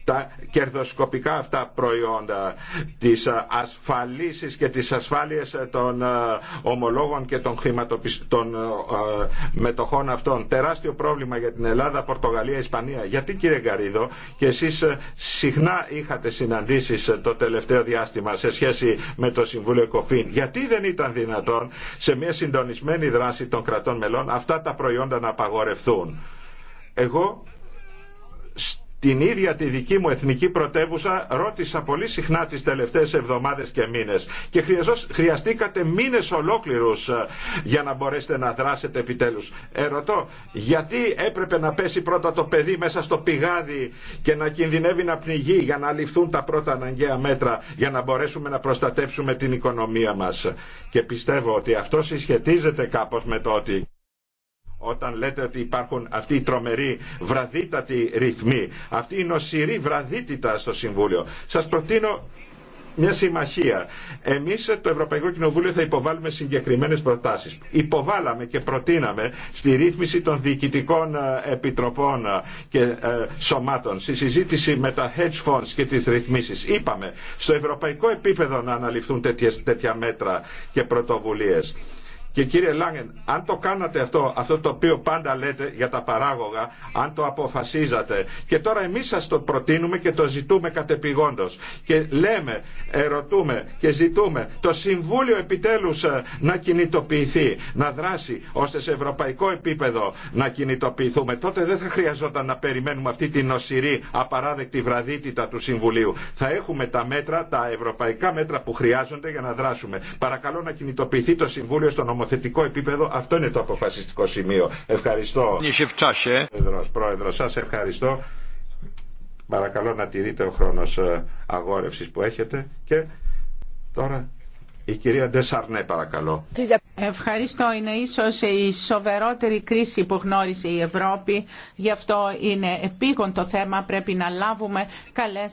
τα κερδοσκοπικά αυτά προϊόντα τις ασφαλίσεις και τις ασφάλειες των ε, ομολόγων και των, χρηματοπισ... των ε, μετοχών αυτών. Τεράστιο πρόβλημα για την Ελλάδα, Πορτογαλία, Ισπανία. Γιατί κύριε Γκαρίδο και εσείς ε, συχνά είχατε συναντήσεις το τελευταίο διάστημα σε σχέση με το Συμβούλιο Κοφίν. Γιατί δεν ήταν δυνατόν σε μια συντονισμένη δράση των κρατών μελών αυτά τα προϊόντα να απαγορευτούν. Εγώ την ίδια τη δική μου εθνική πρωτεύουσα ρώτησα πολύ συχνά τις τελευταίες εβδομάδες και μήνες και χρειαστήκατε μήνες ολόκληρους ε, για να μπορέσετε να δράσετε επιτέλους. Ερωτώ, γιατί έπρεπε να πέσει πρώτα το παιδί μέσα στο πηγάδι και να κινδυνεύει να πνιγεί για να ληφθούν τα πρώτα αναγκαία μέτρα για να μπορέσουμε να προστατεύσουμε την οικονομία μας. Και πιστεύω ότι αυτό συσχετίζεται κάπως με το ότι όταν λέτε ότι υπάρχουν αυτοί οι τρομεροί βραδύτατοι ρυθμοί, αυτή η νοσηρή βραδύτητα στο Συμβούλιο. Σας προτείνω μια συμμαχία. Εμεί το Ευρωπαϊκό Κοινοβούλιο θα υποβάλουμε συγκεκριμένε προτάσει. Υποβάλαμε και προτείναμε στη ρύθμιση των διοικητικών ε, επιτροπών ε, και ε, σωμάτων, στη συζήτηση με τα hedge funds και τι ρυθμίσει. Είπαμε στο ευρωπαϊκό επίπεδο να αναλυφθούν τέτοια, τέτοια μέτρα και πρωτοβουλίε. Και κύριε Λάγεν, αν το κάνατε αυτό, αυτό το οποίο πάντα λέτε για τα παράγωγα, αν το αποφασίζατε, και τώρα εμείς σας το προτείνουμε και το ζητούμε κατεπηγόντως. Και λέμε, ερωτούμε και ζητούμε το Συμβούλιο επιτέλους ε, να κινητοποιηθεί, να δράσει, ώστε σε ευρωπαϊκό επίπεδο να κινητοποιηθούμε. Τότε δεν θα χρειαζόταν να περιμένουμε αυτή την νοσηρή, απαράδεκτη βραδίτητα του Συμβουλίου. Θα έχουμε τα μέτρα, τα ευρωπαϊκά μέτρα που χρειάζονται για να δράσουμε. Παρακαλώ να κινητοποιηθεί το Συμβούλιο στο νομοσχέδιο θετικό επίπεδο αυτό είναι το αποφασιστικό σημείο. Ευχαριστώ. Πρόεδρος, πρόεδρος, σας ευχαριστώ. Παρακαλώ να τηρείτε ο χρόνος ε, αγόρευσης που έχετε και τώρα η κυρία Ντεσάρνε παρακαλώ. Ευχαριστώ. Είναι ίσω η σοβερότερη κρίση που γνώρισε η Ευρώπη. Γι' αυτό είναι επίγον θέμα. Πρέπει να λάβουμε καλέ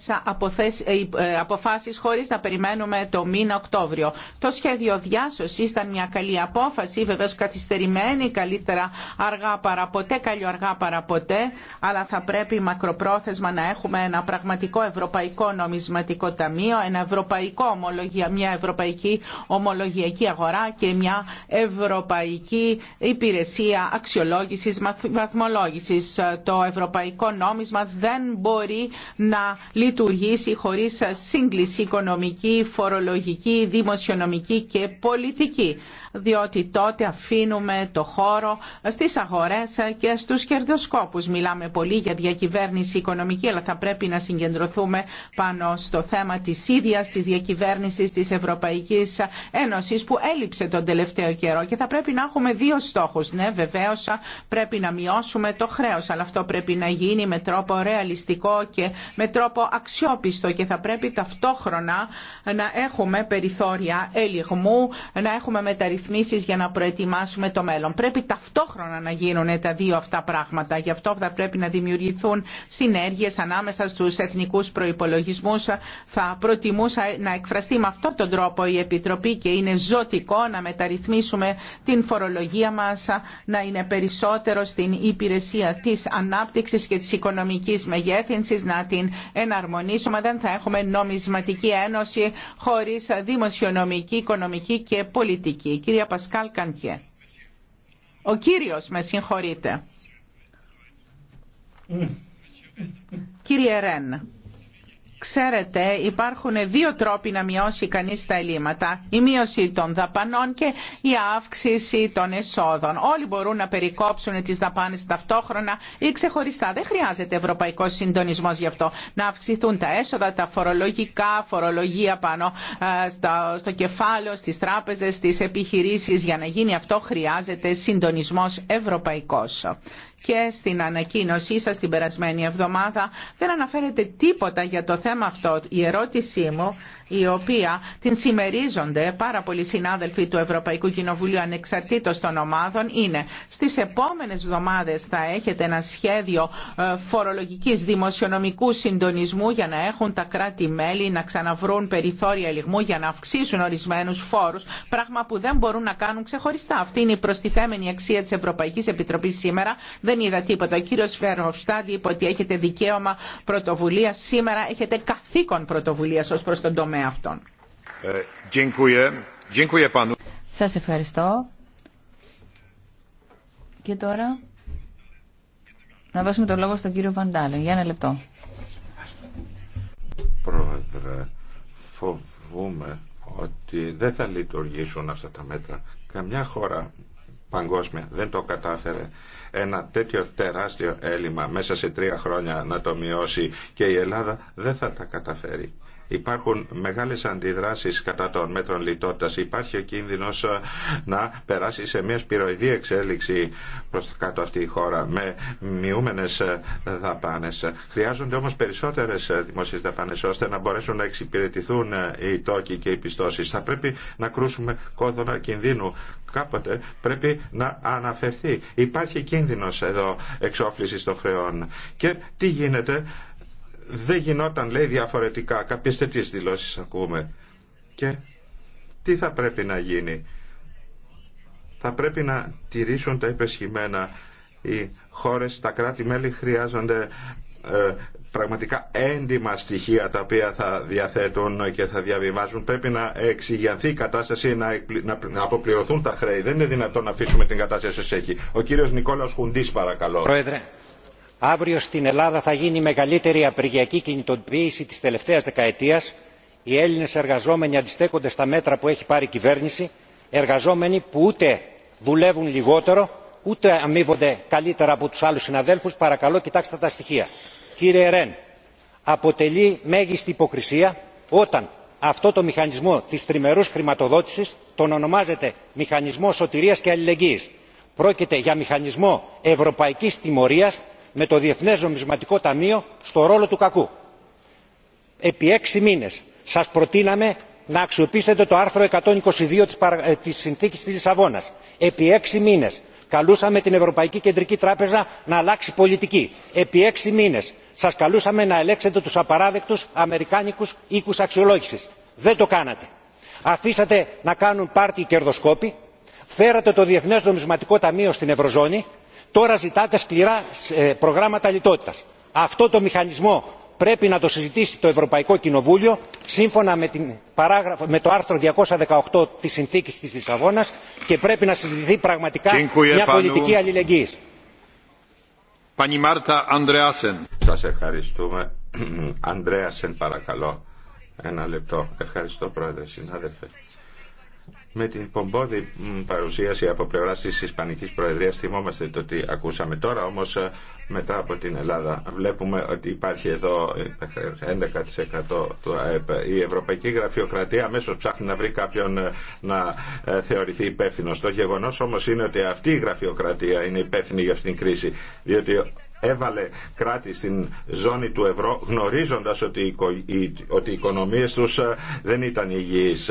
ε, ε, αποφάσει χωρί να περιμένουμε το μήνα Οκτώβριο. Το σχέδιο διάσωση ήταν μια καλή απόφαση, βεβαίω καθυστερημένη, καλύτερα αργά παρά ποτέ, καλό αργά παρά ποτέ, αλλά θα πρέπει μακροπρόθεσμα να έχουμε ένα πραγματικό ευρωπαϊκό νομισματικό ταμείο, ένα ευρωπαϊκό ομολογία, μια ευρωπαϊκή ομολογιακή αγορά και μια ευρωπαϊκή υπηρεσία αξιολόγησης βαθμολόγησης. Το ευρωπαϊκό νόμισμα δεν μπορεί να λειτουργήσει χωρίς σύγκληση οικονομική, φορολογική, δημοσιονομική και πολιτική διότι τότε αφήνουμε το χώρο στις αγορές και στους κερδοσκόπους. Μιλάμε πολύ για διακυβέρνηση οικονομική, αλλά θα πρέπει να συγκεντρωθούμε πάνω στο θέμα της ίδιας της διακυβέρνησης της Ευρωπαϊκής Ένωσης που έλειψε τον τελευταίο καιρό και θα πρέπει να έχουμε δύο στόχους. Ναι, βεβαίως πρέπει να μειώσουμε το χρέος, αλλά αυτό πρέπει να γίνει με τρόπο ρεαλιστικό και με τρόπο αξιόπιστο και θα πρέπει ταυτόχρονα να έχουμε περιθώρια ελιγμού, να έχουμε μεταρρυθμίσεις για να προετοιμάσουμε το μέλλον. Πρέπει ταυτόχρονα να γίνουν τα δύο αυτά πράγματα. Γι' αυτό θα πρέπει να δημιουργηθούν συνέργειες ανάμεσα στους εθνικούς προϋπολογισμούς. Θα προτιμούσα να εκφραστεί με αυτόν τον τρόπο η Επιτροπή και είναι ζωτικό να μεταρρυθμίσουμε την φορολογία μας, να είναι περισσότερο στην υπηρεσία της ανάπτυξης και της οικονομικής μεγέθυνσης, να την εναρμονίσουμε. Δεν θα έχουμε νομισματική ένωση χωρί δημοσιονομική, οικονομική και πολιτική κυρία Πασκάλ Καντιέ. Ο κύριος, με συγχωρείτε. Mm. Κύριε Ρέν. Ξέρετε, υπάρχουν δύο τρόποι να μειώσει κανείς τα ελλείμματα. Η μείωση των δαπανών και η αύξηση των εσόδων. Όλοι μπορούν να περικόψουν τις δαπάνες ταυτόχρονα ή ξεχωριστά. Δεν χρειάζεται ευρωπαϊκό συντονισμός γι' αυτό. Να αυξηθούν τα έσοδα, τα φορολογικά, φορολογία πάνω ε, στο κεφάλαιο, στις τράπεζες, στις επιχειρήσεις. Για να γίνει αυτό χρειάζεται συντονισμός ευρωπαϊκός και στην ανακοίνωσή σας την περασμένη εβδομάδα δεν αναφέρεται τίποτα για το θέμα αυτό. Η ερώτησή μου η οποία την συμμερίζονται πάρα πολλοί συνάδελφοι του Ευρωπαϊκού Κοινοβουλίου ανεξαρτήτως των ομάδων είναι στις επόμενες εβδομάδες θα έχετε ένα σχέδιο ε, φορολογικής δημοσιονομικού συντονισμού για να έχουν τα κράτη-μέλη να ξαναβρούν περιθώρια λιγμού για να αυξήσουν ορισμένους φόρους, πράγμα που δεν μπορούν να κάνουν ξεχωριστά. Αυτή είναι η προστιθέμενη αξία της Ευρωπαϊκής Επιτροπής σήμερα. Δεν είδα τίποτα. Ο κύριος Φερχοφστάντη είπε έχετε δικαίωμα πρωτοβουλία. Σήμερα έχετε καθήκον πρωτοβουλία ως προς τον τομέα. Σα ε, Σας ευχαριστώ. Και τώρα να δώσουμε το λόγο στον κύριο Βαντάλε Για ένα λεπτό. Πρόεδρε, φοβούμε ότι δεν θα λειτουργήσουν αυτά τα μέτρα. Καμιά χώρα παγκόσμια δεν το κατάφερε ένα τέτοιο τεράστιο έλλειμμα μέσα σε τρία χρόνια να το μειώσει και η Ελλάδα δεν θα τα καταφέρει υπάρχουν μεγάλες αντιδράσεις κατά των μέτρων λιτότητας. Υπάρχει ο κίνδυνος ε, να περάσει σε μια σπυροειδή εξέλιξη προς τα κάτω αυτή η χώρα με μειούμενες ε, δαπάνες. Χρειάζονται όμως περισσότερες ε, δημόσιες δαπάνες ώστε να μπορέσουν να εξυπηρετηθούν οι τόκοι και οι πιστώσεις. Θα πρέπει να κρούσουμε κόδωνα κινδύνου. Κάποτε πρέπει να αναφερθεί. Υπάρχει κίνδυνος εδώ εξόφλησης των χρεών. Και τι γίνεται δεν γινόταν λέει διαφορετικά. Κάποιες τέτοιες δηλώσεις ακούμε. Και τι θα πρέπει να γίνει. Θα πρέπει να τηρήσουν τα υπεσχημένα οι χώρες, τα κράτη-μέλη χρειάζονται ε, πραγματικά έντιμα στοιχεία τα οποία θα διαθέτουν και θα διαβιβάζουν. Πρέπει να εξηγιανθεί η κατάσταση, να, να αποπληρωθούν τα χρέη. Δεν είναι δυνατόν να αφήσουμε την κατάσταση όσο έχει. Ο κύριος Νικόλαος Χουντής παρακαλώ. Πρόεδρε αύριο στην ελλάδα θα γίνει η μεγαλύτερη απεργιακή κινητοποίηση της τελευταίας δεκαετίας οι έλληνες εργαζόμενοι αντιστέκονται στα μέτρα που έχει πάρει η κυβέρνηση εργαζόμενοι που ούτε δουλεύουν λιγότερο ούτε αμείβονται καλύτερα από τους άλλους συναδέλφους παρακαλώ κοιτάξτε τα στοιχεία. κύριε ρεν αποτελεί μέγιστη υποκρισία όταν αυτό το μηχανισμό της τριμερούς χρηματοδότησης τον ονομάζεται μηχανισμό σωτηρίας και αλληλεγγύης. πρόκειται για μηχανισμό ευρωπαϊκής τιμωρίας με το διεθνές νομισματικό ταμείο στο ρόλο του κακού. επί έξι μήνες σας προτείναμε να αξιοποιήσετε το άρθρο 122 ε, της συνθήκης της λισαβόνας. επί έξι μήνες καλούσαμε την ευρωπαϊκή κεντρική τράπεζα να αλλάξει πολιτική. επί έξι μήνες σας καλούσαμε να ελέξετε τους απαράδεκτους αμερικάνικους οίκους αξιολόγησης. δεν το κάνατε. αφήσατε να κάνουν πάρτι οι κερδοσκόποι φέρατε το διεθνές νομισματικό ταμείο στην ευρωζώνη τώρα ζητάτε σκληρά ε, προγράμματα λιτότητας. αυτό το μηχανισμό πρέπει να το συζητήσει το ευρωπαϊκό κοινοβούλιο σύμφωνα με το άρθρο 218 της συνθήκης της λισαβόνας και πρέπει να συζητηθεί πραγματικά μια πολιτική αλληλεγγύης. Σας ευχαριστούμε. παρακαλώ. Ένα λεπτό. Ευχαριστώ πρόεδρε με την πομπόδη παρουσίαση από πλευρά τη Ισπανική Προεδρία θυμόμαστε το ότι ακούσαμε τώρα, όμω ε, μετά από την Ελλάδα βλέπουμε ότι υπάρχει εδώ 11% ε, του ΑΕΠ. Η Ευρωπαϊκή Γραφειοκρατία αμέσω ψάχνει να βρει κάποιον ε, να θεωρηθεί υπεύθυνο. Το γεγονό όμω είναι ότι αυτή η γραφειοκρατία είναι υπεύθυνη για αυτήν την κρίση, διότι έβαλε κράτη στην ζώνη του ευρώ γνωρίζοντας ότι οι οικονομίες τους ε, δεν ήταν υγιείς.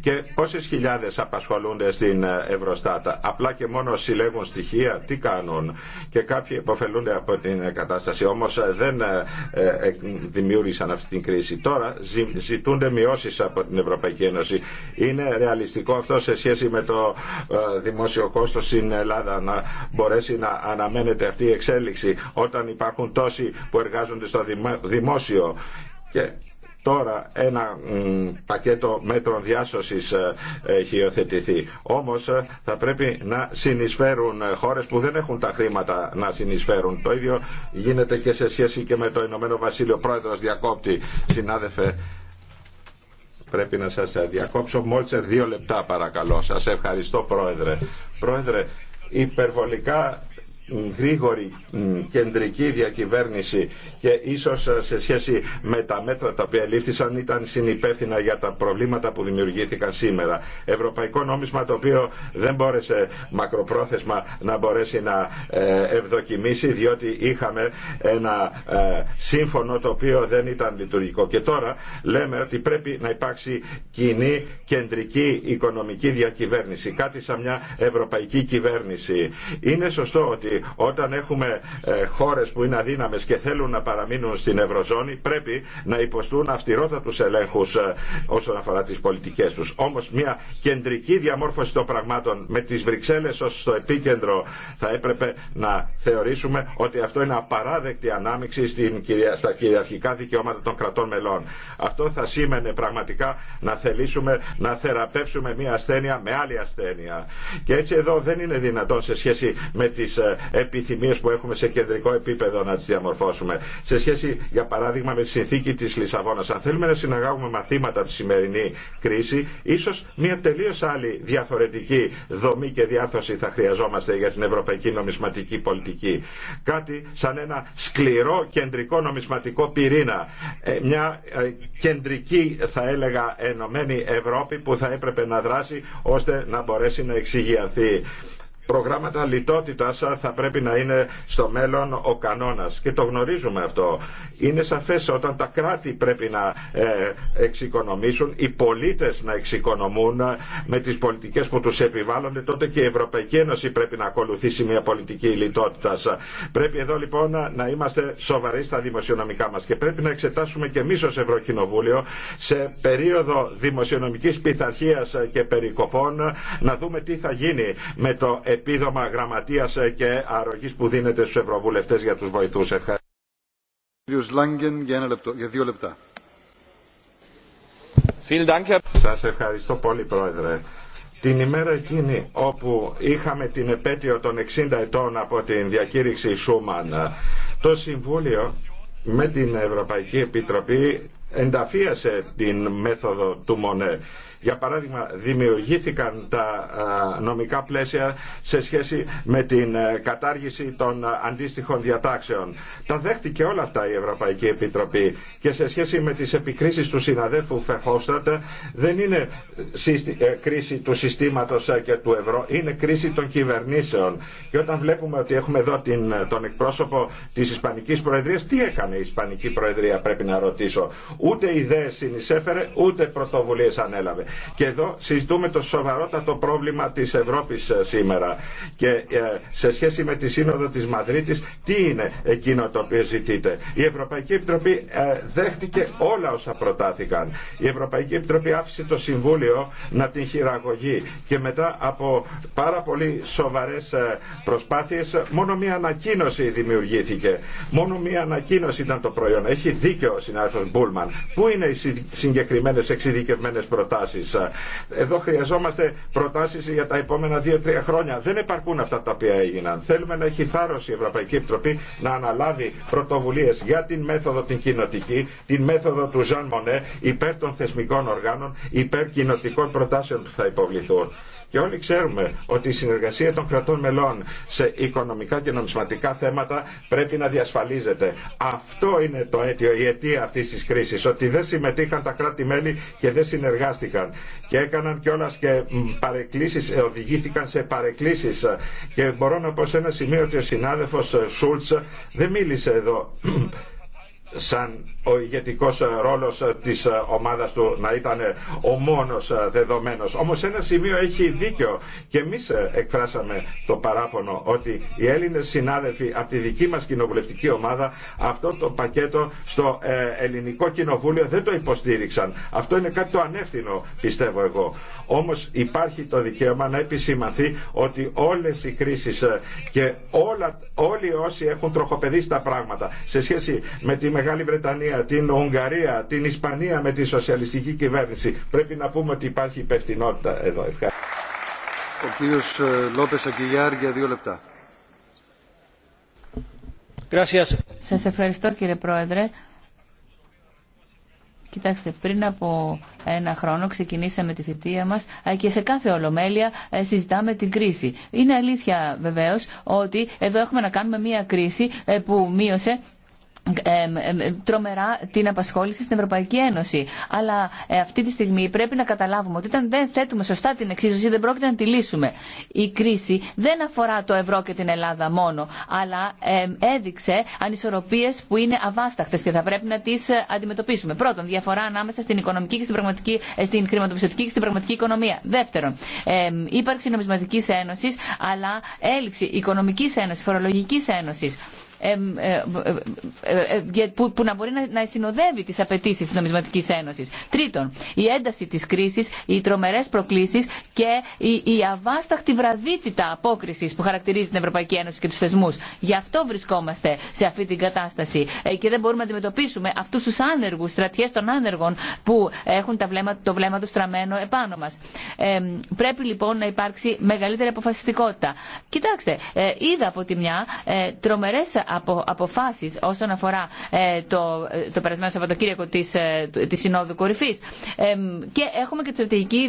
Και πόσες χιλιάδες απασχολούνται στην ε, Ευρωστάτα. Απλά και μόνο συλλέγουν στοιχεία, τι κάνουν. Και κάποιοι υποφελούνται από την ε, κατάσταση. Όμως δεν δημιούργησαν αυτή την κρίση. Τώρα ζητούνται μειώσεις από την Ευρωπαϊκή Ένωση. Είναι ρεαλιστικό αυτό σε σχέση με το δημόσιο κόστος στην Ελλάδα να μπορέσει να αναμένεται αυτή η εξέλιξη όταν υπάρχουν τόσοι που εργάζονται στο δημόσιο. Και τώρα ένα πακέτο μέτρων διάσωσης ε, έχει υιοθετηθεί. Όμως ε, θα πρέπει να συνεισφέρουν ε, χώρες που δεν έχουν τα χρήματα να συνεισφέρουν. Το ίδιο γίνεται και σε σχέση και με το Ηνωμένο Βασίλειο. Πρόεδρος διακόπτη, συνάδελφε, πρέπει να σας διακόψω. Μόλτσερ, δύο λεπτά παρακαλώ. Σας ευχαριστώ πρόεδρε. Πρόεδρε, υπερβολικά γρήγορη κεντρική διακυβέρνηση και ίσως ε, σε σχέση με τα μέτρα τα οποία λήφθησαν ήταν συνυπεύθυνα για τα προβλήματα που δημιουργήθηκαν σήμερα. Ευρωπαϊκό νόμισμα το οποίο δεν μπόρεσε μακροπρόθεσμα να μπορέσει να ε, ευδοκιμήσει διότι είχαμε ένα ε, σύμφωνο το οποίο δεν ήταν λειτουργικό. Και τώρα λέμε ότι πρέπει να υπάρξει κοινή κεντρική οικονομική διακυβέρνηση. Κάτι σαν μια ευρωπαϊκή κυβέρνηση. Είναι σωστό όταν έχουμε ε, χώρες που είναι αδύναμες και θέλουν να παραμείνουν στην Ευρωζώνη πρέπει να υποστούν αυστηρότατους ελέγχους ε, όσον αφορά τις πολιτικές τους. Όμως μια κεντρική διαμόρφωση των πραγμάτων με τις Βρυξέλλες ως το επίκεντρο θα έπρεπε να θεωρήσουμε ότι αυτό είναι απαράδεκτη ανάμειξη στην, στα κυριαρχικά δικαιώματα των κρατών μελών. Αυτό θα σήμαινε πραγματικά να θελήσουμε να θεραπεύσουμε μια ασθένεια με άλλη ασθένεια. Και έτσι εδώ δεν είναι δυνατόν σε σχέση με τις ε, Επιθυμίε που έχουμε σε κεντρικό επίπεδο να τι διαμορφώσουμε. Σε σχέση, για παράδειγμα, με τη συνθήκη της Λισαβόνας, αν θέλουμε να συναγάγουμε μαθήματα από τη σημερινή κρίση, ίσως μια τελείω άλλη διαφορετική δομή και διάρθρωση θα χρειαζόμαστε για την ευρωπαϊκή νομισματική πολιτική. Κάτι σαν ένα σκληρό κεντρικό νομισματικό πυρήνα. Ε, μια ε, κεντρική, θα έλεγα, ενωμένη Ευρώπη που θα έπρεπε να δράσει ώστε να μπορέσει να εξηγιαθεί προγράμματα λιτότητας θα πρέπει να είναι στο μέλλον ο κανόνας και το γνωρίζουμε αυτό. Είναι σαφές όταν τα κράτη πρέπει να ε, εξοικονομήσουν, οι πολίτες να εξοικονομούν ε, με τις πολιτικές που τους επιβάλλονται, τότε και η Ευρωπαϊκή Ένωση πρέπει να ακολουθήσει μια πολιτική λιτότητας. Πρέπει εδώ λοιπόν να είμαστε σοβαροί στα δημοσιονομικά μας και πρέπει να εξετάσουμε και εμείς ως Ευρωκοινοβούλιο σε περίοδο δημοσιονομικής πειθαρχίας και περικοπών να δούμε τι θα γίνει με το επίδομα γραμματείας ε, και αρρωγής που δίνεται στους ευρωβουλευτές για τους βοηθούς. Ευχαριστώ. ευχαριστώ πολύ Πρόεδρε. Την ημέρα εκείνη όπου είχαμε την επέτειο των 60 ετών από την διακήρυξη Σούμαν, το Συμβούλιο με την Ευρωπαϊκή Επιτροπή ενταφίασε την μέθοδο του Μονέ για παράδειγμα, δημιουργήθηκαν τα νομικά πλαίσια σε σχέση με την κατάργηση των αντίστοιχων διατάξεων. Τα δέχτηκε όλα αυτά η Ευρωπαϊκή Επιτροπή και σε σχέση με τις επικρίσεις του συναδέλφου Φεχόστατ δεν είναι ε, κρίση του συστήματος και του ευρώ, είναι κρίση των κυβερνήσεων. Και όταν βλέπουμε ότι έχουμε εδώ την, τον εκπρόσωπο της Ισπανικής Προεδρίας, τι έκανε η Ισπανική Προεδρία πρέπει να ρωτήσω. Ούτε ιδέες συνεισέφερε, ούτε πρωτοβουλίες ανέλαβε. Και εδώ συζητούμε το σοβαρότατο πρόβλημα της Ευρώπης ε, σήμερα. Και ε, σε σχέση με τη Σύνοδο της Μαδρίτης, τι είναι εκείνο το οποίο ζητείτε. Η Ευρωπαϊκή Επιτροπή ε, δέχτηκε όλα όσα προτάθηκαν. Η Ευρωπαϊκή Επιτροπή άφησε το Συμβούλιο να την χειραγωγεί και μετά από πάρα πολύ σοβαρές προσπάθειες μόνο μία ανακοίνωση δημιουργήθηκε. Μόνο μία ανακοίνωση ήταν το προϊόν. Έχει δίκιο ο συνάδελφος Μπούλμαν. Πού είναι οι συγκεκριμένε εξειδικευμένες προτάσεις εδώ χρειαζόμαστε προτάσεις για τα επόμενα δύο-τρία χρόνια. Δεν επαρκούν αυτά τα οποία έγιναν. Θέλουμε να έχει θάρρος η Ευρωπαϊκή Επιτροπή να αναλάβει πρωτοβουλίες για την μέθοδο την κοινοτική, την μέθοδο του Ζαν Μονέ, υπέρ των θεσμικών οργάνων, υπέρ κοινοτικών προτάσεων που θα υποβληθούν. Και όλοι ξέρουμε ότι η συνεργασία των κρατών μελών σε οικονομικά και νομισματικά θέματα πρέπει να διασφαλίζεται. Αυτό είναι το αίτιο, η αιτία αυτή τη κρίση. Ότι δεν συμμετείχαν τα κράτη-μέλη και δεν συνεργάστηκαν. Και έκαναν κιόλα και παρεκκλήσει, ε, οδηγήθηκαν σε παρεκκλήσει. Και μπορώ να πω σε ένα σημείο ότι ο συνάδελφο Σούλτ δεν μίλησε εδώ σαν ο ηγετικός ε, ρόλος ε, της ε, ομάδας του να ήταν ο μόνος δεδομένος. Όμως ένα σημείο έχει δίκιο και εμείς εκφράσαμε το παράπονο ότι οι Έλληνες συνάδελφοι από τη δική μας κοινοβουλευτική ομάδα αυτό το πακέτο στο ελληνικό κοινοβούλιο δεν το υποστήριξαν. Αυτό είναι κάτι το ανεύθυνο πιστεύω εγώ. Όμως υπάρχει το δικαίωμα να επισημανθεί ότι όλες οι κρίσεις και όλα, όλοι όσοι έχουν τροχοπεδίσει τα πράγματα σε σχέση με τη Μεγάλη Βρετανία την Ουγγαρία, την Ισπανία με τη σοσιαλιστική κυβέρνηση. Πρέπει να πούμε ότι υπάρχει υπευθυνότητα εδώ. Ευχαριστώ. Ο κύριος ε, Λόπες Αγγιλιάρ για δύο λεπτά. Σας ευχαριστώ κύριε Πρόεδρε. Κοιτάξτε, πριν από ένα χρόνο ξεκινήσαμε τη θητεία μας ε, και σε κάθε ολομέλεια ε, συζητάμε την κρίση. Είναι αλήθεια βεβαίως ότι εδώ έχουμε να κάνουμε μια κρίση που μείωσε τρομερά την απασχόληση στην Ευρωπαϊκή Ένωση. Αλλά ε, αυτή τη στιγμή πρέπει να καταλάβουμε ότι όταν δεν θέτουμε σωστά την εξίσωση δεν πρόκειται να τη λύσουμε. Η κρίση δεν αφορά το ευρώ και την Ελλάδα μόνο, αλλά έδειξε ανισορροπίε που είναι αβάσταχτες και θα πρέπει να τι ε, αντιμετωπίσουμε. Πρώτον, διαφορά ανάμεσα στην οικονομική και στην, πραγματική, ε, στην χρηματοπιστωτική και στην πραγματική οικονομία. Δεύτερον, ύπαρξη νομισματική Ένωση, αλλά έλλειψη οικονομική Ένωση, φορολογική Ένωση. Ε, ε, ε, που να μπορεί να συνοδεύει τι απαιτήσει τη Νομισματικής Ένωση. Τρίτον, η ένταση τη κρίση, οι τρομερέ προκλήσει και η αβάσταχτη βραδύτητα απόκριση που χαρακτηρίζει την Ευρωπαϊκή Ένωση και του θεσμού. Γι' αυτό βρισκόμαστε σε αυτή την κατάσταση και δεν μπορούμε να αντιμετωπίσουμε αυτού του άνεργου, στρατιέ των άνεργων που έχουν τα βλέμμα, το βλέμμα του στραμμένο επάνω μα. Ε, πρέπει λοιπόν να υπάρξει μεγαλύτερη αποφασιστικότητα. Κοιτάξτε, είδα από τη μια ε, από αποφάσεις όσον αφορά ε, το, ε, το περασμένο Σαββατοκύριακο της, ε, της Συνόδου Κορυφής. Και έχουμε και τη στρατηγική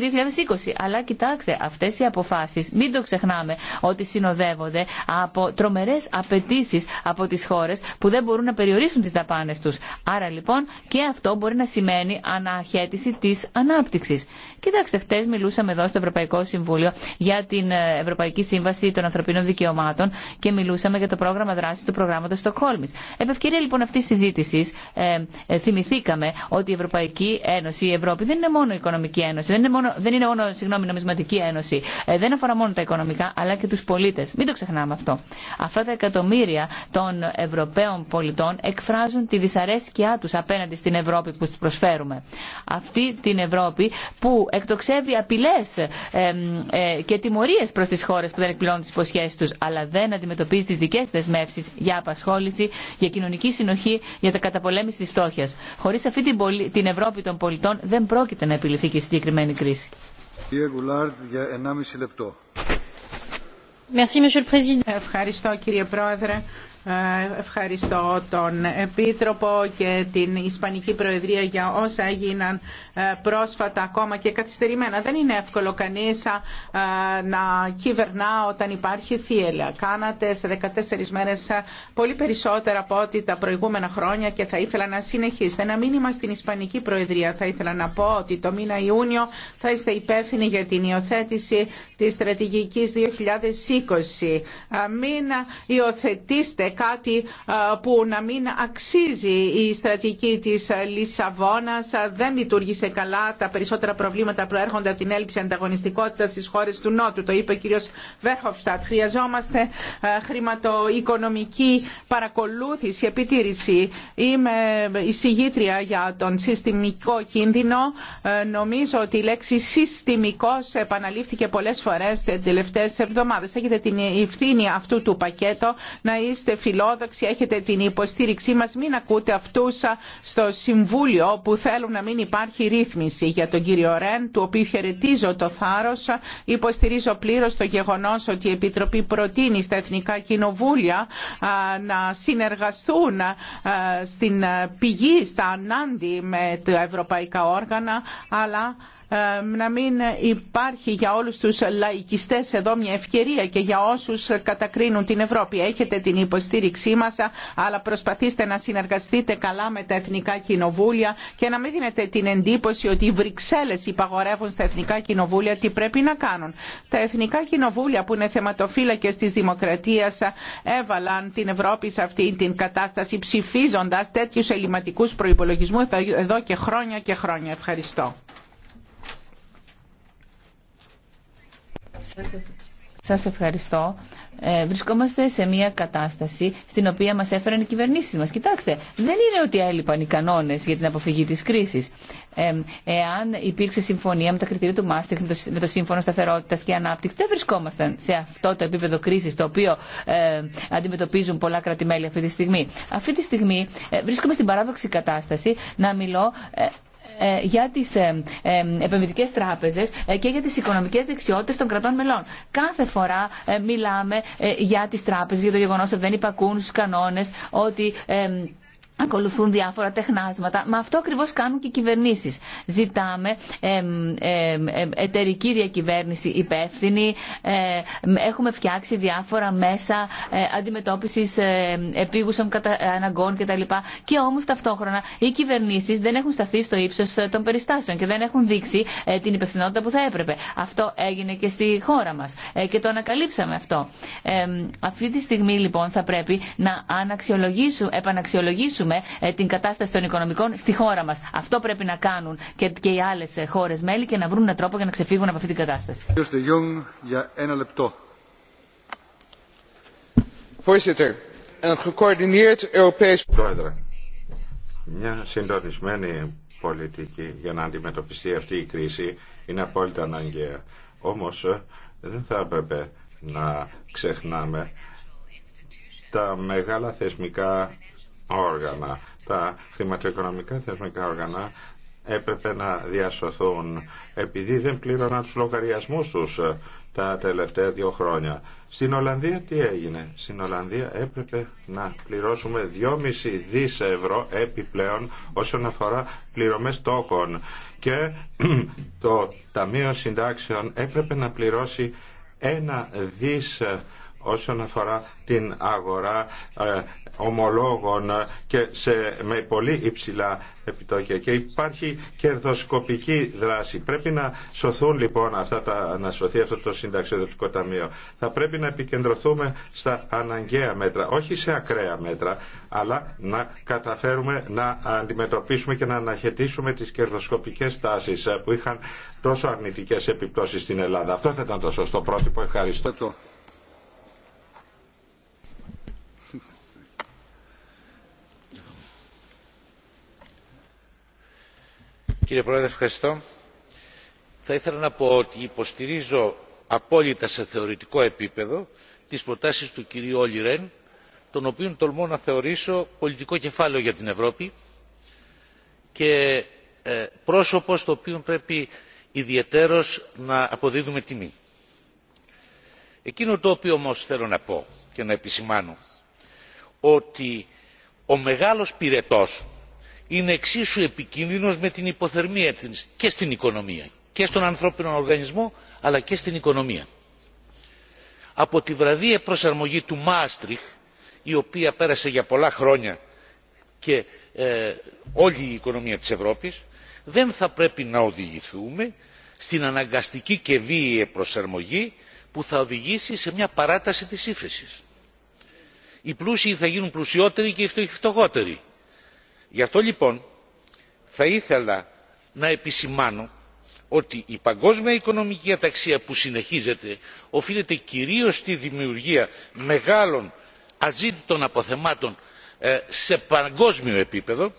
2020. Αλλά κοιτάξτε, αυτές οι αποφάσεις, μην το ξεχνάμε, ότι συνοδεύονται από τρομερές απαιτήσει από τις χώρες που δεν μπορούν να περιορίσουν τις δαπάνες τους. Άρα λοιπόν και αυτό μπορεί να σημαίνει αναχέτηση της ανάπτυξης. Κοιτάξτε, χτε μιλούσαμε εδώ στο Ευρωπαϊκό Συμβούλιο για την ε, Ευρωπαϊκή Σύμβαση των Ανθρωπίνων Δικαιωμάτων και μιλούσαμε για το πρόγραμμα δράση του προγράμματο Στοκχόλμη. Επ' ευκαιρία λοιπόν αυτή τη συζήτηση ε, ε, θυμηθήκαμε ότι η Ευρωπαϊκή Ένωση, η Ευρώπη δεν είναι μόνο η οικονομική ένωση, δεν είναι μόνο, δεν είναι μόνο συγγνώμη, νομισματική ένωση, δεν αφορά μόνο τα οικονομικά αλλά και του πολίτε. Μην το ξεχνάμε αυτό. Αυτά τα εκατομμύρια των Ευρωπαίων πολιτών εκφράζουν τη δυσαρέσκειά του απέναντι στην Ευρώπη που του προσφέρουμε. Αυτή την Ευρώπη που εκτοξεύει απειλέ ε, ε, και τιμωρίε προ τι χώρε που δεν εκπληρώνουν τι υποσχέσει του, αλλά δεν αντιμετωπίζει τι δικέ δεσμεύσει για απασχόληση, για κοινωνική συνοχή, για τα καταπολέμηση τη φτώχεια. Χωρί αυτή την, την Ευρώπη των πολιτών δεν πρόκειται να επιληθεί και η συγκεκριμένη κρίση. Κύριε για Ευχαριστώ κύριε Πρόεδρε. Ε, ευχαριστώ τον Επίτροπο και την Ισπανική Προεδρία για όσα έγιναν ε, πρόσφατα ακόμα και καθυστερημένα. Δεν είναι εύκολο κανείς ε, να κυβερνά όταν υπάρχει θύελα. Κάνατε σε 14 μέρες πολύ περισσότερα από ό,τι τα προηγούμενα χρόνια και θα ήθελα να συνεχίσετε. Ένα μήνυμα στην Ισπανική Προεδρία. Θα ήθελα να πω ότι το μήνα Ιούνιο θα είστε υπεύθυνοι για την υιοθέτηση της στρατηγικής 2020. Μην υιοθετήστε κάτι ε, που να μην αξίζει η στρατηγική της Λισαβόνας δεν λειτουργήσε καλά τα περισσότερα προβλήματα προέρχονται από την έλλειψη ανταγωνιστικότητας στις χώρες του Νότου το είπε ο κύριος Βέρχοφστατ χρειαζόμαστε ε, χρηματοοικονομική παρακολούθηση επιτήρηση είμαι εισηγήτρια για τον συστημικό κίνδυνο ε, νομίζω ότι η λέξη συστημικός επαναλήφθηκε πολλές φορές τι τελευταίες εβδομάδες έχετε την ευθύνη αυτού του πακέτο να είστε φιλόδοξοι, έχετε την υποστήριξή μας. Μην ακούτε αυτούς στο Συμβούλιο που θέλουν να μην υπάρχει ρύθμιση. Για τον κύριο Ρεν, του οποίου χαιρετίζω το θάρρος, υποστηρίζω πλήρως το γεγονός ότι η Επιτροπή προτείνει στα Εθνικά Κοινοβούλια να συνεργαστούν στην ε, πηγή, στα ανάντι με τα ευρωπαϊκά όργανα, αλλά ε, να μην υπάρχει για όλους τους λαϊκιστές εδώ μια ευκαιρία και για όσους κατακρίνουν την Ευρώπη. Έχετε την υποστήριξή μας, αλλά προσπαθήστε να συνεργαστείτε καλά με τα εθνικά κοινοβούλια και να μην δίνετε την εντύπωση ότι οι Βρυξέλλες υπαγορεύουν στα εθνικά κοινοβούλια τι πρέπει να κάνουν. Τα εθνικά κοινοβούλια που είναι θεματοφύλακες της δημοκρατίας έβαλαν την Ευρώπη σε αυτή την κατάσταση ψηφίζοντας τέτοιους ελληματικούς προϋπολογισμούς εδώ και χρόνια και χρόνια. Ευχαριστώ. Σας ευχαριστώ. Ε, βρισκόμαστε σε μια κατάσταση στην οποία μας έφεραν οι κυβερνήσεις μας. Κοιτάξτε, δεν είναι ότι έλειπαν οι κανόνες για την αποφυγή της κρίσης. Ε, εάν υπήρξε συμφωνία με τα κριτήρια του Μάστερ με, το, Σύμφωνο Σταθερότητα και Ανάπτυξη, δεν βρισκόμασταν σε αυτό το επίπεδο κρίση το οποίο ε, αντιμετωπίζουν πολλά αυτή τη στιγμή. Αυτή τη στιγμή ε, βρίσκομαι στην παράδοξη κατάσταση να μιλώ ε, ε, για τις ε, ε, επενδυτικές τράπεζες και για τις οικονομικές δεξιότητες των κρατών μελών. Κάθε φορά μιλάμε για τις τράπεζες, για το γεγονό ότι δεν υπακούν στους κανόνες, ότι ακολουθούν διάφορα τεχνάσματα. Μα αυτό ακριβώ κάνουν και οι κυβερνήσει. Ζητάμε ε, ε, εταιρική διακυβέρνηση υπεύθυνη. Ε, έχουμε φτιάξει διάφορα μέσα ε, αντιμετώπιση ε, επίγουσων κατα... αναγκών κτλ. Και όμω ταυτόχρονα οι κυβερνήσει δεν έχουν σταθεί στο ύψο ε, των περιστάσεων και δεν έχουν δείξει την υπευθυνότητα που θα έπρεπε. Αυτό έγινε και στη χώρα μα και το ανακαλύψαμε αυτό. Αυτή τη στιγμή λοιπόν θα πρέπει να επαναξιολογήσουμε ε, την κατάσταση των οικονομικών στη χώρα μα. Αυτό πρέπει να κάνουν και, και οι άλλε χώρε μέλη και να βρουν έναν τρόπο για να ξεφύγουν από αυτή την κατάσταση. για ένα λεπτό. Πρόεδρε, μια συντονισμένη πολιτική για να αντιμετωπιστεί αυτή η κρίση είναι απόλυτα αναγκαία. Όμως ε, δεν θα έπρεπε να ξεχνάμε τα μεγάλα θεσμικά όργανα. Τα χρηματοοικονομικά θεσμικά όργανα έπρεπε να διασωθούν επειδή δεν πλήρωναν τους λογαριασμούς τους ε, τα τελευταία δύο χρόνια. Στην Ολλανδία τι έγινε. Στην Ολλανδία έπρεπε να πληρώσουμε 2,5 δις ευρώ επιπλέον όσον αφορά πληρωμές τόκων και το Ταμείο Συντάξεων έπρεπε να πληρώσει ένα δις ευρώ όσον αφορά την αγορά ε, ομολόγων και σε, με πολύ υψηλά επιτόκια και υπάρχει κερδοσκοπική δράση. Πρέπει να σωθούν λοιπόν αυτά τα, να σωθεί αυτό το Συνταξιοδοτικό ταμείο. Θα πρέπει να επικεντρωθούμε στα αναγκαία μέτρα, όχι σε ακραία μέτρα, αλλά να καταφέρουμε να αντιμετωπίσουμε και να αναχαιτήσουμε τις κερδοσκοπικές τάσεις ε, που είχαν τόσο αρνητικές επιπτώσεις στην Ελλάδα. Αυτό θα ήταν το σωστό πρότυπο. Ευχαριστώ. Κύριε Πρόεδρε, ευχαριστώ. Θα ήθελα να πω ότι υποστηρίζω απόλυτα σε θεωρητικό επίπεδο τις προτάσεις του κυρίου Όλι Ρεν, τον οποίον τολμώ να θεωρήσω πολιτικό κεφάλαιο για την Ευρώπη και ε, πρόσωπο στο οποίο πρέπει ιδιαιτέρως να αποδίδουμε τιμή. Εκείνο το οποίο όμω θέλω να πω και να επισημάνω ότι ο μεγάλος πυρετός είναι εξίσου επικίνδυνος με την υποθερμία και στην οικονομία και στον ανθρώπινο οργανισμό αλλά και στην οικονομία. από τη βραδία προσαρμογή του μάστριχ η οποία πέρασε για πολλά χρόνια και ε, όλη η οικονομία της ευρώπης δεν θα πρέπει να οδηγηθούμε στην αναγκαστική και βίαιη προσαρμογή που θα οδηγήσει σε μια παράταση της ύφεσης. οι πλούσιοι θα γίνουν πλουσιότεροι και οι φτωχότεροι γι' αυτό λοιπόν θα ήθελα να επισημάνω ότι η παγκόσμια οικονομική αταξία που συνεχίζεται οφείλεται κυρίως στη δημιουργία μεγάλων αζήτητων αποθεμάτων ε, σε παγκόσμιο επίπεδο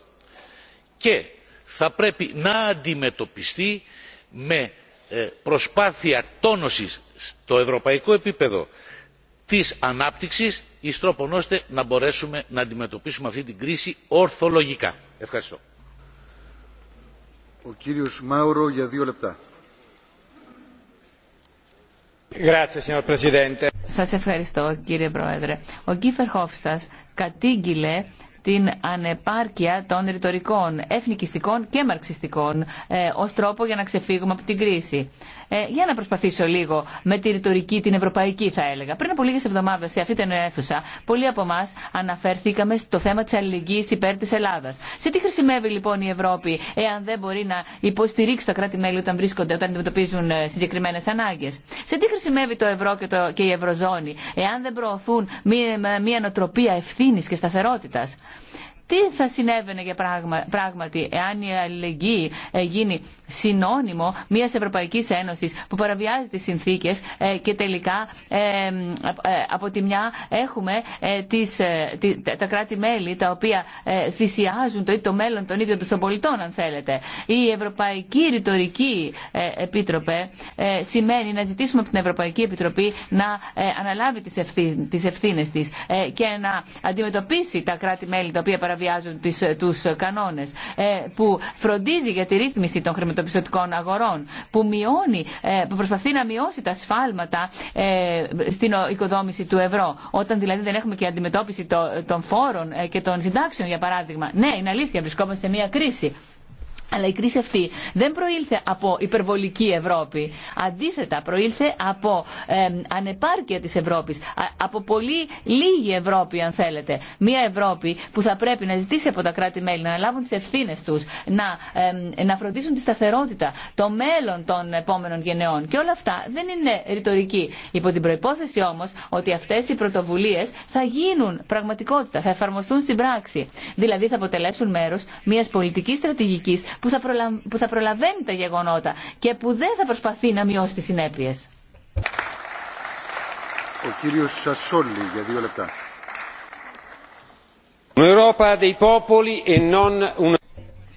και θα πρέπει να αντιμετωπιστεί με ε, προσπάθεια τόνωσης στο ευρωπαϊκό επίπεδο της ανάπτυξης εις τρόπον ώστε να μπορέσουμε να αντιμετωπίσουμε αυτή την κρίση ορθολογικά. Ευχαριστώ. Ο κύριος Μάουρο για δύο λεπτά. Σας ευχαριστώ κύριε Πρόεδρε. Ο Κίφερ Χόφστας κατήγγειλε την ανεπάρκεια των ρητορικών, εθνικιστικών και μαρξιστικών ε, ως τρόπο για να ξεφύγουμε από την κρίση. Ε, για να προσπαθήσω λίγο με τη ρητορική, την ευρωπαϊκή θα έλεγα. Πριν από λίγε εβδομάδε σε αυτή την αίθουσα, πολλοί από εμά αναφερθήκαμε στο θέμα τη αλληλεγγύη υπέρ της Ελλάδας. Σε τι χρησιμεύει λοιπόν η Ευρώπη εάν δεν μπορεί να υποστηρίξει τα κράτη-μέλη όταν βρίσκονται, όταν αντιμετωπίζουν ε, συγκεκριμένε ανάγκε. Σε τι χρησιμεύει το ευρώ και, το, και η ευρωζώνη εάν δεν προωθούν μία, μία νοτροπία ευθύνης και σταθερότητα, τι θα συνέβαινε για πράγμα, πράγματι εάν η αλληλεγγύη ε, γίνει συνώνυμο μια Ευρωπαϊκή Ένωση που παραβιάζει τι συνθήκε ε, και τελικά ε, από τη μια έχουμε τις, τα κράτη-μέλη τα οποία θυσιάζουν το, το μέλλον των ίδιων των πολιτών, αν θέλετε. Η Ευρωπαϊκή Ρητορική Επίτροπε σημαίνει να ζητήσουμε από την Ευρωπαϊκή Επιτροπή να αναλάβει τι ευθύνε τη και να αντιμετωπίσει τα κράτη-μέλη τα οποία παραβιάζουν παραβιάζουν τις, ε, τους ε, κανόνες, ε, που φροντίζει για τη ρύθμιση των χρηματοπιστωτικών αγορών, που, μειώνει, που προσπαθεί να μειώσει τα σφάλματα στην οικοδόμηση του ευρώ. Όταν δηλαδή δεν έχουμε και αντιμετώπιση των φόρων και των συντάξεων, για παράδειγμα. Ναι, είναι αλήθεια, βρισκόμαστε σε μια κρίση. Αλλά η κρίση αυτή δεν προήλθε από υπερβολική Ευρώπη. Αντίθετα, προήλθε από ανεπάρκεια της Ευρώπης. από πολύ λίγη Ευρώπη, αν θέλετε. Μία Ευρώπη που θα πρέπει να ζητήσει από τα κράτη-μέλη να λάβουν τις ευθύνε τους, να, να φροντίσουν τη σταθερότητα, το μέλλον των επόμενων γενεών. Και όλα αυτά δεν είναι ρητορική. Υπό την προϋπόθεση όμως ότι αυτές οι πρωτοβουλίες θα γίνουν πραγματικότητα, θα εφαρμοστούν στην πράξη. Δηλαδή θα αποτελέσουν μέρος μιας πολιτικής στρατηγικής που θα, προλα... που θα προλαβαίνει τα γεγονότα και που δεν θα προσπαθεί να μειώσει τις συνέπειες. Ο κύριος Σασόλη για δύο λεπτά. Europa dei popoli e non una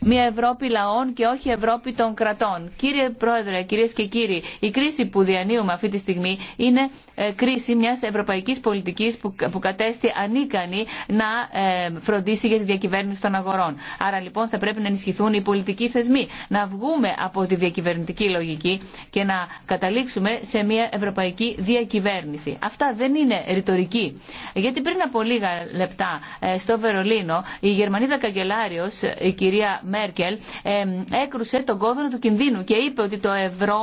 μια Ευρώπη λαών και όχι Ευρώπη των κρατών. Κύριε Πρόεδρε, κυρίε και κύριοι, η κρίση που διανύουμε αυτή τη στιγμή είναι ε, κρίση μια ευρωπαϊκή πολιτική που κατέστη ανίκανη να ε, φροντίσει για τη διακυβέρνηση των αγορών. Άρα λοιπόν θα πρέπει να ενισχυθούν οι πολιτικοί θεσμοί, να βγούμε από τη διακυβερνητική λογική και να καταλήξουμε σε μια ευρωπαϊκή διακυβέρνηση. Αυτά δεν είναι ρητορική. Γιατί πριν από λίγα λεπτά ε, στο Βερολίνο η Γερμανίδα καγκελάριο, η κυρία Μέρκελ έκρουσε τον κόδωνα του κινδύνου και είπε ότι το ευρώ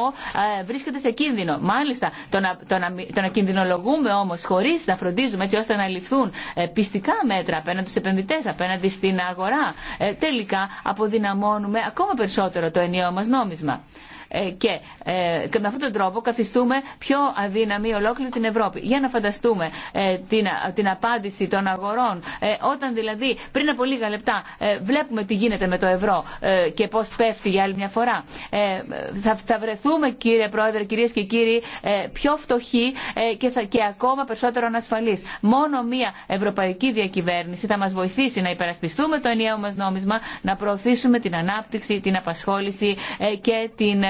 ε, βρίσκεται σε κίνδυνο. Μάλιστα, το να, το το να κινδυνολογούμε όμω χωρί να φροντίζουμε έτσι ώστε να ληφθούν ε, πιστικά μέτρα απέναντι στου επενδυτέ, απέναντι στην αγορά, ε, τελικά αποδυναμώνουμε ακόμα περισσότερο το ενιαίο μα νόμισμα. Ε, ε, και με αυτόν τον τρόπο καθιστούμε πιο αδύναμη ολόκληρη την Ευρώπη. Για να φανταστούμε ε, την, την απάντηση των αγορών όταν δηλαδή πριν από λίγα λεπτά βλέπουμε τι γίνεται με το ευρώ και πώς πέφτει για άλλη μια φορά. θα, θα βρεθούμε κύριε Πρόεδρε, κυρίες και κύριοι πιο φτωχοί και, και ακόμα περισσότερο ανασφαλείς. Μόνο μια ευρωπαϊκή διακυβέρνηση θα μας βοηθήσει να υπερασπιστούμε το ενιαίο μας νόμισμα, να προωθήσουμε την ανάπτυξη, την απασχόληση και την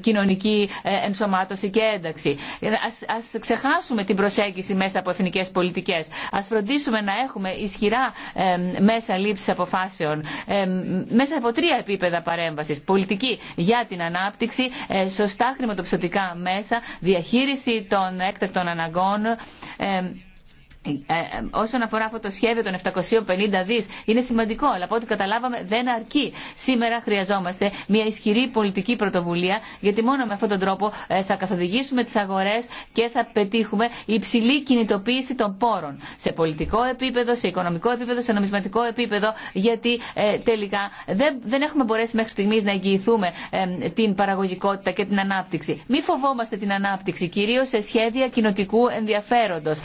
κοινωνική ε, ενσωμάτωση και ένταξη. Ας ξεχάσουμε την προσέγγιση μέσα από εθνικές πολιτικές. Ας φροντίσουμε να έχουμε ισχυρά μέσα λήψη αποφάσεων μέσα από τρία επίπεδα παρέμβασης. Πολιτική για την ανάπτυξη, ε, σωστά χρηματοπιστωτικά μέσα, διαχείριση των έκτακτων αναγκών ε, ε, όσον αφορά αυτό το σχέδιο των 750 δις είναι σημαντικό αλλά από ό,τι καταλάβαμε δεν αρκεί. Σήμερα χρειαζόμαστε μια ισχυρή πολιτική πρωτοβουλία γιατί μόνο με αυτόν τον τρόπο ε, θα καθοδηγήσουμε τις αγορές και θα πετύχουμε υψηλή κινητοποίηση των πόρων σε πολιτικό επίπεδο, σε οικονομικό επίπεδο, σε νομισματικό επίπεδο γιατί τελικά δεν, δεν έχουμε μπορέσει μέχρι στιγμής να εγγυηθούμε την παραγωγικότητα και την ανάπτυξη. Μη φοβόμαστε την ανάπτυξη κυρίως σε σχέδια κοινοτικού ενδιαφέροντος,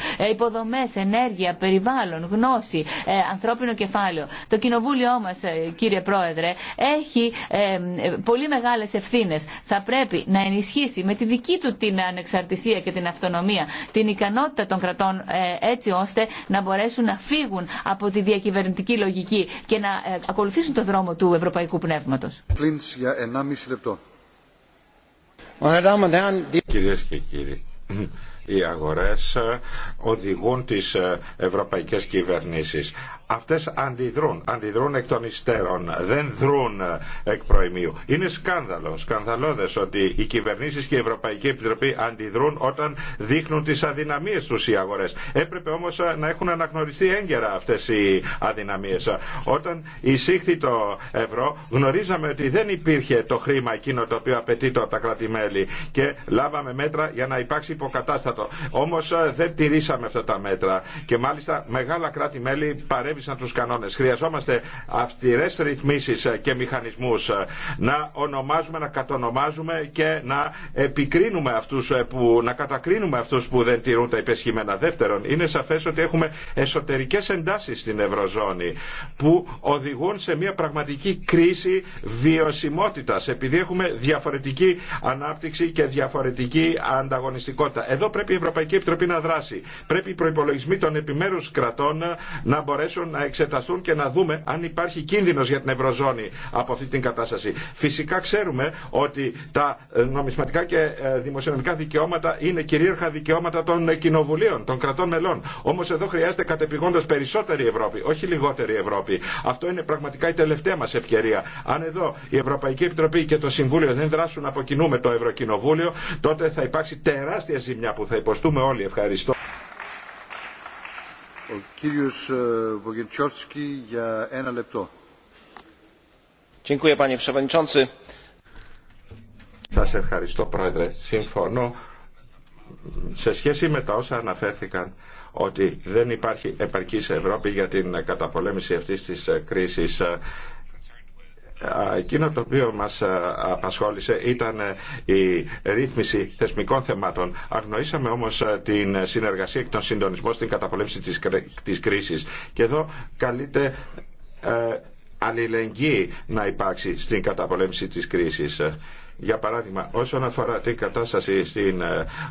ενέργεια, περιβάλλον, γνώση, ε, ανθρώπινο κεφάλαιο. Το κοινοβούλιο μας, ε, κύριε Πρόεδρε, έχει ε, πολύ μεγάλες ευθύνε. Θα πρέπει να ενισχύσει με τη δική του την ανεξαρτησία και την αυτονομία, την ικανότητα των κρατών έτσι ώστε να μπορέσουν να φύγουν από τη διακυβερνητική λογική και να ακολουθήσουν το δρόμο του ευρωπαϊκού πνεύματος. και κύριοι, οι αγορές ε, οδηγούν τις ε, ευρωπαϊκές κυβερνήσεις αυτές αντιδρούν, αντιδρούν εκ των υστέρων, δεν δρούν ε, εκ προημίου. Είναι σκάνδαλο, σκανδαλώδες ότι οι κυβερνήσεις και η Ευρωπαϊκή Επιτροπή αντιδρούν όταν δείχνουν τις αδυναμίες τους οι αγορές. Έπρεπε όμως ε, να έχουν αναγνωριστεί έγκαιρα αυτές οι αδυναμίες. Ε, όταν εισήχθη το ευρώ γνωρίζαμε ότι δεν υπήρχε το χρήμα εκείνο το οποίο απαιτείται από τα κράτη-μέλη και λάβαμε μέτρα για να υπάρξει υποκατάστατο. Όμως δεν τηρήσαμε αυτά τα μέτρα και μάλιστα μεγάλα κράτη-μέλη σαν του κανόνε. Χρειαζόμαστε αυστηρέ ρυθμίσει και μηχανισμού ε, να ονομάζουμε, να κατονομάζουμε και να επικρίνουμε αυτού ε, που, να κατακρίνουμε αυτού που δεν τηρούν τα υπεσχημένα. Δεύτερον, είναι σαφέ ότι έχουμε εσωτερικέ εντάσει στην Ευρωζώνη που οδηγούν σε μια πραγματική κρίση βιωσιμότητα επειδή έχουμε διαφορετική ανάπτυξη και διαφορετική ανταγωνιστικότητα. Εδώ πρέπει η Ευρωπαϊκή Επιτροπή να δράσει. Πρέπει οι προπολογισμοί των επιμέρου κρατών ε, να μπορέσουν να εξεταστούν και να δούμε αν υπάρχει κίνδυνο για την Ευρωζώνη από αυτή την κατάσταση. Φυσικά ξέρουμε ότι τα ε, νομισματικά και ε, δημοσιονομικά δικαιώματα είναι κυρίαρχα δικαιώματα των κοινοβουλίων, των κρατών μελών. Όμω εδώ χρειάζεται κατεπηγόντω περισσότερη Ευρώπη, όχι λιγότερη Ευρώπη. Αυτό είναι πραγματικά η τελευταία μα ευκαιρία. Αν εδώ η Ευρωπαϊκή Επιτροπή και το Συμβούλιο δεν δράσουν από κοινού με το Ευρωκοινοβούλιο, τότε θα υπάρξει τεράστια ζημιά που θα υποστούμε όλοι. Ευχαριστώ. Ο κύριος ε, για ένα λεπτό. Σας ευχαριστώ πρόεδρε. Συμφωνώ σε σχέση με τα όσα αναφέρθηκαν ότι δεν υπάρχει επαρκής Ευρώπη για την καταπολέμηση αυτής της κρίσης εκείνο το οποίο μας ε, απασχόλησε ήταν ε, η ρύθμιση θεσμικών θεμάτων. Αγνοήσαμε όμως ε, την συνεργασία και τον συντονισμό στην καταπολέμηση της κρίσης. Και εδώ καλείται αλληλεγγύη να υπάρξει στην καταπολέμηση της κρίσης. Για παράδειγμα, όσον αφορά την κατάσταση στην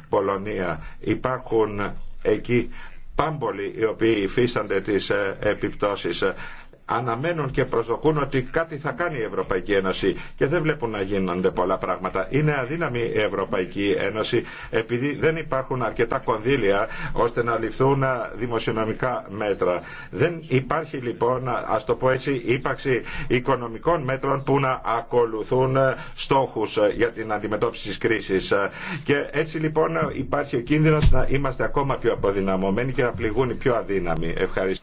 Πολωνία, υπάρχουν εκεί πάμπολοι οι οποίοι υφίστανται τις επιπτώσεις αναμένουν και προσδοκούν ότι κάτι θα κάνει η Ευρωπαϊκή Ένωση και δεν βλέπουν να γίνονται πολλά πράγματα. Είναι αδύναμη η Ευρωπαϊκή Ένωση επειδή δεν υπάρχουν αρκετά κονδύλια ώστε να ληφθούν δημοσιονομικά μέτρα. Δεν υπάρχει λοιπόν, α το πω έτσι, ύπαρξη οικονομικών μέτρων που να ακολουθούν στόχου για την αντιμετώπιση τη κρίση. Και έτσι λοιπόν υπάρχει ο κίνδυνο να είμαστε ακόμα πιο αποδυναμωμένοι και να πληγούν οι πιο αδύναμοι. Ευχαριστώ.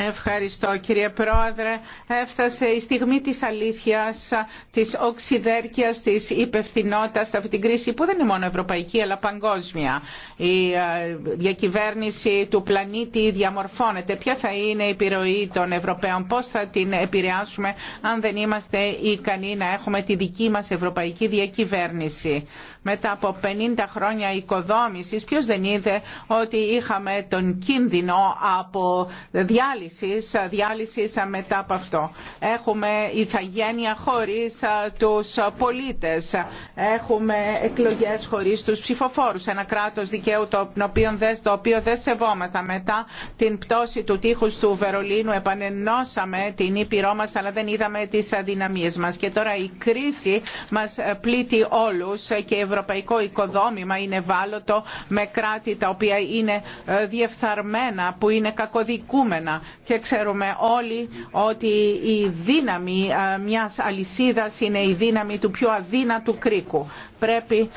Ευχαριστώ κύριε Πρόεδρε. Έφτασε η στιγμή της αλήθειας, της οξυδέρκειας, της υπευθυνότητα αυτή την κρίση που δεν είναι μόνο ευρωπαϊκή αλλά παγκόσμια. Η ε, διακυβέρνηση του πλανήτη διαμορφώνεται. Ποια θα είναι η επιρροή των Ευρωπαίων, πώς θα την επηρεάσουμε αν δεν είμαστε ικανοί να έχουμε τη δική μας ευρωπαϊκή διακυβέρνηση. Μετά από 50 χρόνια οικοδόμησης, ποιος δεν είδε ότι είχαμε τον κίνδυνο από διάλυση διάλυσης, διάλυσης μετά από αυτό. Έχουμε ηθαγένεια χωρίς τους πολίτες. Έχουμε εκλογές χωρίς τους ψηφοφόρους. Ένα κράτος δικαίου το οποίο δεν, το σεβόμεθα. Μετά την πτώση του τείχους του Βερολίνου επανενώσαμε την ήπειρό μας αλλά δεν είδαμε τις αδυναμίες μας. Και τώρα η κρίση μας πλήττει όλους και η ευρωπαϊκό οικοδόμημα είναι βάλωτο με κράτη τα οποία είναι ε, διεφθαρμένα, που είναι κακοδικούμενα και ξέρουμε όλοι ότι η δύναμη ε, μιας αλυσίδας είναι η δύναμη του πιο αδύνατου κρίκου. Πρέπει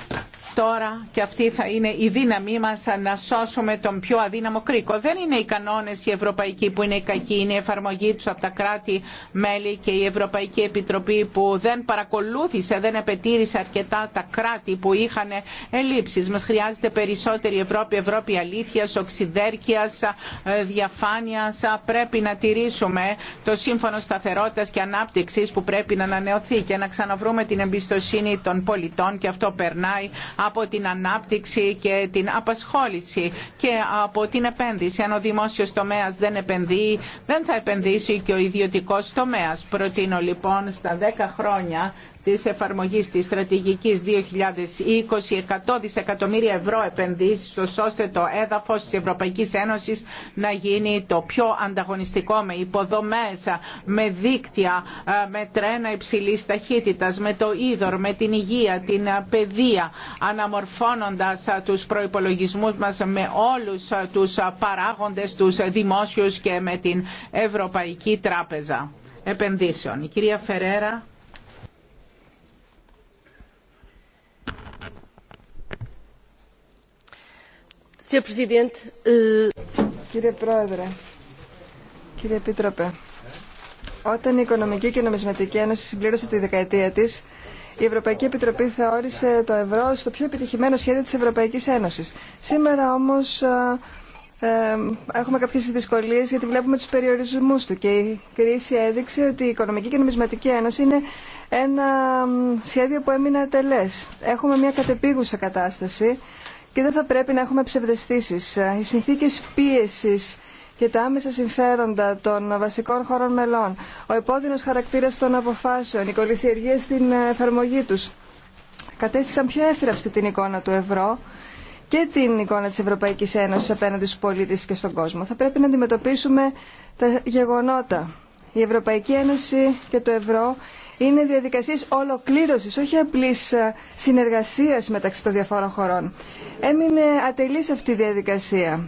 Τώρα και αυτή θα είναι η δύναμή μας να σώσουμε τον πιο αδύναμο κρίκο. Δεν είναι οι κανόνες οι ευρωπαϊκοί που είναι οι κακοί, είναι η εφαρμογή τους από τα κράτη-μέλη και η Ευρωπαϊκή Επιτροπή που δεν παρακολούθησε, δεν επετήρησε αρκετά τα κράτη που είχαν ελλείψεις. Μας χρειάζεται περισσότερη Ευρώπη, Ευρώπη αλήθειας, οξυδέρκειας, ε, διαφάνειας. Πρέπει να τηρήσουμε το Σύμφωνο Σταθερότητας και Ανάπτυξης που πρέπει να ανανεωθεί και να ξαναβρούμε την εμπιστοσύνη των πολιτών και αυτό περνάει από την ανάπτυξη και την απασχόληση και από την επένδυση. Αν ο δημόσιο τομέα δεν επενδύει, δεν θα επενδύσει και ο ιδιωτικό τομέα. Προτείνω λοιπόν στα 10 χρόνια της εφαρμογής της στρατηγικής 2020 100 δισεκατομμύρια ευρώ επενδύσεις ώστε το έδαφος της Ευρωπαϊκής Ένωσης να γίνει το πιο ανταγωνιστικό με υποδομές, με δίκτυα, ε, με τρένα υψηλής ταχύτητας, με το είδωρ, με την υγεία, την ε, παιδεία, αναμορφώνοντας ε, τους προϋπολογισμούς μας με όλους τους παράγοντες, τους δημόσιους και με την Ευρωπαϊκή Τράπεζα Επενδύσεων. Η κυρία Φερέρα. Eh, κύριε Πρόεδρε, κύριε Επίτροπε, όταν η Οικονομική και Νομισματική Ένωση συμπλήρωσε τη δεκαετία της, η Ευρωπαϊκή Επιτροπή θεώρησε το ευρώ στο πιο επιτυχημένο σχέδιο της Ευρωπαϊκής Ένωση. Σήμερα όμως ε, ε, έχουμε κάποιες δυσκολίες γιατί βλέπουμε τους περιορισμούς του και η κρίση έδειξε ότι η Οικονομική και Νομισματική Ένωση είναι ένα σχέδιο που έμεινε ατελέ. Έχουμε μια κατεπίγουσα κατάσταση και δεν θα πρέπει να έχουμε ψευδεστήσεις. Οι συνθήκες πίεσης και τα άμεσα συμφέροντα των βασικών χωρών μελών, ο επώδυνος χαρακτήρας των αποφάσεων, οι κολυσιεργίες στην εφαρμογή τους, κατέστησαν πιο έθραυστη την εικόνα του ευρώ και την εικόνα της Ευρωπαϊκής Ένωσης απέναντι στους πολίτες και στον κόσμο. Θα πρέπει να αντιμετωπίσουμε τα γεγονότα. Η Ευρωπαϊκή Ένωση και το ευρώ είναι διαδικασίε ολοκλήρωση, όχι απλή ε, συνεργασία μεταξύ των διαφόρων χωρών. Έμεινε ατελή αυτή η διαδικασία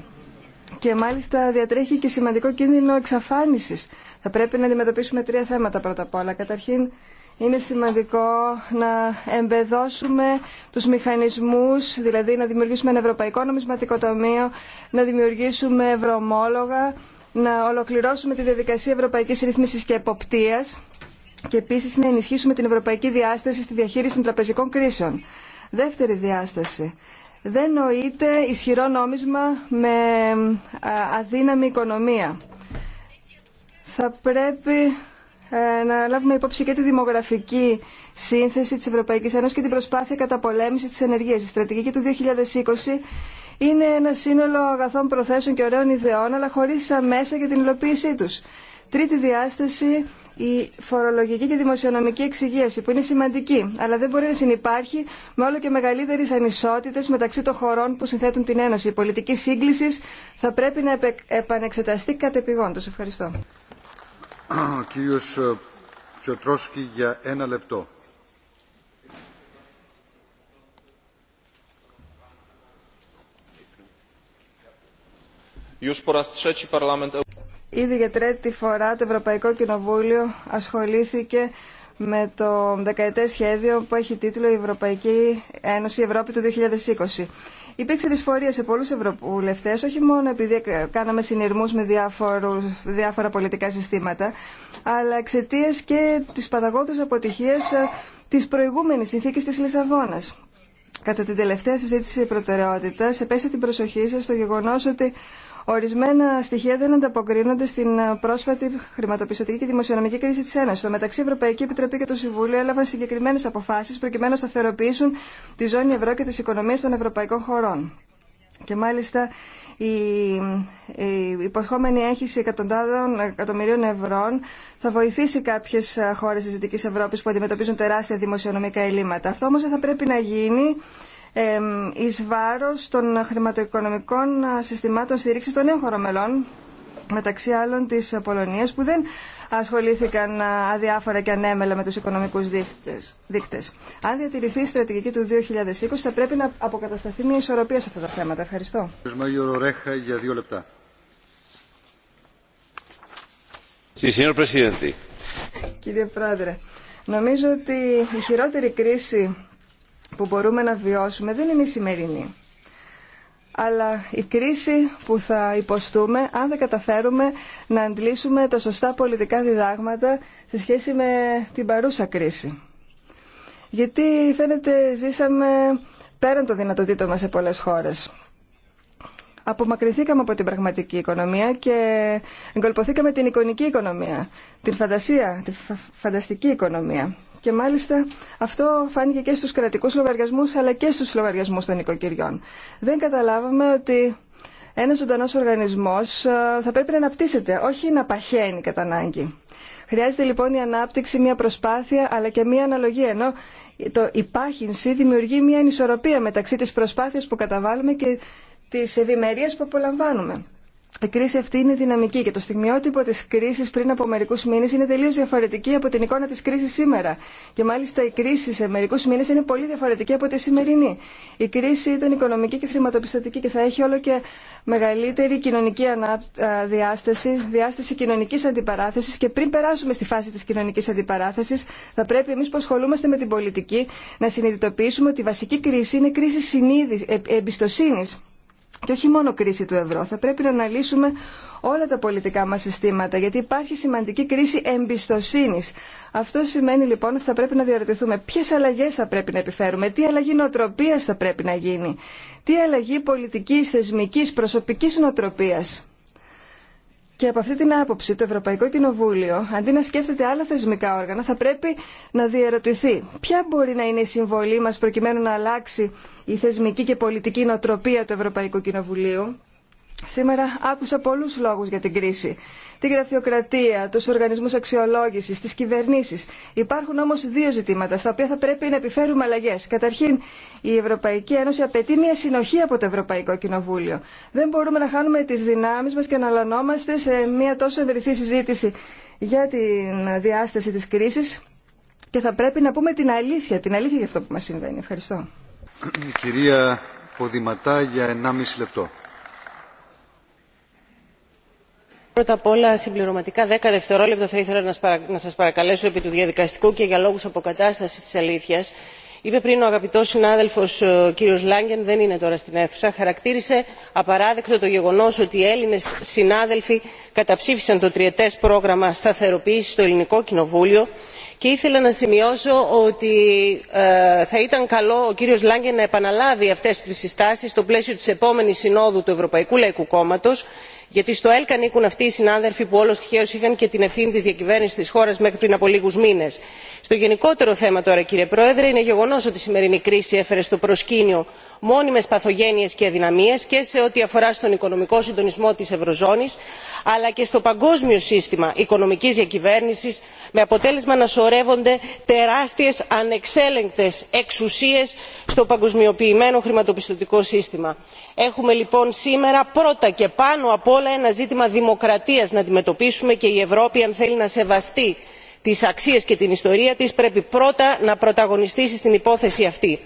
και μάλιστα διατρέχει και σημαντικό κίνδυνο εξαφάνιση. Θα πρέπει να αντιμετωπίσουμε τρία θέματα πρώτα απ' όλα. Καταρχήν, είναι σημαντικό να εμπεδώσουμε τους μηχανισμούς, δηλαδή να δημιουργήσουμε ένα ευρωπαϊκό νομισματικό τομείο, να δημιουργήσουμε ευρωομόλογα, να ολοκληρώσουμε τη διαδικασία ευρωπαϊκής Ρύθμιση και εποπτείας και επίση να ενισχύσουμε την ευρωπαϊκή διάσταση στη διαχείριση των τραπεζικών κρίσεων. Δεύτερη διάσταση. Δεν νοείται ισχυρό νόμισμα με αδύναμη οικονομία. Θα πρέπει ε, να λάβουμε υπόψη και τη δημογραφική σύνθεση της Ευρωπαϊκής Ένωσης και την προσπάθεια καταπολέμησης της ενεργείας. Η στρατηγική του 2020 είναι ένα σύνολο αγαθών προθέσεων και ωραίων ιδεών, αλλά χωρίς αμέσα για την υλοποίησή τους. Τρίτη διάσταση η φορολογική και δημοσιονομική εξυγίαση που είναι σημαντική αλλά δεν μπορεί να συνεπάρχει με όλο και μεγαλύτερες ανισότητες μεταξύ των χωρών που συνθέτουν την Ένωση. Η πολιτική σύγκληση θα πρέπει να επανεξεταστεί επιγόντως. Ευχαριστώ. Ε, για λεπτό. Ήδη για τρίτη φορά το Ευρωπαϊκό Κοινοβούλιο ασχολήθηκε με το δεκαετές σχέδιο που έχει τίτλο «Η Ευρωπαϊκή Ένωση Ευρώπη του 2020». Υπήρξε δυσφορία σε πολλούς ευρωβουλευτές, όχι μόνο επειδή κάναμε συνειρμούς με διάφορους, διάφορα πολιτικά συστήματα, αλλά εξαιτία και της παταγώδους αποτυχίας ε, της προηγούμενης συνθήκης της Λισαβόνας. Κατά την τελευταία συζήτηση προτεραιότητας, επέστε την προσοχή σας στο γεγονός ότι Ορισμένα στοιχεία δεν ανταποκρίνονται στην πρόσφατη χρηματοπιστωτική και δημοσιονομική κρίση τη Ένωση. Στο μεταξύ, η Ευρωπαϊκή Επιτροπή και το Συμβούλιο έλαβαν συγκεκριμένε αποφάσει προκειμένου να σταθεροποιήσουν τη ζώνη ευρώ και τι οικονομίε των ευρωπαϊκών χωρών. Και μάλιστα η, υποσχόμενη έγχυση εκατοντάδων εκατομμυρίων ευρώ θα βοηθήσει κάποιε χώρε τη Δυτική Ευρώπη που αντιμετωπίζουν τεράστια δημοσιονομικά ελλείμματα. Αυτό όμω θα πρέπει να γίνει εις βάρος των χρηματοοικονομικών συστημάτων στήριξης των νέων χωρομελών, μεταξύ άλλων της Πολωνίας, που δεν ασχολήθηκαν αδιάφορα και ανέμελα με τους οικονομικούς δείκτες. Αν διατηρηθεί η στρατηγική του 2020, θα πρέπει να αποκατασταθεί μια ισορροπία σε αυτά τα θέματα. Ευχαριστώ. για λεπτά. Κύριε Πρόεδρε, νομίζω ότι η χειρότερη κρίση που μπορούμε να βιώσουμε δεν είναι η σημερινή. Αλλά η κρίση που θα υποστούμε αν δεν καταφέρουμε να αντλήσουμε τα σωστά πολιτικά διδάγματα σε σχέση με την παρούσα κρίση. Γιατί φαίνεται ζήσαμε πέραν των δυνατοτήτων μας σε πολλές χώρες. Απομακρυνθήκαμε από την πραγματική οικονομία και εγκολποθήκαμε την εικονική οικονομία, την φαντασία, τη φανταστική οικονομία. Και μάλιστα αυτό φάνηκε και στους κρατικούς λογαριασμούς αλλά και στους λογαριασμούς των οικοκυριών. Δεν καταλάβαμε ότι ένας ζωντανό οργανισμός ε, θα πρέπει να αναπτύσσεται, όχι να παχαίνει κατά ανάγκη. Χρειάζεται λοιπόν η ανάπτυξη, μια προσπάθεια αλλά και μια αναλογία, ενώ το υπάχυνση δημιουργεί μια ανισορροπία μεταξύ της προσπάθειας που καταβάλουμε και της ευημερίας που απολαμβάνουμε η κρίση αυτή είναι δυναμική και το στιγμιότυπο της κρίσης πριν από μερικούς μήνες είναι τελείως διαφορετική από την εικόνα της κρίσης σήμερα. Και μάλιστα η κρίση σε μερικούς μήνες είναι πολύ διαφορετική από τη σημερινή. Η κρίση ήταν οικονομική και χρηματοπιστωτική και θα έχει όλο και μεγαλύτερη κοινωνική διάσταση, διάσταση κοινωνικής αντιπαράθεσης και πριν περάσουμε στη φάση της κοινωνικής αντιπαράθεσης θα πρέπει εμείς που ασχολούμαστε με την πολιτική να συνειδητοποιήσουμε ότι η βασική κρίση είναι κρίση συνείδη, ε, εμπιστοσύνης και όχι μόνο κρίση του ευρώ. Θα πρέπει να αναλύσουμε όλα τα πολιτικά μας συστήματα, γιατί υπάρχει σημαντική κρίση εμπιστοσύνης. Αυτό σημαίνει λοιπόν ότι θα πρέπει να διαρωτηθούμε ποιες αλλαγές θα πρέπει να επιφέρουμε, τι αλλαγή νοοτροπίας θα πρέπει να γίνει, τι αλλαγή πολιτικής, θεσμικής, προσωπικής νοοτροπίας. Και από αυτή την άποψη το Ευρωπαϊκό Κοινοβούλιο, αντί να σκέφτεται άλλα θεσμικά όργανα, θα πρέπει να διαρωτηθεί ποια μπορεί να είναι η συμβολή μας προκειμένου να αλλάξει η θεσμική και πολιτική νοοτροπία του Ευρωπαϊκού Κοινοβουλίου Σήμερα άκουσα πολλούς λόγους για την κρίση. Τη γραφειοκρατία, τους οργανισμούς αξιολόγησης, τις κυβερνήσεις. Υπάρχουν όμως δύο ζητήματα στα οποία θα πρέπει να επιφέρουμε αλλαγές. Καταρχήν, η Ευρωπαϊκή Ένωση απαιτεί μια συνοχή από το Ευρωπαϊκό Κοινοβούλιο. Δεν μπορούμε να χάνουμε τις δυνάμεις μας και να λανόμαστε σε μια τόσο ευρυθή συζήτηση για τη διάσταση της κρίσης και θα πρέπει να πούμε την αλήθεια, την αλήθεια για αυτό που μας συμβαίνει. Ευχαριστώ. πρώτα απ' όλα συμπληρωματικά δέκα δευτερόλεπτα θα ήθελα να σας παρακαλέσω επί του διαδικαστικού και για λόγους αποκατάστασης της αλήθειας είπε πριν ο αγαπητός συνάδελφος ο κύριος λάγκεν δεν είναι τώρα στην αίθουσα χαρακτήρισε απαράδεκτο το γεγονός ότι οι έλληνες συνάδελφοι καταψήφισαν το τριετές πρόγραμμα σταθεροποίησης στο ελληνικό κοινοβούλιο και ήθελα να σημειώσω ότι ε, θα ήταν καλό ο κύριος λάγκεν να επαναλάβει αυτές τις συστάσεις στο πλαίσιο της επόμενης συνόδου του ευρωπαϊκού λαϊκού κόμματος γιατί στο ελκ ανήκουν αυτοί οι συνάδελφοι που όλο τυχαίω είχαν και την ευθύνη τη διακυβέρνηση τη χώρα μέχρι πριν από λίγου μήνε. στο γενικότερο θέμα τώρα κύριε πρόεδρε είναι γεγονό ότι η σημερινή κρίση έφερε στο προσκήνιο μόνιμε παθογένειε και αδυναμίε και σε ό,τι αφορά στον οικονομικό συντονισμό τη ευρωζώνη αλλά και στο παγκόσμιο σύστημα οικονομική διακυβέρνηση με αποτέλεσμα να σωρεύονται τεράστιε ανεξέλεγκτε εξουσίε στο παγκοσμιοποιημένο χρηματοπιστωτικό σύστημα έχουμε λοιπόν σήμερα πρώτα και πάνω απ' όλα ένα ζήτημα δημοκρατίας να αντιμετωπίσουμε και η ευρώπη αν θέλει να σεβαστεί τις αξίες και την ιστορία της πρέπει πρώτα να πρωταγωνιστήσει στην υπόθεση αυτή.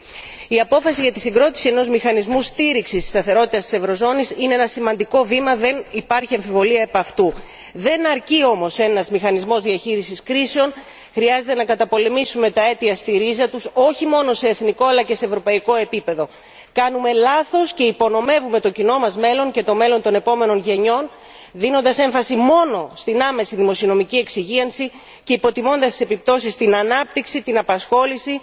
η απόφαση για τη συγκρότηση ενός μηχανισμού στήριξης της σταθερότητας της ευρωζώνης είναι ένα σημαντικό βήμα δεν υπάρχει αμφιβολία επ' αυτού. δεν αρκεί όμως ένας μηχανισμός διαχείρισης κρίσεων χρειάζεται να καταπολεμήσουμε τα αίτια στη ρίζα τους όχι μόνο σε εθνικό αλλά και σε ευρωπαϊκό επίπεδο κάνουμε λάθο και υπονομεύουμε το κοινό μα μέλλον και το μέλλον των επόμενων γενιών δίνοντας έμφαση μόνο στην άμεση δημοσιονομική εξυγίανση και υποτιμώντας τι επιπτώσεις στην ανάπτυξη την απασχόληση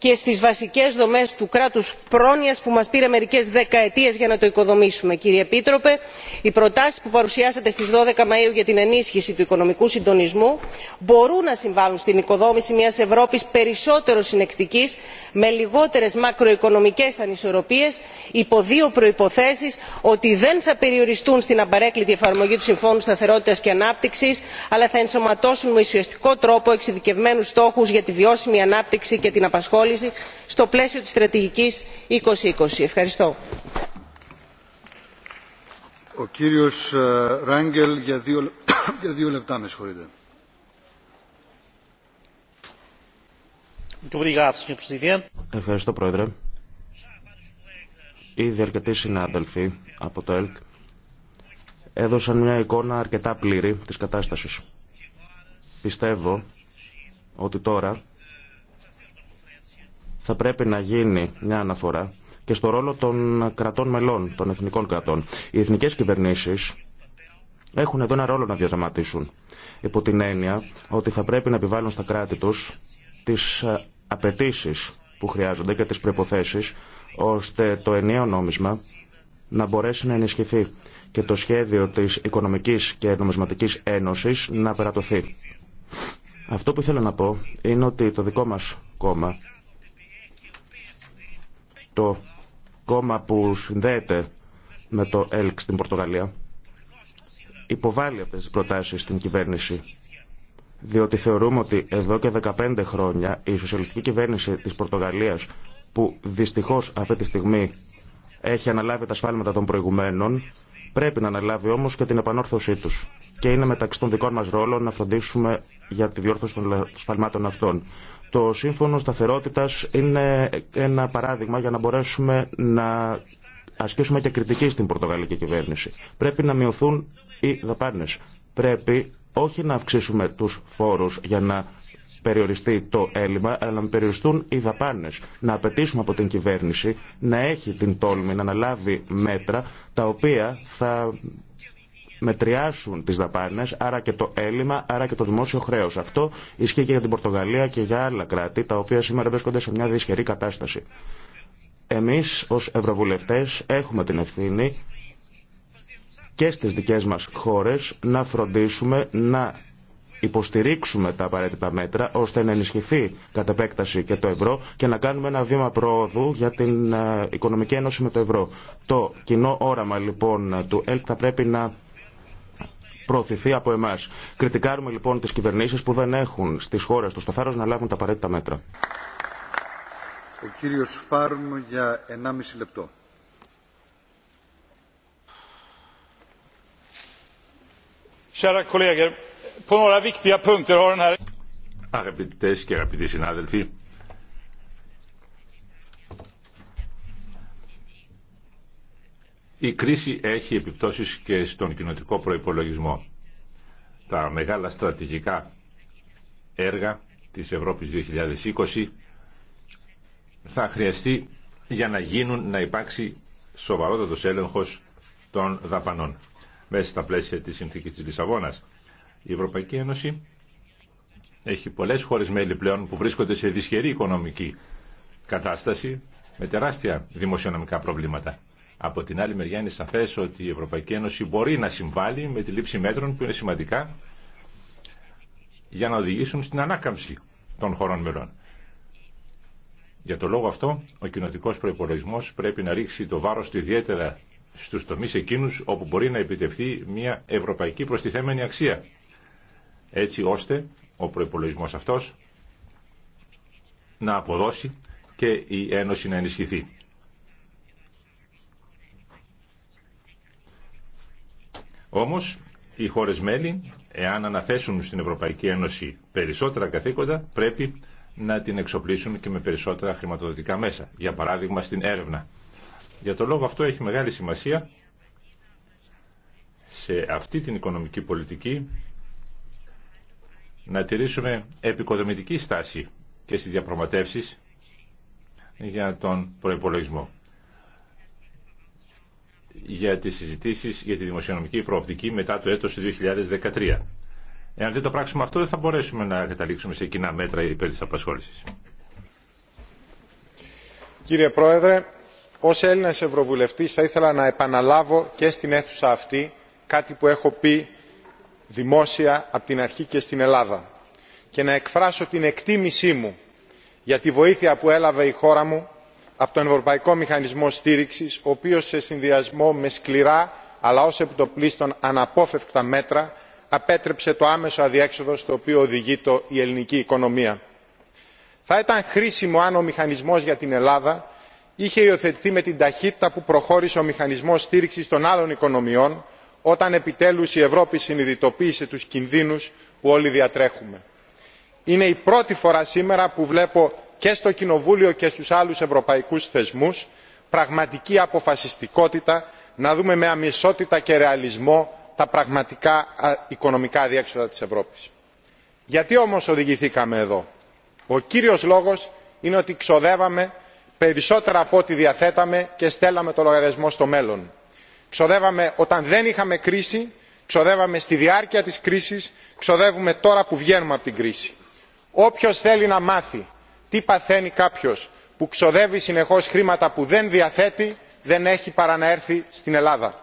και στις βασικές δομές του κράτους πρόνοιας που μας πήρε μερικές δεκαετίες για να το οικοδομήσουμε. κύριε επίτροπε οι προτάσεις που παρουσιάσατε στις 12 μαΐου για την ενίσχυση του οικονομικού συντονισμού μπορούν να συμβάλλουν στην οικοδόμηση μιας ευρώπης περισσότερο συνεκτικής με λιγότερες μακροοικονομικές ανισορροπίες υπό δύο προϋποθέσεις ότι δεν θα περιοριστούν στην απαρέκκλητη εφαρμογή του συμφώνου Σταθερότητα και ανάπτυξης αλλά θα ενσωματώσουν με ουσιαστικό τρόπο εξειδικευμένους στόχους για τη βιώσιμη ανάπτυξη και την απασχόληση στο πλαίσιο της στρατηγικής. 2020. ευχαριστώ. Ο κύριος ε, Ράγκελ για δύο, για δύο λεπτά με συγχωρείτε. Ευχαριστώ Πρόεδρε. Ήδη αρκετοί συνάδελφοι από το ΕΛΚ έδωσαν μια εικόνα αρκετά πλήρη της κατάστασης. Πιστεύω ότι τώρα θα πρέπει να γίνει μια αναφορά και στο ρόλο των κρατών μελών, των εθνικών κρατών. Οι εθνικές κυβερνήσεις έχουν εδώ ένα ρόλο να διαδραματίσουν. Υπό την έννοια ότι θα πρέπει να επιβάλλουν στα κράτη τους τις ε, απαιτήσει που χρειάζονται και τις προποθέσει ώστε το ενιαίο νόμισμα να μπορέσει να ενισχυθεί και το σχέδιο της Οικονομικής και Νομισματικής Ένωσης να περατωθεί. Αυτό που ήθελα να πω είναι ότι το δικό μας κόμμα το κόμμα που συνδέεται με το ΕΛΚ στην Πορτογαλία υποβάλλει αυτές τις προτάσεις στην κυβέρνηση διότι θεωρούμε ότι εδώ και 15 χρόνια η σοσιαλιστική κυβέρνηση της Πορτογαλίας που δυστυχώς αυτή τη στιγμή έχει αναλάβει τα σφάλματα των προηγουμένων πρέπει να αναλάβει όμως και την επανόρθωσή τους και είναι μεταξύ των δικών μας ρόλων να φροντίσουμε για τη διόρθωση των σφαλμάτων αυτών. Το Σύμφωνο Σταθερότητας είναι ένα παράδειγμα για να μπορέσουμε να ασκήσουμε και κριτική στην πορτογαλική κυβέρνηση. Πρέπει να μειωθούν οι δαπάνες. Πρέπει όχι να αυξήσουμε τους φόρους για να περιοριστεί το έλλειμμα, αλλά να περιοριστούν οι δαπάνες. Να απαιτήσουμε από την κυβέρνηση να έχει την τόλμη να αναλάβει μέτρα τα οποία θα μετριάσουν τι δαπάνε, άρα και το έλλειμμα, άρα και το δημόσιο χρέο. Αυτό ισχύει και για την Πορτογαλία και για άλλα κράτη, τα οποία σήμερα βρίσκονται σε μια δυσχερή κατάσταση. Εμεί, ω ευρωβουλευτέ, έχουμε την ευθύνη και στι δικέ μα χώρε να φροντίσουμε να υποστηρίξουμε τα απαραίτητα μέτρα ώστε να ενισχυθεί κατά επέκταση και το ευρώ και να κάνουμε ένα βήμα προόδου για την ε, Οικονομική Ένωση με το ευρώ. Το κοινό όραμα λοιπόν του ΕΛΚ θα πρέπει να προωθηθεί από εμά. Κριτικάρουμε λοιπόν τι κυβερνήσει που δεν έχουν στι χώρε του το θάρρο να λάβουν τα απαραίτητα μέτρα. Ο κύριος Φάρμ για 1,5 λεπτό. Αγαπητές και αγαπητοί συνάδελφοι, Η κρίση έχει επιπτώσεις και στον κοινοτικό προϋπολογισμό. Τα μεγάλα στρατηγικά έργα της Ευρώπης 2020 θα χρειαστεί για να γίνουν να υπάρξει σοβαρότατος έλεγχος των δαπανών. Μέσα στα πλαίσια της συνθήκης της Λισαβόνας η Ευρωπαϊκή Ένωση έχει πολλές χώρες μέλη πλέον που βρίσκονται σε δυσχερή οικονομική κατάσταση με τεράστια δημοσιονομικά προβλήματα. Από την άλλη μεριά είναι σαφές ότι η Ευρωπαϊκή Ένωση μπορεί να συμβάλλει με τη λήψη μέτρων που είναι σημαντικά για να οδηγήσουν στην ανάκαμψη των χωρών μελών. Για το λόγο αυτό, ο κοινοτικός προϋπολογισμός πρέπει να ρίξει το βάρος του ιδιαίτερα στους τομείς εκείνους όπου μπορεί να επιτευχθεί μια ευρωπαϊκή προστιθέμενη αξία. Έτσι ώστε ο προϋπολογισμός αυτός να αποδώσει και η Ένωση να ενισχυθεί. Όμως οι χώρες μέλη, εάν αναθέσουν στην Ευρωπαϊκή Ένωση περισσότερα καθήκοντα, πρέπει να την εξοπλίσουν και με περισσότερα χρηματοδοτικά μέσα. Για παράδειγμα στην έρευνα. Για τον λόγο αυτό έχει μεγάλη σημασία σε αυτή την οικονομική πολιτική να τηρήσουμε επικοδομητική στάση και στις διαπραγματεύσεις για τον προϋπολογισμό για τις συζητήσεις για τη δημοσιονομική προοπτική μετά το έτος 2013. Εάν δεν το πράξουμε αυτό δεν θα μπορέσουμε να καταλήξουμε σε κοινά μέτρα υπέρ της απασχόλησης. Κύριε Πρόεδρε, ως Έλληνας Ευρωβουλευτής θα ήθελα να επαναλάβω και στην αίθουσα αυτή κάτι που έχω πει δημόσια από την αρχή και στην Ελλάδα και να εκφράσω την εκτίμησή μου για τη βοήθεια που έλαβε η χώρα μου από τον ευρωπαϊκό μηχανισμό στήριξης ο οποίος σε συνδυασμό με σκληρά αλλά ως επί το πλείστον αναπόφευκτα μέτρα απέτρεψε το άμεσο αδιέξοδο στο οποίο οδηγείται η ελληνική οικονομία. θα ήταν χρήσιμο αν ο μηχανισμός για την ελλάδα είχε υιοθετηθεί με την ταχύτητα που προχώρησε ο μηχανισμό στήριξη των άλλων οικονομιών όταν επιτέλου η ευρώπη συνειδητοποίησε του κινδύνου που όλοι διατρέχουμε. είναι η πρώτη φορά σήμερα που βλέπω και στο κοινοβούλιο και στους άλλους ευρωπαϊκούς θεσμούς πραγματική αποφασιστικότητα να δούμε με αμεσότητα και ρεαλισμό τα πραγματικά οικονομικά αδιέξοδα της ευρώπης. γιατί όμως οδηγηθήκαμε εδώ; ο κύριος λόγος είναι ότι ξοδεύαμε περισσότερα από ό,τι διαθέταμε και στέλαμε το λογαριασμό στο μέλλον. ξοδεύαμε όταν δεν είχαμε κρίση ξοδεύαμε στη διάρκεια της κρίσης ξοδεύουμε τώρα που βγαίνουμε από την κρίση. όποιος θέλει να μάθει τι παθαίνει κάποιος που ξοδεύει συνεχώς χρήματα που δεν διαθέτει δεν έχει παρά να έρθει στην ελλάδα.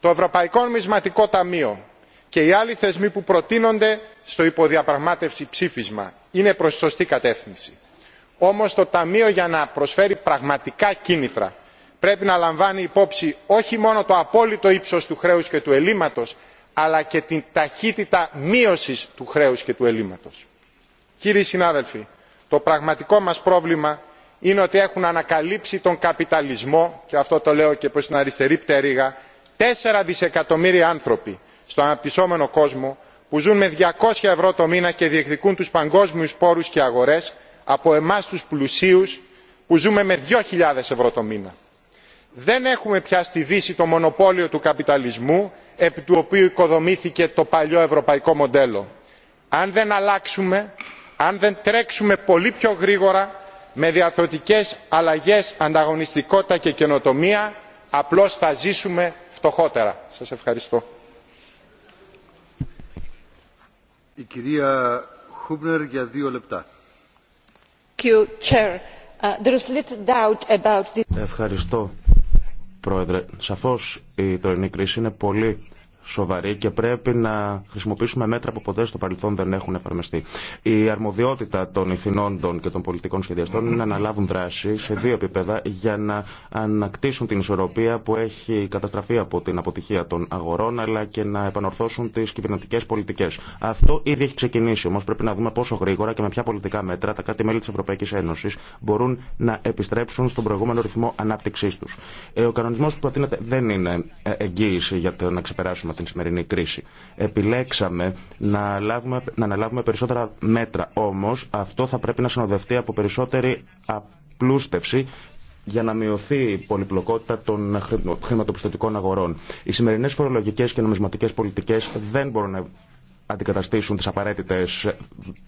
το ευρωπαϊκό νομισματικό ταμείο και οι άλλοι θεσμοί που προτείνονται στο υποδιαπραγμάτευση ψήφισμα είναι προς τη σωστή κατεύθυνση. όμως το ταμείο για να προσφέρει πραγματικά κίνητρα πρέπει να λαμβάνει υπόψη όχι μόνο το απόλυτο ύψος του χρέους και του ελλείμματος αλλά και την ταχύτητα μείωσης του χρέους και του ελλείμματο κύριοι συνάδελφοι το πραγματικό μας πρόβλημα είναι ότι έχουν ανακαλύψει τον καπιταλισμό και αυτό το λέω και προς την αριστερή πτέρυγα τέσσερα δισεκατομμύρια άνθρωποι στον αναπτυσσόμενο κόσμο που ζουν με 200 ευρώ το μήνα και διεκδικούν τους παγκόσμιους πόρους και αγορές από εμάς τους πλουσίους που ζούμε με 2.000 ευρώ το μήνα. Δεν έχουμε πια στη Δύση το μονοπόλιο του καπιταλισμού επί του οποίου οικοδομήθηκε το παλιό ευρωπαϊκό μοντέλο. Αν δεν αλλάξουμε αν δεν τρέξουμε πολύ πιο γρήγορα με διαρθρωτικές αλλαγές ανταγωνιστικότητα και καινοτομία απλώς θα ζήσουμε φτωχότερα. Σας ευχαριστώ. Η κυρία Χούμπνερ για δύο λεπτά. Uh, ευχαριστώ, Πρόεδρε. Σαφώς η τωρινή κρίση είναι πολύ σοβαρή και πρέπει να χρησιμοποιήσουμε μέτρα που ποτέ στο παρελθόν δεν έχουν εφαρμοστεί. Η αρμοδιότητα των ηθινόντων και των πολιτικών σχεδιαστών είναι να αναλάβουν δράση σε δύο επίπεδα για να ανακτήσουν την ισορροπία που έχει καταστραφεί από την αποτυχία των αγορών αλλά και να επανορθώσουν τι κυβερνητικέ πολιτικέ. Αυτό ήδη έχει ξεκινήσει όμω. Πρέπει να δούμε πόσο γρήγορα και με ποια πολιτικά μέτρα τα κράτη-μέλη τη Ευρωπαϊκή Ένωση μπορούν να επιστρέψουν στον προηγούμενο ρυθμό ανάπτυξή του. Ε, ο κανονισμό που προτείνεται δεν είναι ε, εγγύηση για το να ξεπεράσουμε την σημερινή κρίση. Επιλέξαμε να, να αναλάβουμε περισσότερα μέτρα. Όμω αυτό θα πρέπει να συνοδευτεί από περισσότερη απλούστευση για να μειωθεί η πολυπλοκότητα των χρηματοπιστωτικών αγορών. Οι σημερινέ φορολογικέ και νομισματικέ πολιτικέ δεν μπορούν να αντικαταστήσουν τις απαραίτητες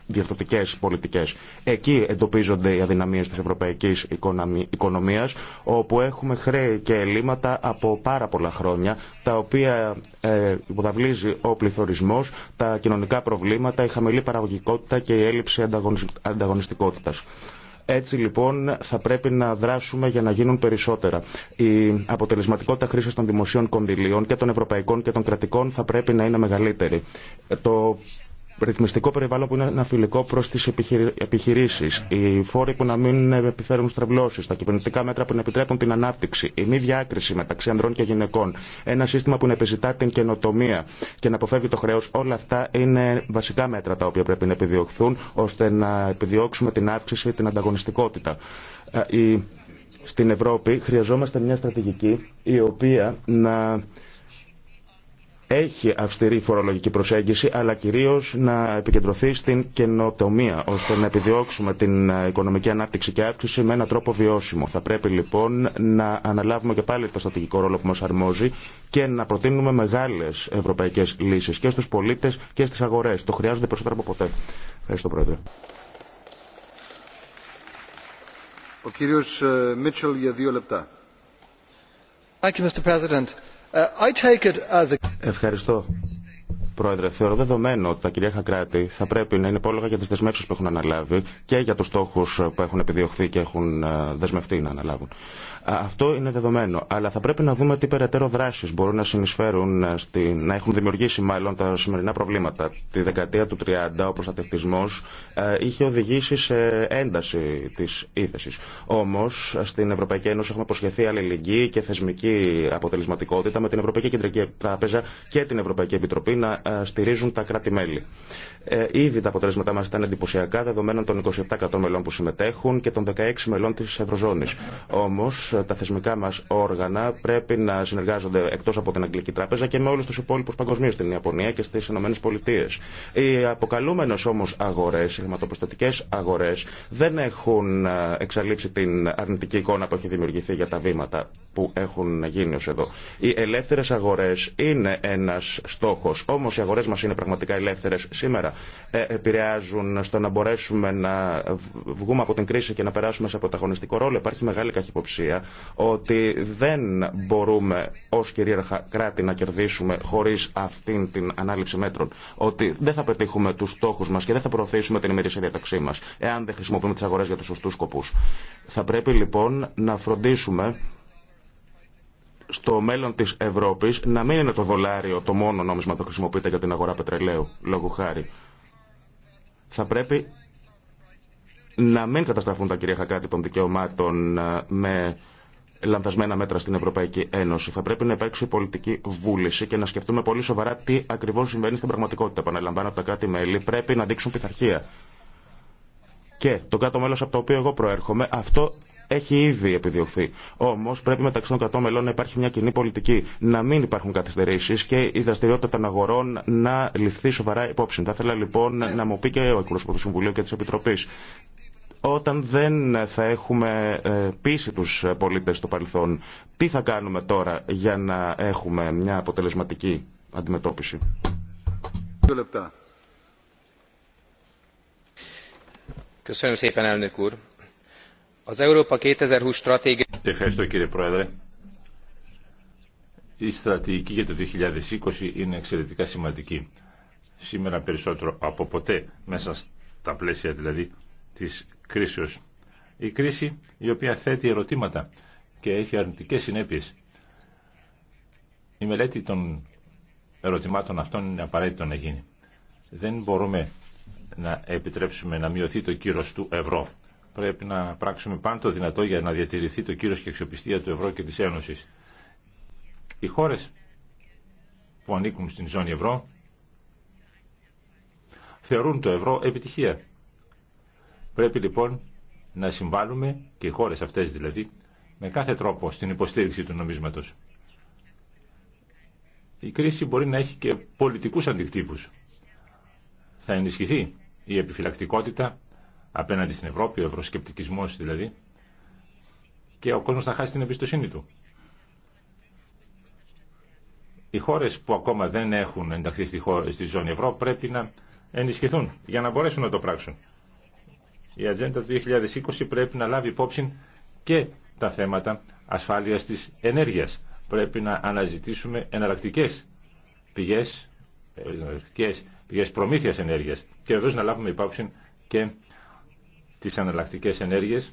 διευθυντικές πολιτικές. Εκεί εντοπίζονται οι αδυναμίες της ευρωπαϊκής οικονομίας, όπου έχουμε χρέη και ελλείμματα από πάρα πολλά χρόνια, τα οποία ε, ο πληθωρισμός, τα κοινωνικά προβλήματα, η χαμηλή παραγωγικότητα και η έλλειψη ανταγωνιστικότητας. Έτσι λοιπόν θα πρέπει να δράσουμε για να γίνουν περισσότερα. Η αποτελεσματικότητα χρήση των δημοσίων κονδυλίων και των ευρωπαϊκών και των κρατικών θα πρέπει να είναι μεγαλύτερη. Ε, το ρυθμιστικό περιβάλλον που είναι φιλικό προ τι επιχειρήσει, οι φόροι που να μην επιφέρουν στρεβλώσει, τα κυβερνητικά μέτρα που να επιτρέπουν την ανάπτυξη, η μη διάκριση μεταξύ ανδρών και γυναικών, ένα σύστημα που να επιζητά την καινοτομία και να αποφεύγει το χρέο, όλα αυτά είναι βασικά μέτρα τα οποία πρέπει να επιδιωχθούν ώστε να επιδιώξουμε την αύξηση, την ανταγωνιστικότητα. Ε, στην Ευρώπη χρειαζόμαστε μια στρατηγική η οποία να έχει αυστηρή φορολογική προσέγγιση, αλλά κυρίω να επικεντρωθεί στην καινοτομία, ώστε να επιδιώξουμε την οικονομική ανάπτυξη και αύξηση με έναν τρόπο βιώσιμο. Θα πρέπει λοιπόν να αναλάβουμε και πάλι το στατικό ρόλο που μα αρμόζει και να προτείνουμε μεγάλε ευρωπαϊκέ λύσει και στου πολίτε και στι αγορέ. Το χρειάζονται περισσότερο από ποτέ. Ευχαριστώ, Πρόεδρε. Ο κύριος ε, Μίτσελ για δύο λεπτά. Thank Mr. President. Uh, Ευχαριστώ. Πρόεδρε, θεωρώ δεδομένο ότι τα κυρίαρχα κράτη θα πρέπει να είναι υπόλογα για τι δεσμεύσει που έχουν αναλάβει και για του στόχου που έχουν επιδιωχθεί και έχουν ε, δεσμευτεί να αναλάβουν. Αυτό είναι δεδομένο. Αλλά θα πρέπει να δούμε τι περαιτέρω δράσει μπορούν να συνεισφέρουν, ε, στη, να έχουν δημιουργήσει μάλλον τα σημερινά προβλήματα. Τη δεκαετία του 30 ο προστατευτισμό ε, είχε οδηγήσει σε ένταση τη ύφεση. Όμω στην Ευρωπαϊκή Ένωση έχουμε προσχεθεί αλληλεγγύη και θεσμική αποτελεσματικότητα με την Ευρωπαϊκή Κεντρική Τράπεζα και την Ευρωπαϊκή Επιτροπή να ε, στηρίζουν τα κράτη-μέλη. Ε, ήδη τα αποτελέσματά μα ήταν εντυπωσιακά, δεδομένων των 27 κρατών μελών που συμμετέχουν και των 16 μελών τη Ευρωζώνη. Όμω, ε, τα θεσμικά μα όργανα πρέπει να συνεργάζονται εκτό από την Αγγλική Τράπεζα και με όλου του υπόλοιπου παγκοσμίω στην Ιαπωνία και στι ΗΠΑ. Οι αποκαλούμενε όμω αγορέ, οι χρηματοπιστωτικέ αγορέ, δεν έχουν ε, εξαλείψει την αρνητική εικόνα που έχει δημιουργηθεί για τα βήματα που έχουν γίνει ως εδώ. Οι ελεύθερες αγορές είναι ένας στόχος, όμως οι αγορές μας είναι πραγματικά ελεύθερες σήμερα. Ε, επηρεάζουν στο να μπορέσουμε να βγούμε από την κρίση και να περάσουμε σε πρωταγωνιστικό ρόλο. Υπάρχει μεγάλη καχυποψία ότι δεν μπορούμε ως κυρίαρχα κράτη να κερδίσουμε χωρίς αυτήν την ανάληψη μέτρων. Ότι δεν θα πετύχουμε τους στόχους μας και δεν θα προωθήσουμε την ημερήσια διαταξή μας, εάν δεν χρησιμοποιούμε τις αγορές για τους σωστού σκοπούς. Θα πρέπει λοιπόν να φροντίσουμε στο μέλλον της Ευρώπης να μην είναι το δολάριο το μόνο νόμισμα που χρησιμοποιείται για την αγορά πετρελαίου, λόγου χάρη. Θα πρέπει να μην καταστραφούν τα κυρίαρχα κράτη των δικαιωμάτων ε, με λανθασμένα μέτρα στην Ευρωπαϊκή Ένωση. Θα πρέπει να υπάρξει πολιτική βούληση και να σκεφτούμε πολύ σοβαρά τι ακριβώ συμβαίνει στην πραγματικότητα. Παναλαμβάνω από τα κράτη-μέλη, πρέπει να δείξουν πειθαρχία. Και το κάτω μέλο από το οποίο εγώ προέρχομαι, αυτό έχει ήδη επιδιωχθεί. Όμω πρέπει μεταξύ των κρατών μελών να υπάρχει μια κοινή πολιτική, να μην υπάρχουν καθυστερήσει και η δραστηριότητα των αγορών να ληφθεί σοβαρά υπόψη. Θα ήθελα λοιπόν να μου πει και ο εκπρόσωπο του Συμβουλίου και τη Επιτροπή όταν δεν θα έχουμε ε, πείσει του πολίτε στο παρελθόν, τι θα κάνουμε τώρα για να έχουμε μια αποτελεσματική αντιμετώπιση. Δύο λεπτά. Ευχαριστώ κύριε Πρόεδρε. Η στρατηγική για το 2020 είναι εξαιρετικά σημαντική. Σήμερα περισσότερο από ποτέ μέσα στα πλαίσια δηλαδή της κρίσεως. Η κρίση η οποία θέτει ερωτήματα και έχει αρνητικές συνέπειες. Η μελέτη των ερωτημάτων αυτών είναι απαραίτητο να γίνει. Δεν μπορούμε να επιτρέψουμε να μειωθεί το κύρος του ευρώ πρέπει να πράξουμε πάνω το δυνατό για να διατηρηθεί το κύρος και αξιοπιστία του ευρώ και της Ένωσης. Οι χώρες που ανήκουν στην ζώνη ευρώ θεωρούν το ευρώ επιτυχία. Πρέπει λοιπόν να συμβάλλουμε και οι χώρες αυτές δηλαδή με κάθε τρόπο στην υποστήριξη του νομίσματος. Η κρίση μπορεί να έχει και πολιτικούς αντικτύπους. Θα ενισχυθεί η επιφυλακτικότητα απέναντι στην Ευρώπη, ο ευρωσκεπτικισμός δηλαδή, και ο κόσμος θα χάσει την εμπιστοσύνη του. Οι χώρες που ακόμα δεν έχουν ενταχθεί στη, χώρα, στη ζώνη ευρώ πρέπει να ενισχυθούν για να μπορέσουν να το πράξουν. Η ατζέντα του 2020 πρέπει να λάβει υπόψη και τα θέματα ασφάλειας της ενέργειας. Πρέπει να αναζητήσουμε εναλλακτικέ πηγές, πηγές προμήθειας ενέργειας και βεβαίως να λάβουμε υπόψη και τις αναλλακτικέ ενέργειες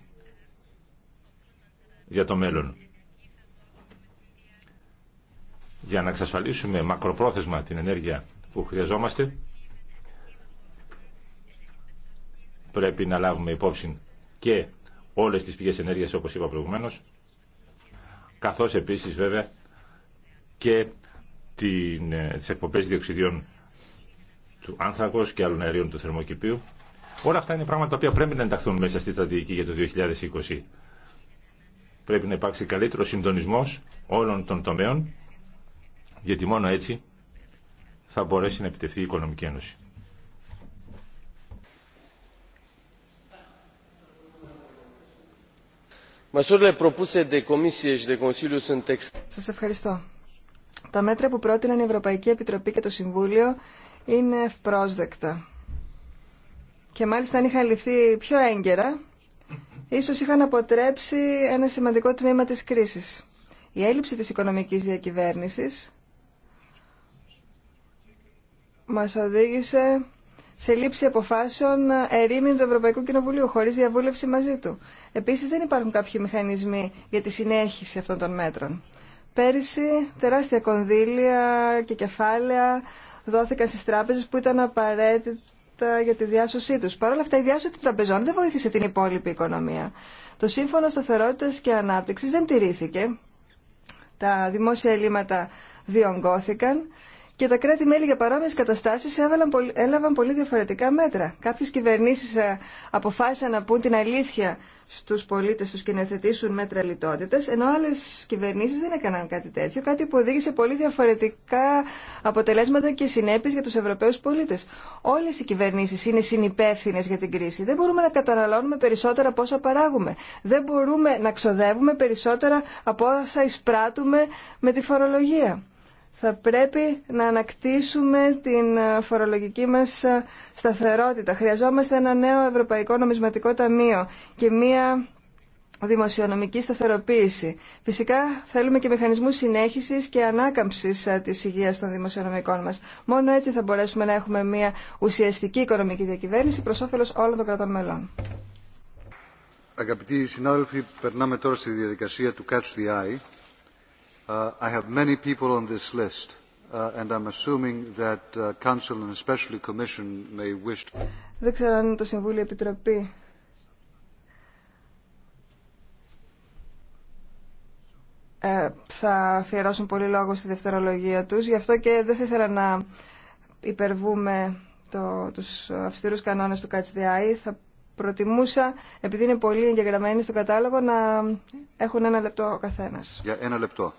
για το μέλλον. Για να εξασφαλίσουμε μακροπρόθεσμα την ενέργεια που χρειαζόμαστε, πρέπει να λάβουμε υπόψη και όλες τις πηγές ενέργειας όπως είπα προηγουμένως, καθώς επίσης βέβαια και την, ε, τις εκπομπές διοξιδιών του άνθρακος και άλλων αερίων του θερμοκηπίου Όλα αυτά είναι πράγματα τα οποία πρέπει να ενταχθούν μέσα στη στρατηγική για το 2020. Πρέπει να υπάρξει καλύτερο συντονισμό όλων των τομέων, γιατί μόνο έτσι θα μπορέσει να επιτευχθεί η Οικονομική Ένωση. Σα ευχαριστώ. Τα μέτρα που πρότειναν η Ευρωπαϊκή Επιτροπή και το Συμβούλιο είναι ευπρόσδεκτα και μάλιστα αν είχαν ληφθεί πιο έγκαιρα, ίσως είχαν αποτρέψει ένα σημαντικό τμήμα της κρίσης. Η έλλειψη της οικονομικής διακυβέρνησης μας οδήγησε σε λήψη αποφάσεων ερήμην του Ευρωπαϊκού Κοινοβουλίου, χωρίς διαβούλευση μαζί του. Επίσης δεν υπάρχουν κάποιοι μηχανισμοί για τη συνέχιση αυτών των μέτρων. Πέρυσι τεράστια κονδύλια και κεφάλαια δόθηκαν στις τράπεζες που ήταν απαραίτητα ε, για τη διάσωσή του. Παρ' όλα αυτά η διάσωση των τραπεζών δεν βοήθησε την υπόλοιπη οικονομία. Το Σύμφωνο σταθερότητα και ανάπτυξη δεν τηρήθηκε. Τα δημόσια ελλείμματα διονγκώθηκαν και τα κράτη-μέλη για παρόμοιες καταστάσεις έλαβαν πολύ διαφορετικά μέτρα. Κάποιες κυβερνήσεις ε, αποφάσισαν να πούν την αλήθεια στους πολίτες τους και να θετήσουν μέτρα λιτότητας, ενώ άλλες κυβερνήσεις δεν έκαναν κάτι τέτοιο, κάτι που οδήγησε πολύ διαφορετικά αποτελέσματα και συνέπειες για τους Ευρωπαίους πολίτες. Όλες οι κυβερνήσεις είναι συνυπεύθυνες για την κρίση. Δεν μπορούμε να καταναλώνουμε περισσότερα από όσα παράγουμε. Δεν μπορούμε να ξοδεύουμε περισσότερα από όσα εισπράττουμε με τη φορολογία θα πρέπει να ανακτήσουμε την ε, φορολογική μας ε, σταθερότητα. Χρειαζόμαστε ένα νέο Ευρωπαϊκό Νομισματικό Ταμείο και μία δημοσιονομική σταθεροποίηση. Φυσικά θέλουμε και μηχανισμούς συνέχισης και ανάκαμψης ε, της υγείας των δημοσιονομικών μας. Μόνο έτσι θα μπορέσουμε να έχουμε μια ουσιαστική οικονομική διακυβέρνηση προς όφελος όλων των κρατών μελών. Αγαπητοί συνάδελφοι, περνάμε τώρα στη διαδικασία του Catch the Eye. Δεν ξέρω αν το Συμβούλιο Επιτροπή. Ε, θα αφιερώσουν πολύ λόγο στη δευτερολογία τους. Γι' αυτό και δεν θα ήθελα να υπερβούμε το, τους αυστηρούς κανόνες του Catch Θα προτιμούσα, επειδή είναι πολύ εγγεγραμμένοι στο κατάλογο, να έχουν ένα λεπτό ο καθένας. Για ένα λεπτό.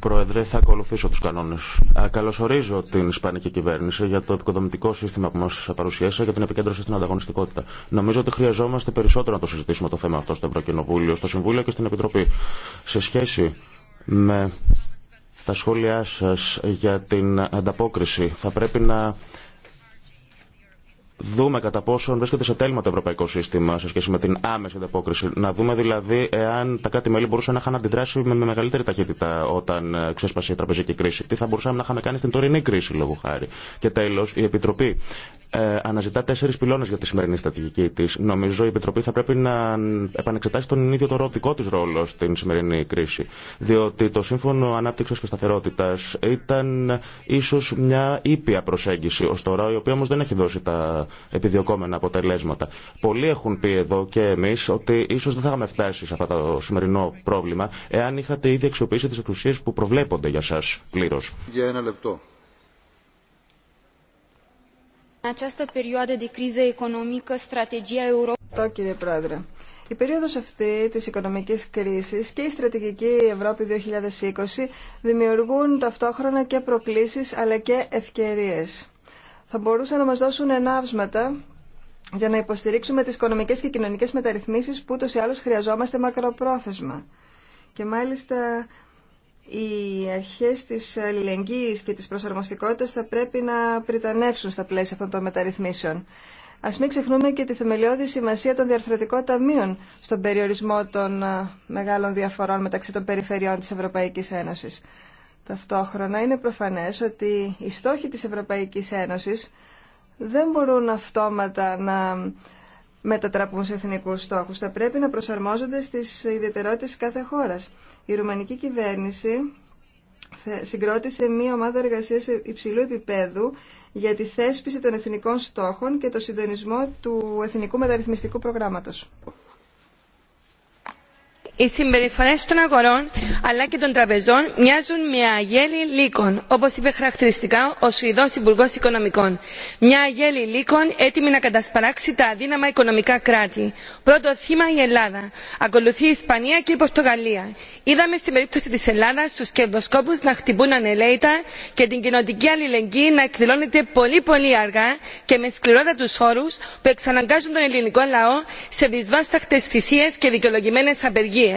Πρόεδρε, θα ακολουθήσω τους κανόνες. Καλωσορίζω την Ισπανική κυβέρνηση για το επικοδομητικό σύστημα που μας παρουσίασε για την επικέντρωση στην ανταγωνιστικότητα. Νομίζω ότι χρειαζόμαστε περισσότερο να το συζητήσουμε το θέμα αυτό στο Ευρωκοινοβούλιο, στο Συμβούλιο και στην Επιτροπή. Σε σχέση με τα σχόλιά σας για την ανταπόκριση θα πρέπει να δούμε κατά πόσον βρίσκεται σε τέλμα το ευρωπαϊκό σύστημα σε σχέση με την άμεση ανταπόκριση. Να δούμε δηλαδή εάν τα κράτη-μέλη μπορούσαν να είχαν αντιδράσει με μεγαλύτερη ταχύτητα όταν ε, ξέσπασε η τραπεζική κρίση. Τι θα μπορούσαμε να είχαμε κάνει στην τωρινή κρίση, λόγω χάρη. Και τέλο, η Επιτροπή ε, αναζητά τέσσερι πυλώνε για τη σημερινή στρατηγική τη. Νομίζω η Επιτροπή θα πρέπει να επανεξετάσει τον ίδιο το δικό τη ρόλο στην σημερινή κρίση. Διότι το Σύμφωνο Ανάπτυξη και Σταθερότητα ήταν ίσω μια ήπια προσέγγιση ω τώρα, η οποία όμω δεν έχει δώσει τα επιδιωκόμενα αποτελέσματα. Πολλοί έχουν πει εδώ και εμεί ότι ίσω δεν θα είχαμε φτάσει σε αυτό το σημερινό πρόβλημα εάν είχατε ήδη αξιοποιήσει τι εξουσίε που προβλέπονται για σά πλήρω. Για ένα λεπτό această perioadă de criză economică, strategia Η περίοδος αυτή της οικονομικής κρίσης και η στρατηγική Ευρώπη 2020 δημιουργούν ταυτόχρονα και προκλήσεις αλλά και ευκαιρίες. Θα μπορούσαν να μας δώσουν ενάυσματα για να υποστηρίξουμε τις οικονομικές και κοινωνικές μεταρρυθμίσεις που ούτως ή άλλως χρειαζόμαστε μακροπρόθεσμα. Και μάλιστα οι αρχές της αλληλεγγύης και της προσαρμοστικότητας θα πρέπει να πριτανεύσουν στα πλαίσια αυτών των μεταρρυθμίσεων. Α μην ξεχνούμε και τη θεμελιώδη σημασία των διαρθρωτικών ταμείων στον περιορισμό των ε, μεγάλων διαφορών μεταξύ των περιφερειών τη Ευρωπαϊκή Ένωση. Ταυτόχρονα είναι προφανέ ότι οι στόχοι τη Ευρωπαϊκή Ένωση δεν μπορούν αυτόματα να μετατραπούν σε εθνικούς στόχους. Θα πρέπει να προσαρμόζονται στις ιδιαιτερότητες κάθε χώρας. Η ρουμανική κυβέρνηση συγκρότησε μία ομάδα εργασίας υψηλού επίπεδου για τη θέσπιση των εθνικών στόχων και το συντονισμό του Εθνικού Μεταρρυθμιστικού Προγράμματος οι συμπεριφορέ των αγορών αλλά και των τραπεζών μοιάζουν με αγέλη λύκων όπω είπε χαρακτηριστικά ο σουηδό υπουργό οικονομικών μια αγέλη λύκων έτοιμη να κατασπαράξει τα αδύναμα οικονομικά κράτη. πρώτο θύμα η ελλάδα ακολουθεί η ισπανία και η πορτογαλία. είδαμε στην περίπτωση τη ελλάδα του κερδοσκόπου να χτυπούν ανελαίητα και την κοινοτική αλληλεγγύη να εκδηλώνεται πολύ πολύ αργά και με σκληρότατου όρου που εξαναγκάζουν τον ελληνικό λαό σε δυσβάσταχτε θυσίε και δικαιολογημένε απεργίε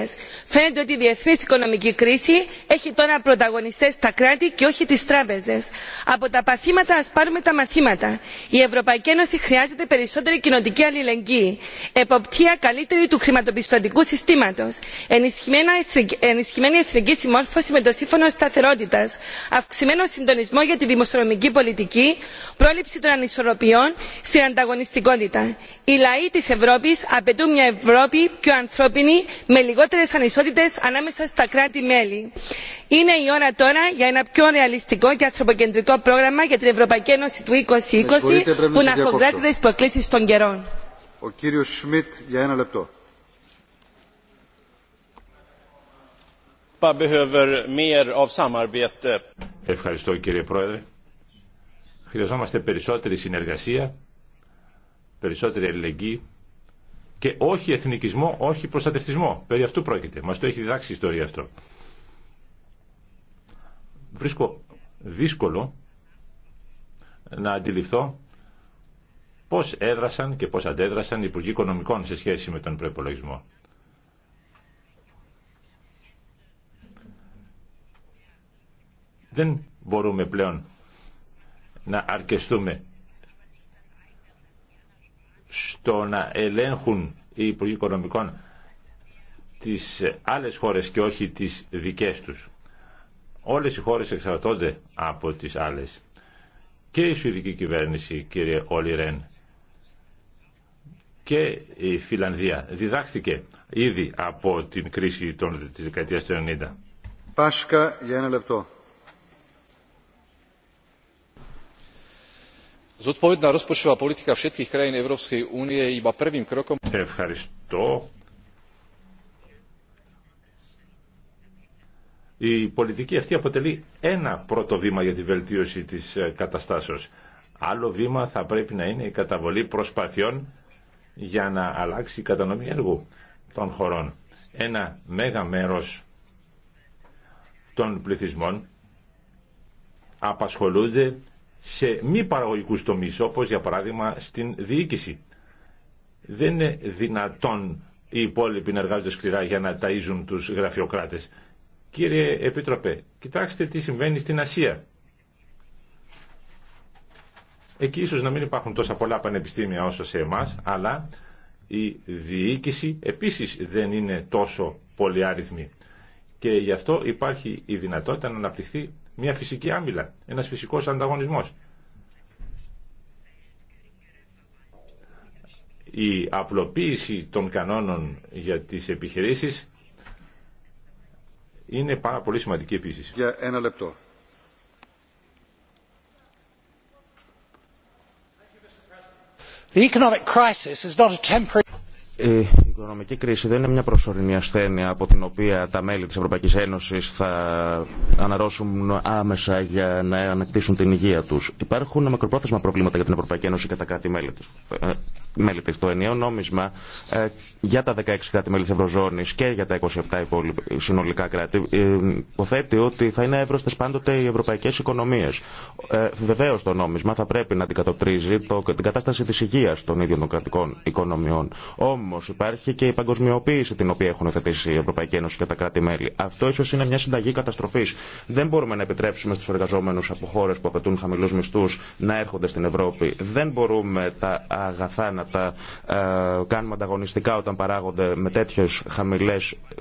φαίνεται ότι η διεθνή οικονομική κρίση έχει τώρα πρωταγωνιστέ τα κράτη και όχι τι τράπεζε. από τα παθήματα α πάρουμε τα μαθήματα. η ευρωπαϊκή ένωση χρειάζεται περισσότερη κοινοτική αλληλεγγύη εποπτεία καλύτερη του χρηματοπιστωτικού συστήματο, ενισχυμένη εθνική συμμόρφωση με το σύμφωνο σταθερότητα, αυξημένο συντονισμό για τη δημοσιονομική πολιτική πρόληψη των ανισορροπιών στην ανταγωνιστικότητα. οι λαοί τη Ευρώπη, απαιτούν μια ευρώπη πιο ανθρώπινη με Λιγότερε ανισότητες ανάμεσα στα κράτη μέλη. είναι η ώρα τώρα για ένα πιο ρεαλιστικό και ανθρωποκεντρικό πρόγραμμα για την ευρωπαϊκή ένωση του 2020 που να αφογκράζεται τις προκλήσεις των καιρών. Ο κύριος Σμιτ για ένα λεπτό. Ευχαριστώ κύριε Πρόεδρε. Χρειαζόμαστε περισσότερη συνεργασία, περισσότερη αλληλεγγύη και όχι εθνικισμό, όχι προστατευτισμό. Περί αυτού πρόκειται. Μα το έχει διδάξει η ιστορία αυτό. Βρίσκω δύσκολο να αντιληφθώ πώς έδρασαν και πώς αντέδρασαν οι Υπουργοί Οικονομικών σε σχέση με τον προπολογισμό. Δεν μπορούμε πλέον να αρκεστούμε στο να ελέγχουν οι Υπουργοί Οικονομικών τις άλλες χώρες και όχι τις δικές τους. Όλες οι χώρες εξαρτώνται από τις άλλες. Και η Σουηδική κυβέρνηση, κύριε Όλι Ρεν, και η Φιλανδία διδάχθηκε ήδη από την κρίση των, της δεκαετίας του 90. Πάσκα για ένα λεπτό. Ευχαριστώ. Η πολιτική αυτή αποτελεί ένα πρώτο βήμα για τη βελτίωση της ε, καταστάσεως. Άλλο βήμα θα πρέπει να είναι η καταβολή προσπαθειών για να αλλάξει η κατανομή έργου των χωρών. Ένα μέγα μέρος των πληθυσμών απασχολούνται σε μη παραγωγικούς τομείς, όπως για παράδειγμα στην διοίκηση. Δεν είναι δυνατόν οι υπόλοιποι να εργάζονται σκληρά για να ταΐζουν τους γραφειοκράτες. Κύριε Επίτροπε, κοιτάξτε τι συμβαίνει στην Ασία. Εκεί ίσως να μην υπάρχουν τόσα πολλά πανεπιστήμια όσο σε εμάς, αλλά η διοίκηση επίσης δεν είναι τόσο πολυάριθμη. Και γι' αυτό υπάρχει η δυνατότητα να αναπτυχθεί μια φυσική άμυλα, ένας φυσικός ανταγωνισμός. Η απλοποίηση των κανόνων για τις επιχειρήσεις είναι πάρα πολύ σημαντική επίσης. Για ένα λεπτό. economic crisis is not a temporary... Ε, οικονομική κρίση δεν είναι μια προσωρινή ασθένεια από την οποία τα μέλη της Ευρωπαϊκής Ένωσης θα αναρρώσουν άμεσα για να ανακτήσουν την υγεία τους. Υπάρχουν μακροπρόθεσμα προβλήματα για την Ευρωπαϊκή Ένωση και τα κράτη-μέλη της. Ε, μέλη της. Το ενιαίο νόμισμα ε, για τα 16 κράτη-μέλη της Ευρωζώνης και για τα 27 υπόλοιπα ε, συνολικά κράτη ε, υποθέτει ότι θα είναι εύρωστες πάντοτε οι ευρωπαϊκές οικονομίες. Ε, βεβαίως το νόμισμα θα πρέπει να αντικατοπτρίζει το, την κατάσταση της υγείας των ίδιων των κρατικών οικονομιών. Όμως υπάρχει υπάρχει και η παγκοσμιοποίηση την οποία έχουν θετήσει η Ευρωπαϊκή Ένωση και τα κράτη-μέλη. Αυτό ίσω είναι μια συνταγή καταστροφή. Δεν μπορούμε να επιτρέψουμε στου εργαζόμενου από χώρε που απαιτούν χαμηλού μισθού να έρχονται στην Ευρώπη. Δεν μπορούμε τα αγαθά να τα ε, κάνουμε ανταγωνιστικά όταν παράγονται με τέτοιου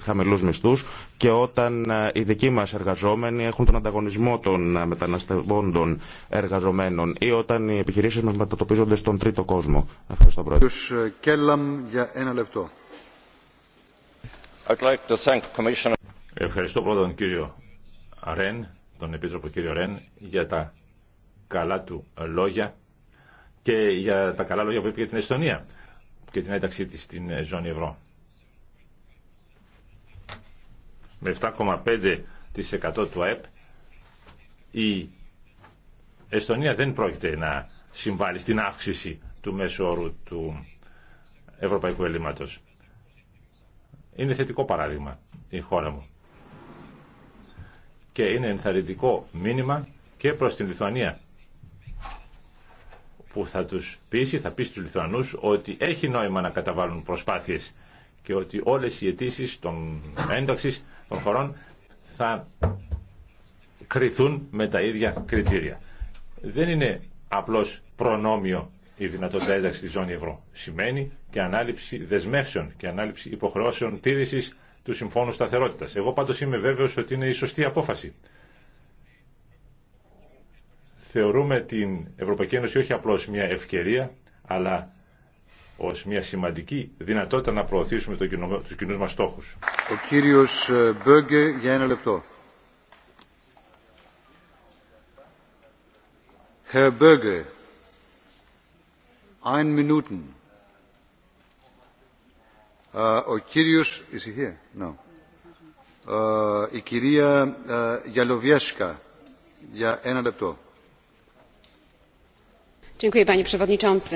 χαμηλού μισθού και όταν ε, οι δικοί μας εργαζόμενοι έχουν τον ανταγωνισμό των ε, μεταναστευόντων εργαζομένων ή όταν οι επιχειρήσεις μας μετατοπίζονται στον τρίτο κόσμο. Ευχαριστώ Πρόεδρε. Ε, για ένα λεπτό. Ευχαριστώ πρώτα τον κύριο Ρεν, τον Επίτροπο κύριο Ρεν, για τα καλά του λόγια και για τα καλά λόγια που είπε για την Εστονία και την ένταξή της στην ζώνη ευρώ. με 7,5% του ΑΕΠ η Εστονία δεν πρόκειται να συμβάλλει στην αύξηση του μέσου όρου του ευρωπαϊκού ελλείμματος. Είναι θετικό παράδειγμα η χώρα μου. Και είναι ενθαρρυντικό μήνυμα και προς την Λιθουανία που θα τους πείσει, θα πείσει τους Λιθουανούς ότι έχει νόημα να καταβάλουν προσπάθειες και ότι όλες οι αιτήσει των ένταξης των χωρών θα κριθούν με τα ίδια κριτήρια. Δεν είναι απλώς προνόμιο η δυνατότητα ένταξη στη ζώνη ευρώ. Σημαίνει και ανάληψη δεσμεύσεων και ανάληψη υποχρεώσεων τήρηση του Συμφώνου Σταθερότητα. Εγώ πάντω είμαι βέβαιο ότι είναι η σωστή απόφαση. Θεωρούμε την Ευρωπαϊκή Ένωση όχι απλώ μια ευκαιρία, αλλά ως μια σημαντική δυνατότητα να προωθήσουμε το κοινο, τους κοινούς μας στόχους. Ο κύριος ε, Μπέγκε για ένα λεπτό. Herr Böge, ein Minuten. Äh, ο κύριος, ησυχία, no. Äh, η κυρία ε, Γιαλοβιέσκα, για ένα λεπτό. Dziękuję, panie przewodniczący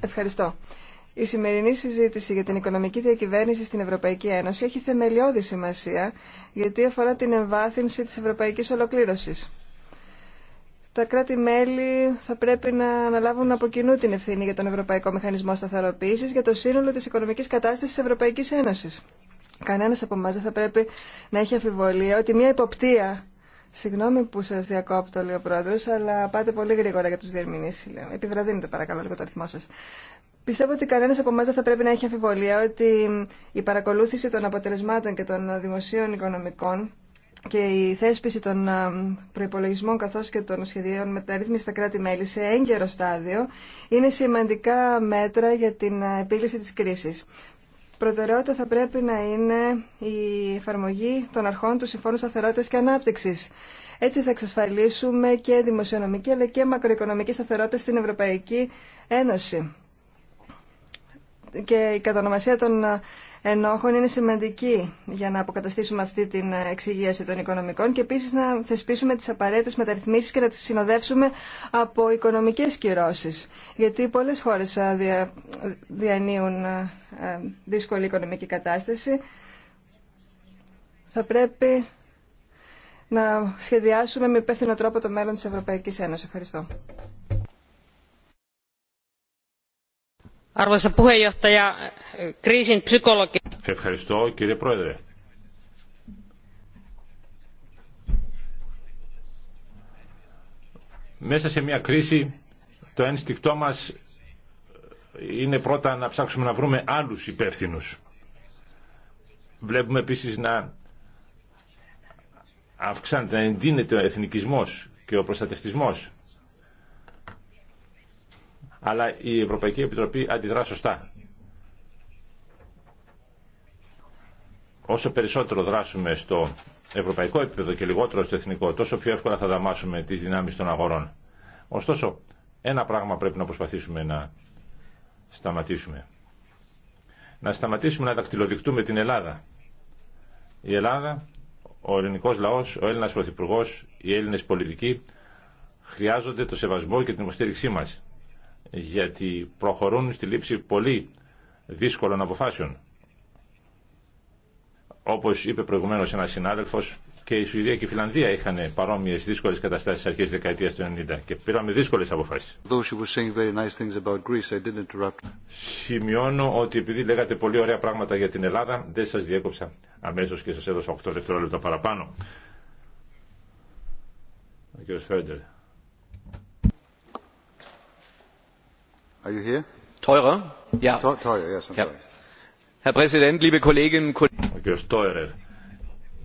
Ευχαριστώ. Η σημερινή συζήτηση για την οικονομική διακυβέρνηση στην Ευρωπαϊκή Ένωση έχει θεμελιώδη σημασία γιατί αφορά την εμβάθυνση της ευρωπαϊκής ολοκλήρωσης. Τα κράτη-μέλη θα πρέπει να αναλάβουν από κοινού την ευθύνη για τον Ευρωπαϊκό Μηχανισμό Σταθεροποίηση για το σύνολο της οικονομική κατάσταση τη Ευρωπαϊκή Ένωση. Κανένα από εμά δεν θα πρέπει να έχει αφιβολία ότι μια υποπτία Συγγνώμη που σα διακόπτω, λέει ο αλλά πάτε πολύ γρήγορα για του διερμηνείς. Επιβραδύνετε παρακαλώ λίγο το αριθμό σα. Πιστεύω ότι κανένα από εμά δεν θα πρέπει να έχει αμφιβολία ότι η παρακολούθηση των αποτελεσμάτων και των δημοσίων οικονομικών και η θέσπιση των προπολογισμών καθώ και των σχεδίων μεταρρύθμιση στα κράτη-μέλη σε έγκαιρο στάδιο είναι σημαντικά μέτρα για την επίλυση τη κρίση προτεραιότητα θα πρέπει να είναι η εφαρμογή των αρχών του Συμφώνου Σταθερότητα και Ανάπτυξη. Έτσι θα εξασφαλίσουμε και δημοσιονομική αλλά και μακροοικονομική σταθερότητα στην Ευρωπαϊκή Ένωση. Και η κατονομασία των ενόχων είναι σημαντική για να αποκαταστήσουμε αυτή την εξυγίαση των οικονομικών και επίσης να θεσπίσουμε τις απαραίτητες μεταρρυθμίσεις και να τις συνοδεύσουμε από οικονομικές κυρώσεις. Γιατί πολλές χώρες ε, διανύουν ε, ε, δύσκολη οικονομική κατάσταση. Θα πρέπει να σχεδιάσουμε με υπεύθυνο τρόπο το μέλλον της Ευρωπαϊκής Ένωσης. Ευχαριστώ. Ευχαριστώ κύριε Πρόεδρε. Μέσα σε μια κρίση το ένστικτό μας είναι πρώτα να ψάξουμε να βρούμε άλλους υπεύθυνου. Βλέπουμε επίσης να αυξάνεται, να εντείνεται ο εθνικισμός και ο προστατευτισμός αλλά η Ευρωπαϊκή Επιτροπή αντιδρά σωστά. Όσο περισσότερο δράσουμε στο ευρωπαϊκό επίπεδο και λιγότερο στο εθνικό, τόσο πιο εύκολα θα δαμάσουμε τις δυνάμεις των αγορών. Ωστόσο, ένα πράγμα πρέπει να προσπαθήσουμε να σταματήσουμε. Να σταματήσουμε να δακτυλοδεικτούμε την Ελλάδα. Η Ελλάδα, ο ελληνικό λαό, ο Έλληνα Πρωθυπουργό, οι Έλληνε πολιτικοί χρειάζονται το σεβασμό και την υποστήριξή μα γιατί προχωρούν στη λήψη πολύ δύσκολων αποφάσεων. Όπως είπε προηγουμένως ένας συνάδελφος, και η Σουηδία και η Φιλανδία είχαν παρόμοιε δύσκολε καταστάσει στι αρχέ τη δεκαετία του 1990 και πήραμε δύσκολε αποφάσει. Nice Σημειώνω ότι επειδή λέγατε πολύ ωραία πράγματα για την Ελλάδα, δεν σα διέκοψα αμέσω και σα έδωσα 8 δευτερόλεπτα παραπάνω. Ο κ. Φέντερ.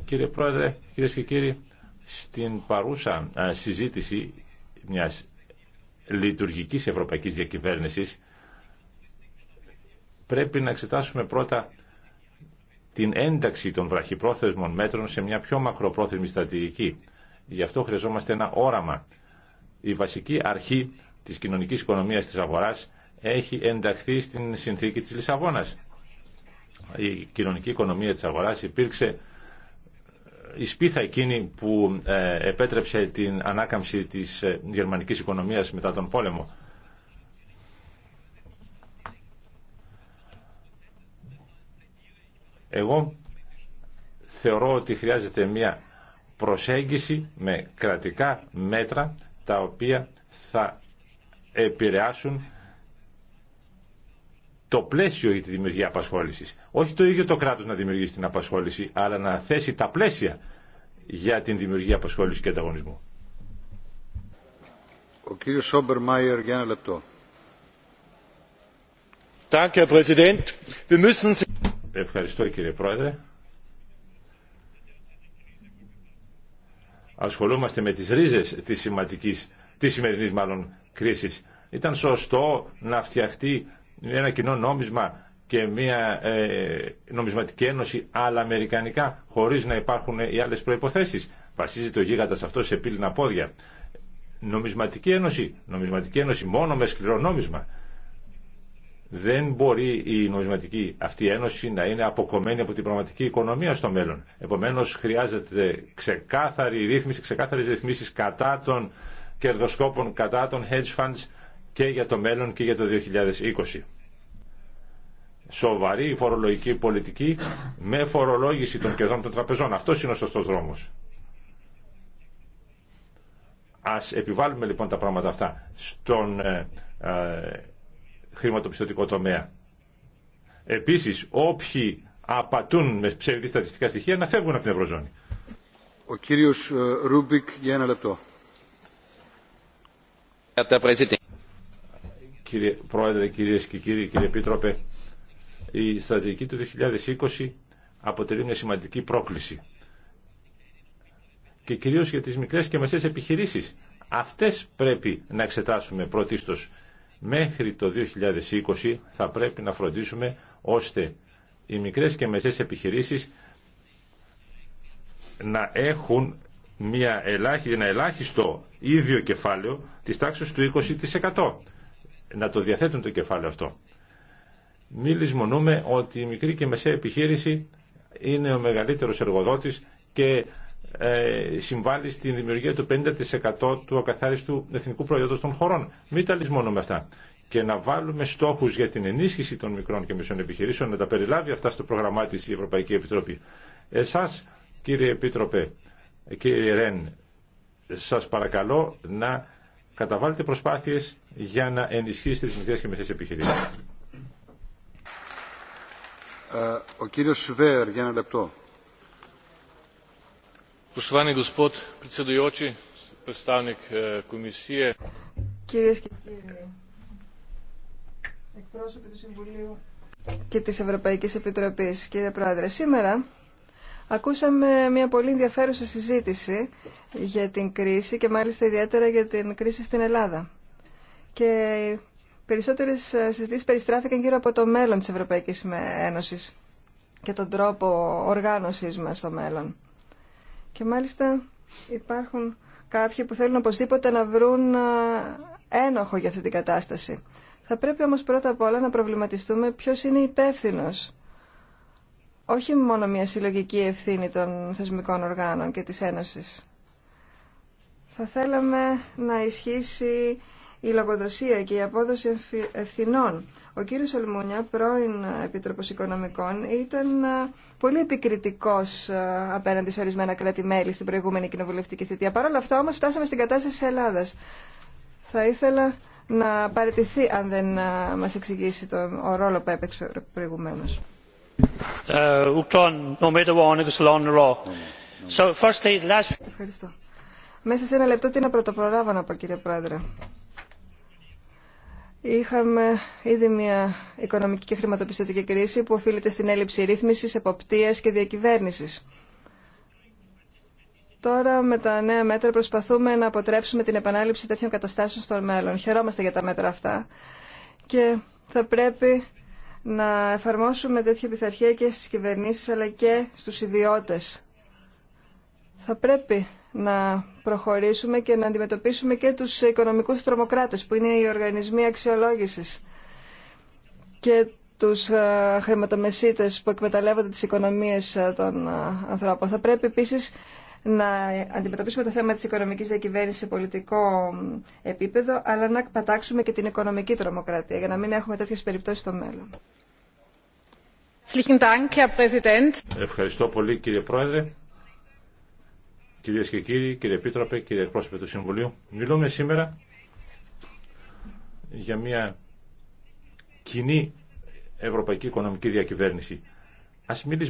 Κύριε Πρόεδρε, κυρίε και κύριοι, στην παρούσα ε, συζήτηση μια λειτουργική ευρωπαϊκή διακυβέρνηση πρέπει να εξετάσουμε πρώτα την ένταξη των βραχυπρόθεσμων μέτρων σε μια πιο μακροπρόθεσμη στρατηγική. Γι' αυτό χρειαζόμαστε ένα όραμα. Η βασική αρχή της κοινωνικής οικονομίας της αγοράς έχει ενταχθεί στην συνθήκη της Λισαβόνας. Η κοινωνική οικονομία της αγοράς υπήρξε η ε, σπίθα εκείνη που ε, επέτρεψε την ανάκαμψη της ε, γερμανικής οικονομίας μετά τον πόλεμο. Εγώ θεωρώ ότι χρειάζεται μια προσέγγιση με κρατικά μέτρα τα οποία θα επηρεάσουν το πλαίσιο για τη δημιουργία απασχόλησης. Όχι το ίδιο το κράτος να δημιουργήσει την απασχόληση, αλλά να θέσει τα πλαίσια για την δημιουργία απασχόλησης και ανταγωνισμού. Ο κύριος Σόμπερ για ένα λεπτό. Ευχαριστώ κύριε Πρόεδρε. Ασχολούμαστε με τις ρίζες της, σημαντικής, της σημερινής μάλλον κρίσης. Ήταν σωστό να φτιαχτεί ένα κοινό νόμισμα και μια ε, νομισματική ένωση αλλά αμερικανικά χωρίς να υπάρχουν οι άλλες προϋποθέσεις. Βασίζεται ο γίγαντας αυτό σε πύληνα πόδια. Νομισματική ένωση, νομισματική ένωση μόνο με σκληρό νόμισμα. Δεν μπορεί η νομισματική αυτή ένωση να είναι αποκομμένη από την πραγματική οικονομία στο μέλλον. Επομένως χρειάζεται ξεκάθαρη ρύθμιση, ξεκάθαρες ρυθμίσεις κατά των κερδοσκόπων κατά των hedge funds και για το μέλλον και για το 2020. Σοβαρή φορολογική πολιτική με φορολόγηση των κερδών των τραπεζών. Αυτό είναι ο σωστός δρόμος. Ας επιβάλλουμε λοιπόν τα πράγματα αυτά στον ε, ε, χρηματοπιστωτικό τομέα. Επίσης, όποιοι απατούν με ψευδή στατιστικά στοιχεία να φεύγουν από την Ευρωζώνη. Ο κύριος ε, Ρούμπικ για ένα λεπτό. Κύριε Πρόεδρε, κύριε και κύριοι, κύριε Επίτροπε, η στρατηγική του 2020 αποτελεί μια σημαντική πρόκληση. Και κυρίως για τις μικρές και μεσαίες επιχειρήσεις. Αυτές πρέπει να εξετάσουμε πρωτίστως. Μέχρι το 2020 θα πρέπει να φροντίσουμε ώστε οι μικρές και μεσές επιχειρήσεις να έχουν μια ένα ελάχιστο ίδιο κεφάλαιο της τάξης του 20% να το διαθέτουν το κεφάλαιο αυτό. Μην λησμονούμε ότι η μικρή και μεσαία επιχείρηση είναι ο μεγαλύτερος εργοδότης και ε, συμβάλλει στην δημιουργία του 50% του ακαθάριστου εθνικού προϊόντος των χωρών. Μην τα λησμονούμε αυτά και να βάλουμε στόχους για την ενίσχυση των μικρών και μεσών επιχειρήσεων, να τα περιλάβει αυτά στο πρόγραμμά της η Ευρωπαϊκή Επιτροπή. Εσά, κύριε Επίτροπε, Κύριε Ρεν, σας παρακαλώ να καταβάλλετε προσπάθειες για να ενισχύσετε τις μικρές και μεσές επιχειρήσεις. Ε, ο κύριος Σουβέρ, για ένα λεπτό. Ε, Κυρίες και κύριοι, εκπρόσωποι του Συμβουλίου και της Ευρωπαϊκής Επιτροπής, κύριε Πρόεδρε, σήμερα Ακούσαμε μια πολύ ενδιαφέρουσα συζήτηση για την κρίση και μάλιστα ιδιαίτερα για την κρίση στην Ελλάδα. Και οι περισσότερες ε, συζητήσεις περιστράφηκαν γύρω από το μέλλον της Ευρωπαϊκής Ένωσης και τον τρόπο οργάνωσής μας στο μέλλον. Και μάλιστα υπάρχουν κάποιοι που θέλουν οπωσδήποτε να βρουν ε, ένοχο για αυτή την κατάσταση. Θα πρέπει όμως πρώτα απ' όλα να προβληματιστούμε ποιος είναι υπεύθυνο όχι μόνο μια συλλογική ευθύνη των θεσμικών οργάνων και της Ένωσης. Θα θέλαμε να ισχύσει η λογοδοσία και η απόδοση ευθυνών. Ο κύριος Αλμούνια, πρώην Επίτροπος Οικονομικών, ήταν ε, πολύ επικριτικός ε, απέναντι σε ορισμένα κράτη-μέλη στην προηγούμενη κοινοβουλευτική θητεία. Παρ' όλα αυτά όμως φτάσαμε στην κατάσταση της Ελλάδας. Θα ήθελα να παραιτηθεί αν δεν ε, μας εξηγήσει τον ρόλο που έπαιξε προηγουμένως. Ευχαριστώ. Μέσα σε ένα λεπτό τι να πρωτοπροράβω να πω κύριε Πρόεδρε. Είχαμε ήδη μια οικονομική και χρηματοπιστωτική κρίση που οφείλεται στην έλλειψη ρύθμιση, εποπτείας και διακυβέρνηση. Τώρα με τα νέα μέτρα προσπαθούμε να αποτρέψουμε την επανάληψη τέτοιων καταστάσεων στο μέλλον. Χαιρόμαστε για τα μέτρα αυτά και θα πρέπει να εφαρμόσουμε τέτοια πειθαρχία και στις κυβερνήσεις αλλά και στους ιδιώτες. Θα πρέπει να προχωρήσουμε και να αντιμετωπίσουμε και τους οικονομικούς τρομοκράτες που είναι οι οργανισμοί αξιολόγησης και τους ε, χρηματομεσίτες που εκμεταλλεύονται τις οικονομίες ε, των ε, ανθρώπων. Θα πρέπει επίσης να αντιμετωπίσουμε το θέμα της οικονομικής διακυβέρνησης σε πολιτικό επίπεδο, αλλά να πατάξουμε και την οικονομική τρομοκρατία, για να μην έχουμε τέτοιες περιπτώσεις στο μέλλον. Ευχαριστώ πολύ κύριε Πρόεδρε. κυρίε και κύριοι, κύριε Επίτροπε, κύριε Εκπρόσωπε του Συμβουλίου, μιλούμε σήμερα για μια κοινή ευρωπαϊκή οικονομική διακυβέρνηση. Ας μην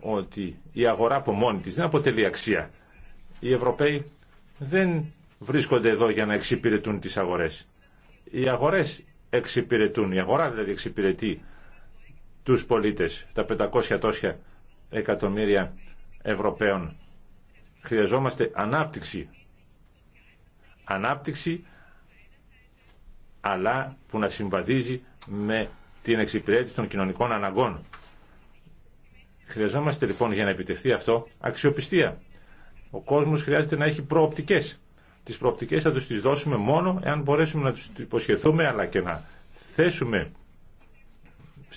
ότι η αγορά από μόνη της δεν αποτελεί αξία. Οι Ευρωπαίοι δεν βρίσκονται εδώ για να εξυπηρετούν τις αγορές. Οι αγορές εξυπηρετούν, η αγορά δηλαδή εξυπηρετεί τους πολίτες, τα 500 τόσια εκατομμύρια Ευρωπαίων. Χρειαζόμαστε ανάπτυξη. Ανάπτυξη αλλά που να συμβαδίζει με την εξυπηρέτηση των κοινωνικών αναγκών. Χρειαζόμαστε λοιπόν για να επιτευχθεί αυτό αξιοπιστία. Ο κόσμο χρειάζεται να έχει προοπτικέ. Τι προοπτικέ θα του τι δώσουμε μόνο εάν μπορέσουμε να του υποσχεθούμε αλλά και να θέσουμε,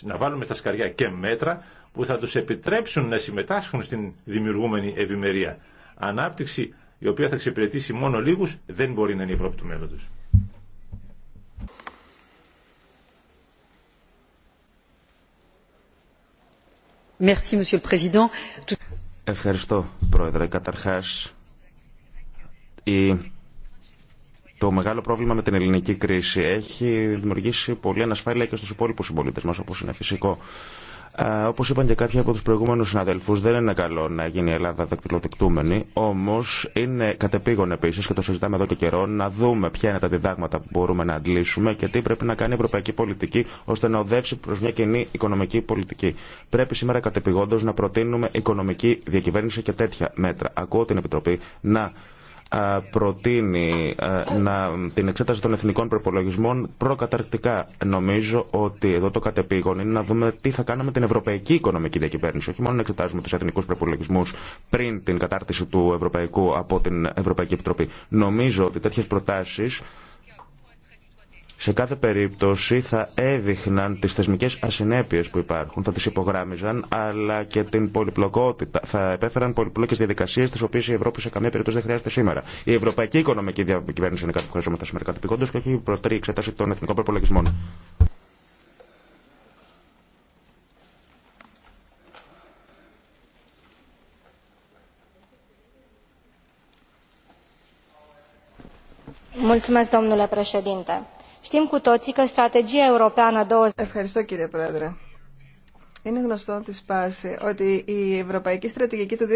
να βάλουμε στα σκαριά και μέτρα που θα του επιτρέψουν να συμμετάσχουν στην δημιουργούμενη ευημερία. Ανάπτυξη η οποία θα εξυπηρετήσει μόνο λίγου δεν μπορεί να είναι η Ευρώπη του μέλλοντο. Ευχαριστώ, Πρόεδρε. Καταρχάς, το μεγάλο πρόβλημα με την ελληνική κρίση έχει δημιουργήσει πολλή ανασφάλεια και στους υπόλοιπους συμπολίτε μας, όπως είναι φυσικό. Όπω είπαν και κάποιοι από του προηγούμενου συναδελφού, δεν είναι καλό να γίνει η Ελλάδα δακτυλοδεικτούμενη. Όμω είναι κατεπήγον επίση, και το συζητάμε εδώ και καιρό, να δούμε ποια είναι τα διδάγματα που μπορούμε να αντλήσουμε και τι πρέπει να κάνει η ευρωπαϊκή πολιτική ώστε να οδεύσει προ μια κοινή οικονομική πολιτική. Πρέπει σήμερα κατεπηγόντω να προτείνουμε οικονομική διακυβέρνηση και τέτοια μέτρα. Ακούω την Επιτροπή να προτείνει να, την εξέταση των εθνικών προπολογισμών προκαταρκτικά. Νομίζω ότι εδώ το κατεπήγον είναι να δούμε τι θα κάναμε την ευρωπαϊκή οικονομική διακυβέρνηση. Όχι μόνο να εξετάζουμε του εθνικού προπολογισμού πριν την κατάρτιση του ευρωπαϊκού από την Ευρωπαϊκή Επιτροπή. Νομίζω ότι τέτοιε προτάσει σε κάθε περίπτωση θα έδειχναν τις θεσμικές ασυνέπειες που υπάρχουν, θα τις υπογράμμιζαν, αλλά και την πολυπλοκότητα. Θα επέφεραν πολυπλόκε διαδικασίε τις οποίες η Ευρώπη σε καμία περίπτωση δεν χρειάζεται σήμερα. Η Ευρωπαϊκή Οικονομική Διακυβέρνηση είναι κάτι που χρειαζόμαστε σήμερα και όχι η προτρή εξέταση των εθνικών προπολογισμών. Mulțumesc, domnule președinte că Ευχαριστώ κύριε Πρόεδρε. Είναι γνωστό τη πάση ότι η Ευρωπαϊκή Στρατηγική του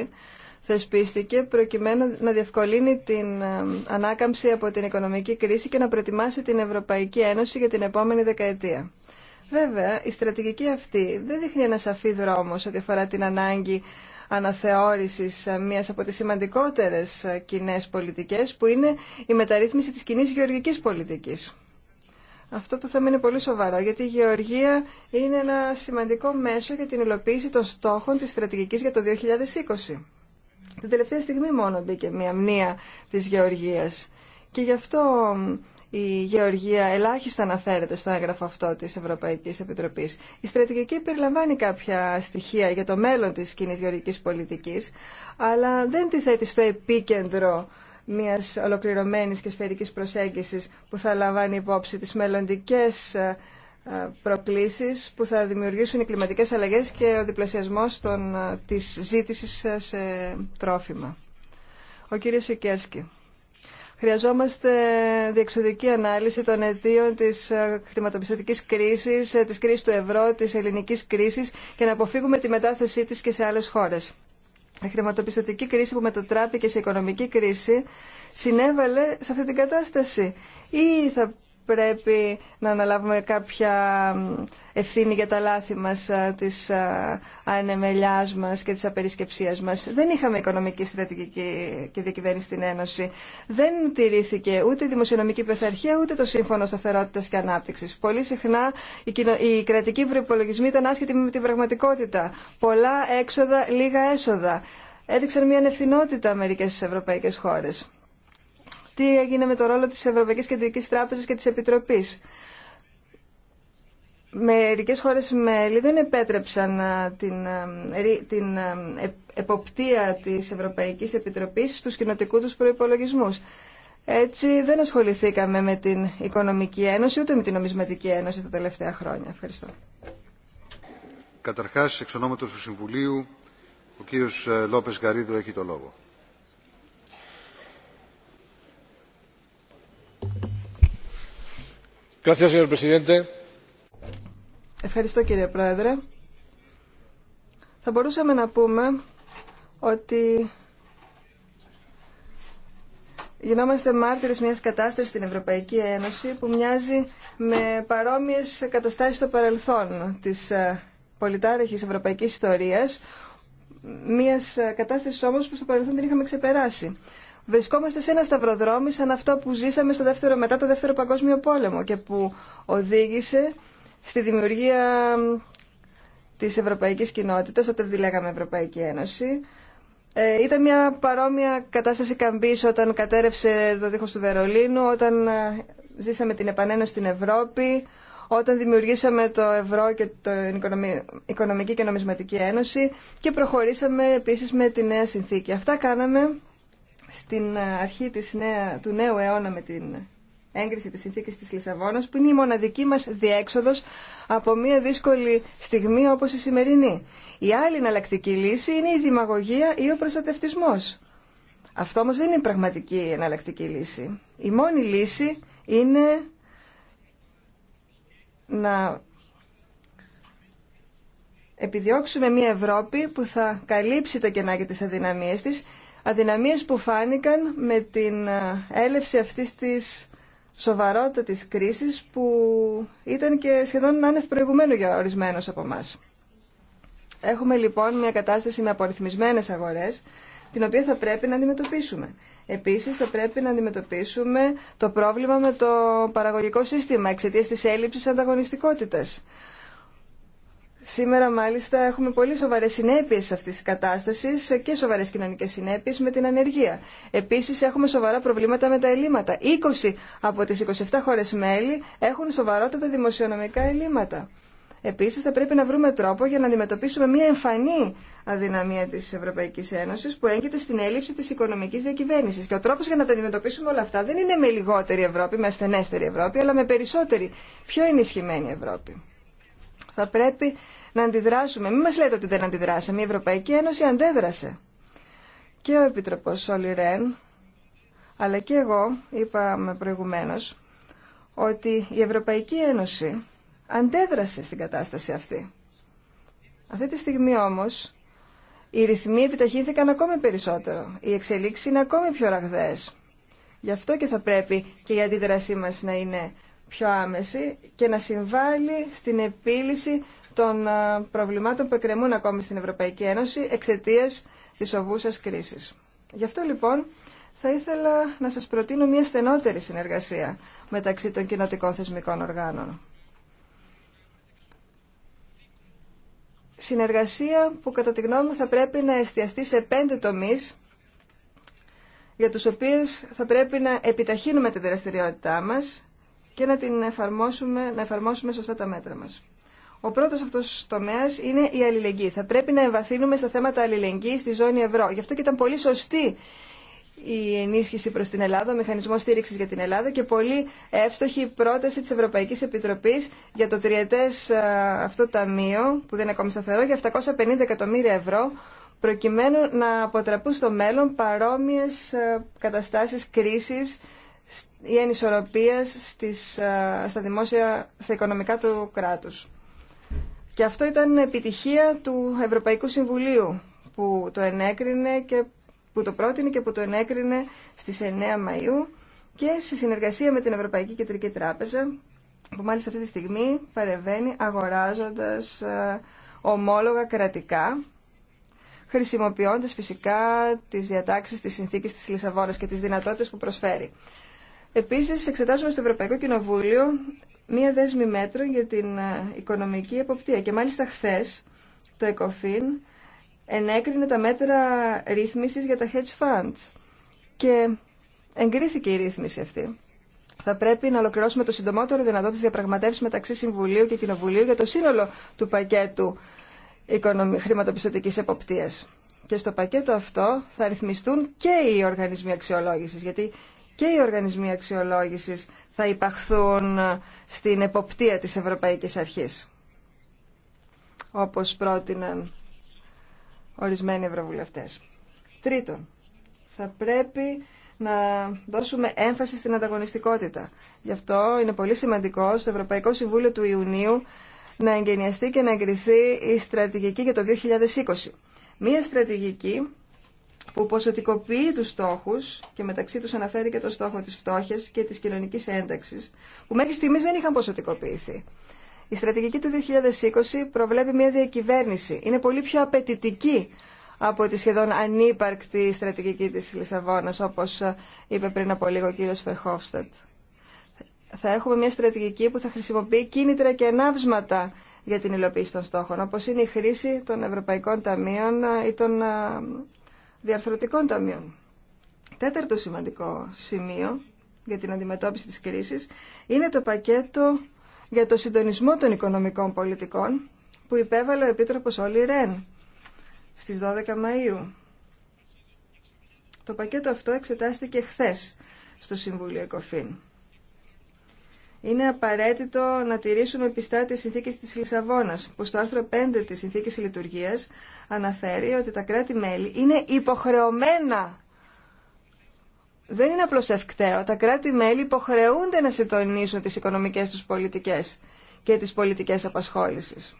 2020 θεσπίστηκε προκειμένου να διευκολύνει την ε, ανάκαμψη από την οικονομική κρίση και να προετοιμάσει την Ευρωπαϊκή Ένωση για την επόμενη δεκαετία. Βέβαια, η στρατηγική αυτή δεν δείχνει ένα σαφή δρόμο ό,τι αφορά την ανάγκη αναθεώρησης ε, μιας από τις σημαντικότερες ε, κοινέ πολιτικές που είναι η μεταρρύθμιση της κοινή γεωργικής πολιτικής. Αυτό το θέμα είναι πολύ σοβαρό γιατί η γεωργία είναι ένα σημαντικό μέσο για την υλοποίηση των στόχων της στρατηγικής για το 2020. Την τελευταία στιγμή μόνο μπήκε μια μνήα της γεωργίας και γι' αυτό η γεωργία ελάχιστα αναφέρεται στο έγγραφο αυτό της Ευρωπαϊκής Επιτροπής. Η στρατηγική περιλαμβάνει κάποια στοιχεία για το μέλλον τη κοινή γεωργικής πολιτικής, αλλά δεν τη θέτει στο επίκεντρο μιας ολοκληρωμένη και σφαιρικής προσέγγισης που θα λαμβάνει υπόψη τις μελλοντικέ ε, ε, προκλήσεις που θα δημιουργήσουν οι κλιματικέ αλλαγέ και ο διπλασιασμό ε, τη ζήτηση σε τρόφιμα. Ο κύριος Σικέρσκι. Χρειαζόμαστε διεξοδική ανάλυση των αιτίων της ε, χρηματοπιστωτικής κρίσης, ε, της κρίσης του ευρώ, της ελληνικής κρίσης και να αποφύγουμε τη μετάθεσή της και σε άλλες χώρες. Η χρηματοπιστωτική κρίση που μετατράπηκε σε οικονομική κρίση συνέβαλε σε αυτή την κατάσταση ή θα πρέπει να αναλάβουμε κάποια ευθύνη για τα λάθη μας, της ανεμελιάς μας και της απερισκεψίας μας. Δεν είχαμε οικονομική στρατηγική και διακυβέρνηση στην Ένωση. Δεν τηρήθηκε ούτε η δημοσιονομική πειθαρχία, ούτε το Σύμφωνο Σταθερότητας και Ανάπτυξης. Πολύ συχνά οι κρατικοί προπολογισμοί ήταν άσχετοι με την πραγματικότητα. Πολλά έξοδα, λίγα έσοδα. Έδειξαν μια ανευθυνότητα μερικές ευρωπαϊκές χώρες τι έγινε με το ρόλο της Ευρωπαϊκής Κεντρικής Τράπεζας και της Επιτροπής. Μερικές χώρες μέλη δεν επέτρεψαν την, την ε, εποπτεία της Ευρωπαϊκής Επιτροπής στους κοινοτικού τους προϋπολογισμούς. Έτσι δεν ασχοληθήκαμε με την Οικονομική Ένωση ούτε με την Νομισματική Ένωση τα τελευταία χρόνια. Ευχαριστώ. Καταρχάς, εξ ονόματος του Συμβουλίου, ο κύριος ε, Λόπες Γαρίδου έχει το λόγο. Ευχαριστώ κύριε Πρόεδρε. Θα μπορούσαμε να πούμε ότι γινόμαστε μάρτυρες μιας κατάστασης στην Ευρωπαϊκή Ένωση που μοιάζει με παρόμοιες καταστάσεις στο παρελθόν της ε, πολιτάρχης ευρωπαϊκής ιστορίας, μιας ε, κατάστασης όμως που στο παρελθόν την είχαμε ξεπεράσει βρισκόμαστε σε ένα σταυροδρόμι σαν αυτό που ζήσαμε στο δεύτερο, μετά το Δεύτερο Παγκόσμιο Πόλεμο και που οδήγησε στη δημιουργία της Ευρωπαϊκής Κοινότητας, όταν τη λέγαμε Ευρωπαϊκή Ένωση. Ε, ήταν μια παρόμοια κατάσταση καμπής όταν κατέρευσε το δίχως του Βερολίνου, όταν ε, ζήσαμε την επανένωση στην Ευρώπη, όταν δημιουργήσαμε το ευρώ και την Οικονομική και Νομισματική Ένωση και προχωρήσαμε επίσης με τη νέα συνθήκη. Αυτά κάναμε στην αρχή της νέα, του νέου αιώνα με την έγκριση της συνθήκης της Λισαβόνας που είναι η μοναδική μας διέξοδος από μια δύσκολη στιγμή όπως η σημερινή. Η άλλη εναλλακτική λύση είναι η δημαγωγία ή ο προστατευτισμός. Αυτό όμως δεν είναι η πραγματική εναλλακτική λύση. Η μόνη λύση είναι να επιδιώξουμε μια Ευρώπη που θα καλύψει τα κενά και τις αδυναμίες της αδυναμίες που φάνηκαν με την ε, έλευση αυτής της σοβαρότητας κρίσης που ήταν και σχεδόν άνευ προηγουμένου για ορισμένους από εμά. Έχουμε λοιπόν μια κατάσταση με απορριθμισμένες αγορές, την οποία θα πρέπει να αντιμετωπίσουμε. Επίσης θα πρέπει να αντιμετωπίσουμε το πρόβλημα με το παραγωγικό σύστημα εξαιτίας της έλλειψης ανταγωνιστικότητας. Σήμερα μάλιστα έχουμε πολύ σοβαρέ συνέπειε αυτή τη κατάσταση και σοβαρέ κοινωνικέ συνέπειε με την ανεργία. Επίση, έχουμε σοβαρά προβλήματα με τα ελλείμματα. 20 από τι 27 χώρε μέλη έχουν σοβαρότατα δημοσιονομικά ελλείμματα. Επίση, θα πρέπει να βρούμε τρόπο για να αντιμετωπίσουμε μια εμφανή αδυναμία τη Ευρωπαϊκή Ένωση που έγκυται στην έλλειψη τη οικονομική διακυβέρνηση. Και ο τρόπο για να τα αντιμετωπίσουμε όλα αυτά δεν είναι με λιγότερη Ευρώπη, με ασθενέστερη Ευρώπη, αλλά με περισσότερη, πιο ενισχυμένη Ευρώπη. Θα πρέπει να αντιδράσουμε. Μην μα λέτε ότι δεν αντιδράσαμε. Η Ευρωπαϊκή Ένωση αντέδρασε. Και ο Επιτροπός σολιρέν, αλλά και εγώ είπαμε προηγουμένω, ότι η Ευρωπαϊκή Ένωση αντέδρασε στην κατάσταση αυτή. Αυτή τη στιγμή όμως οι ρυθμοί επιταχύνθηκαν ακόμη περισσότερο. Η εξελίξη είναι ακόμη πιο ραγδαίες. Γι' αυτό και θα πρέπει και η αντίδρασή μας να είναι πιο άμεση και να συμβάλλει στην επίλυση των ε, προβλημάτων που εκκρεμούν ακόμη στην Ευρωπαϊκή Ένωση εξαιτία τη οβούσα κρίση. Γι' αυτό λοιπόν θα ήθελα να σας προτείνω μια στενότερη συνεργασία μεταξύ των κοινοτικών θεσμικών οργάνων. Συνεργασία που κατά τη γνώμη μου θα πρέπει να εστιαστεί σε πέντε τομείς για τους οποίους θα πρέπει να επιταχύνουμε τη δραστηριότητά μας και να, την εφαρμόσουμε, να εφαρμόσουμε σωστά τα μέτρα μας. Ο πρώτο αυτό τομέα είναι η αλληλεγγύη. Θα πρέπει να εμβαθύνουμε στα θέματα αλληλεγγύη στη ζώνη ευρώ. Γι' αυτό και ήταν πολύ σωστή η ενίσχυση προ την Ελλάδα, ο μηχανισμό στήριξη για την Ελλάδα και πολύ εύστοχη η πρόταση τη Ευρωπαϊκή Επιτροπή για το τριετέ ε, αυτό ταμείο, που δεν είναι ακόμη σταθερό, για 750 εκατομμύρια ευρώ, προκειμένου να αποτραπούν στο μέλλον παρόμοιε καταστάσει κρίση ή ενισορροπία στις, στα, δημόσια, στα οικονομικά του κράτους. Και αυτό ήταν επιτυχία του Ευρωπαϊκού Συμβουλίου που το ενέκρινε και που το πρότεινε και που το ενέκρινε στις 9 Μαΐου και σε συνεργασία με την Ευρωπαϊκή Κεντρική Τράπεζα που μάλιστα αυτή τη στιγμή παρεβαίνει αγοράζοντας ομόλογα κρατικά χρησιμοποιώντας φυσικά τις διατάξεις της συνθήκης της Λισαβόνας και τις δυνατότητες που προσφέρει. Επίσης, εξετάζουμε στο Ευρωπαϊκό Κοινοβούλιο μία δέσμη μέτρων για την ε, οικονομική εποπτεία. Και μάλιστα χθε το ΕΚΟΦΗΝ ενέκρινε τα μέτρα ρύθμισης για τα hedge funds. Και εγκρίθηκε η ρύθμιση αυτή. Θα πρέπει να ολοκληρώσουμε το συντομότερο δυνατό τη διαπραγματεύση μεταξύ Συμβουλίου και Κοινοβουλίου για το σύνολο του πακέτου χρηματοπιστωτική εποπτεία. Και στο πακέτο αυτό θα ρυθμιστούν και οι οργανισμοί αξιολόγηση, γιατί και οι οργανισμοί αξιολόγησης θα υπαχθούν στην εποπτεία της Ευρωπαϊκής Αρχής, όπως πρότειναν ορισμένοι ευρωβουλευτές. Τρίτον, θα πρέπει να δώσουμε έμφαση στην ανταγωνιστικότητα. Γι' αυτό είναι πολύ σημαντικό στο Ευρωπαϊκό Συμβούλιο του Ιουνίου να εγκαινιαστεί και να εγκριθεί η στρατηγική για το 2020. Μία στρατηγική που ποσοτικοποιεί τους στόχους και μεταξύ τους αναφέρει και το στόχο της φτώχειας και της κοινωνικής ένταξης, που μέχρι στιγμής δεν είχαν ποσοτικοποιηθεί. Η στρατηγική του 2020 προβλέπει μια διακυβέρνηση. Είναι πολύ πιο απαιτητική από τη σχεδόν ανύπαρκτη στρατηγική της Λισαβόνας, όπως είπε πριν από λίγο ο κύριος Φερχόφστατ. Θα έχουμε μια στρατηγική που θα χρησιμοποιεί κίνητρα και ανάβσματα για την υλοποίηση των στόχων, όπως είναι η χρήση των Ευρωπαϊκών Ταμείων ή των διαρθρωτικών ταμείων. Τέταρτο σημαντικό σημείο για την αντιμετώπιση της κρίσης είναι το πακέτο για το συντονισμό των οικονομικών πολιτικών που υπέβαλε ο Επίτροπος Όλη Ρεν στις 12 Μαΐου. Το πακέτο αυτό εξετάστηκε χθες στο Συμβούλιο Εκοφήν είναι απαραίτητο να τηρήσουμε πιστά τις συνθήκες της Λισαβόνας, που στο άρθρο 5 της συνθήκης λειτουργίας αναφέρει ότι τα κράτη-μέλη είναι υποχρεωμένα. Δεν είναι απλώς ευκταίο. Τα κράτη-μέλη υποχρεούνται να συντονίσουν τις οικονομικές τους πολιτικές και τις πολιτικές απασχόλησης.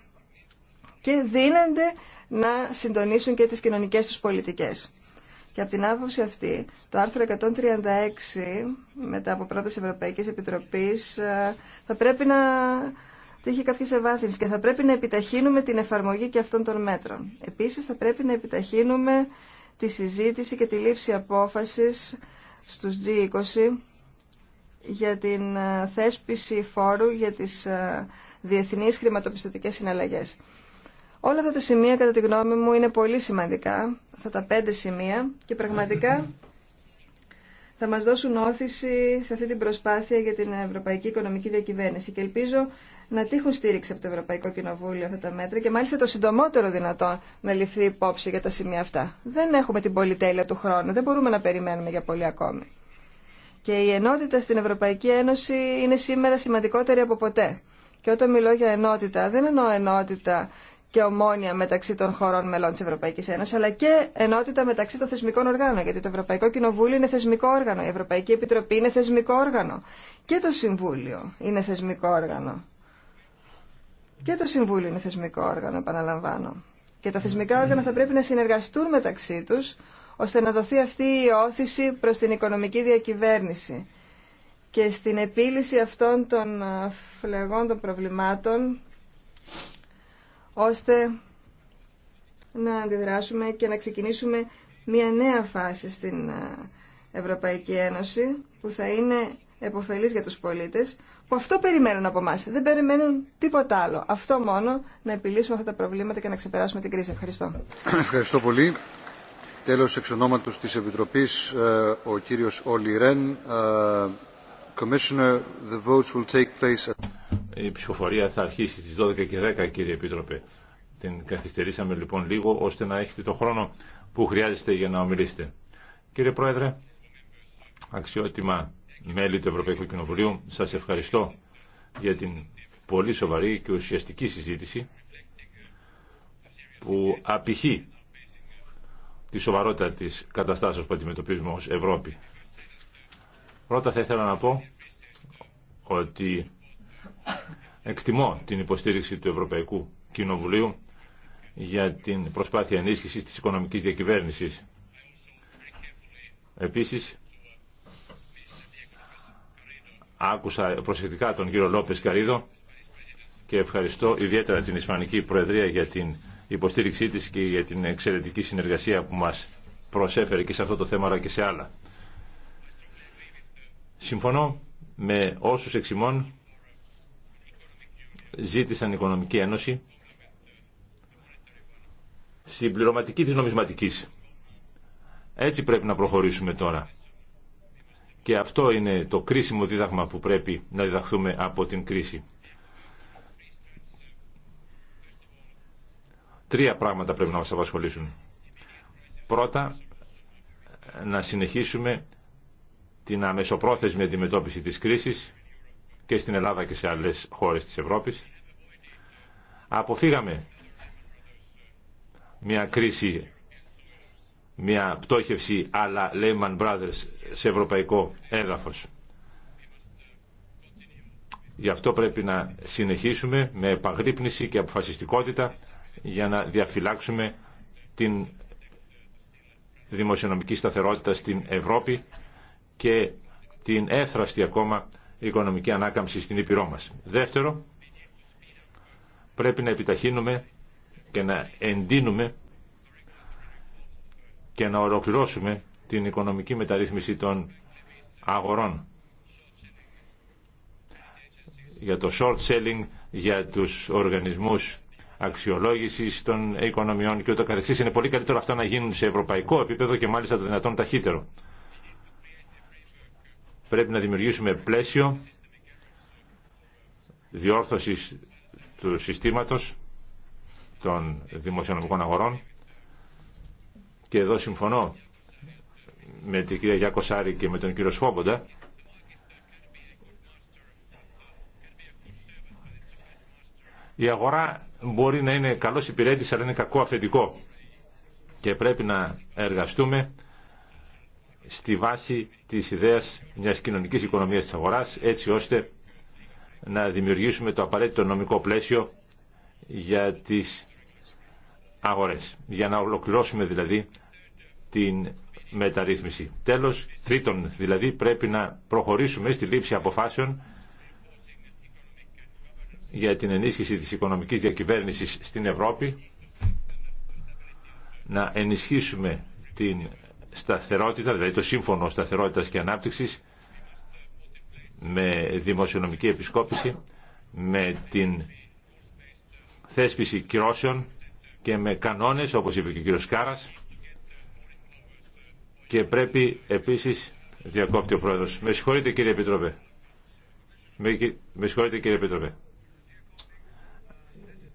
Και δίνονται να συντονίσουν και τις κοινωνικές τους πολιτικές. Και από την άποψη αυτή, το άρθρο 136 μετά από πρώτε Ευρωπαϊκή Επιτροπή, ε, θα πρέπει να τύχει κάποιες ευάθυνση και θα πρέπει να επιταχύνουμε την εφαρμογή και αυτών των μέτρων. Επίση, θα πρέπει να επιταχύνουμε τη συζήτηση και τη λήψη απόφαση στους G20 για την ε, θέσπιση φόρου για τις ε, διεθνείς χρηματοπιστωτικές συναλλαγές. Όλα αυτά τα σημεία, κατά τη γνώμη μου, είναι πολύ σημαντικά, αυτά τα πέντε σημεία, και πραγματικά θα μας δώσουν όθηση σε αυτή την προσπάθεια για την Ευρωπαϊκή Οικονομική Διακυβέρνηση. Και ελπίζω να τύχουν στήριξη από το Ευρωπαϊκό Κοινοβούλιο αυτά τα μέτρα και μάλιστα το συντομότερο δυνατόν να ληφθεί υπόψη για τα σημεία αυτά. Δεν έχουμε την πολυτέλεια του χρόνου, δεν μπορούμε να περιμένουμε για πολύ ακόμη. Και η ενότητα στην Ευρωπαϊκή Ένωση είναι σήμερα σημαντικότερη από ποτέ. Και όταν μιλώ για ενότητα, δεν εννοώ ενότητα και ομόνια μεταξύ των χωρών μελών τη Ευρωπαϊκή Ένωση αλλά και ενότητα μεταξύ των θεσμικών οργάνων, γιατί το Ευρωπαϊκό Κοινοβούλιο είναι θεσμικό όργανο, η Ευρωπαϊκή Επιτροπή είναι θεσμικό όργανο και το Συμβούλιο είναι θεσμικό όργανο. Και το Συμβούλιο είναι θεσμικό όργανο, επαναλαμβάνω. Και τα θεσμικά όργανα θα πρέπει να συνεργαστούν μεταξύ του, ώστε να δοθεί αυτή η όθηση προ την οικονομική διακυβέρνηση. Και στην επίλυση αυτών των φλεγών των προβλημάτων ώστε να αντιδράσουμε και να ξεκινήσουμε μια νέα φάση στην ε, Ευρωπαϊκή Ένωση που θα είναι επωφελής για τους πολίτες που αυτό περιμένουν από εμά. Δεν περιμένουν τίποτα άλλο. Αυτό μόνο να επιλύσουμε αυτά τα προβλήματα και να ξεπεράσουμε την κρίση. Ευχαριστώ. Ευχαριστώ πολύ. Τέλος εξ ονόματος της Επιτροπής, ε, ο κύριος Όλι Ρεν. Ε, Commissioner, the votes will take place η ψηφοφορία θα αρχίσει στις 12 και 10 κύριε Επίτροπε. Την καθυστερήσαμε λοιπόν λίγο ώστε να έχετε το χρόνο που χρειάζεστε για να ομιλήσετε. Κύριε Πρόεδρε, αξιότιμα μέλη του Ευρωπαϊκού Κοινοβουλίου, σας ευχαριστώ για την πολύ σοβαρή και ουσιαστική συζήτηση που απηχεί τη σοβαρότητα της καταστάσεως που αντιμετωπίζουμε ως Ευρώπη. Πρώτα θα ήθελα να πω ότι Εκτιμώ την υποστήριξη του Ευρωπαϊκού Κοινοβουλίου για την προσπάθεια ενίσχυσης της οικονομικής διακυβέρνησης. Επίσης, άκουσα προσεκτικά τον κύριο Λόπες Καρίδο και ευχαριστώ ιδιαίτερα την Ισπανική Προεδρία για την υποστήριξή της και για την εξαιρετική συνεργασία που μας προσέφερε και σε αυτό το θέμα αλλά και σε άλλα. Συμφωνώ με όσους εξημών ζήτησαν οικονομική ένωση συμπληρωματική της νομισματικής. Έτσι πρέπει να προχωρήσουμε τώρα. Και αυτό είναι το κρίσιμο δίδαγμα που πρέπει να διδαχθούμε από την κρίση. Τρία πράγματα πρέπει να μας απασχολήσουν. Πρώτα, να συνεχίσουμε την αμεσοπρόθεσμη αντιμετώπιση της κρίσης και στην Ελλάδα και σε άλλες χώρες της Ευρώπης. Αποφύγαμε μια κρίση, μια πτώχευση αλλά Lehman Brothers σε ευρωπαϊκό έδαφος. Γι' αυτό πρέπει να συνεχίσουμε με επαγρύπνηση και αποφασιστικότητα για να διαφυλάξουμε την δημοσιονομική σταθερότητα στην Ευρώπη και την έθραστη ακόμα οικονομική ανάκαμψη στην Ήπειρό μας. Δεύτερο, πρέπει να επιταχύνουμε και να εντείνουμε και να ολοκληρώσουμε την οικονομική μεταρρύθμιση των αγορών για το short selling, για τους οργανισμούς αξιολόγησης των οικονομιών και ούτω καθεξής. Είναι πολύ καλύτερο αυτά να γίνουν σε ευρωπαϊκό επίπεδο και μάλιστα το δυνατόν ταχύτερο. Πρέπει να δημιουργήσουμε πλαίσιο διόρθωσης του συστήματος των δημοσιονομικών αγορών και εδώ συμφωνώ με την κυρία Γιάκο Σάρη και με τον κύριο Σφόμποντα η αγορά μπορεί να είναι καλός υπηρέτης αλλά είναι κακό αφεντικό και πρέπει να εργαστούμε στη βάση της ιδέας μιας κοινωνικής οικονομίας της αγοράς έτσι ώστε να δημιουργήσουμε το απαραίτητο νομικό πλαίσιο για τις αγορές. Για να ολοκληρώσουμε δηλαδή την μεταρρύθμιση. Τέλος, τρίτον δηλαδή πρέπει να προχωρήσουμε στη λήψη αποφάσεων για την ενίσχυση της οικονομικής διακυβέρνησης στην Ευρώπη, να ενισχύσουμε την σταθερότητα, δηλαδή το σύμφωνο σταθερότητας και ανάπτυξης με δημοσιονομική επισκόπηση, με την θέσπιση κυρώσεων και με κανόνες, όπως είπε και ο κύριος Κάρας, και πρέπει επίσης, διακόπτει ο Πρόεδρος, με συγχωρείτε κύριε Επιτροπέ, με, με συγχωρείτε κύριε Επιτροπέ,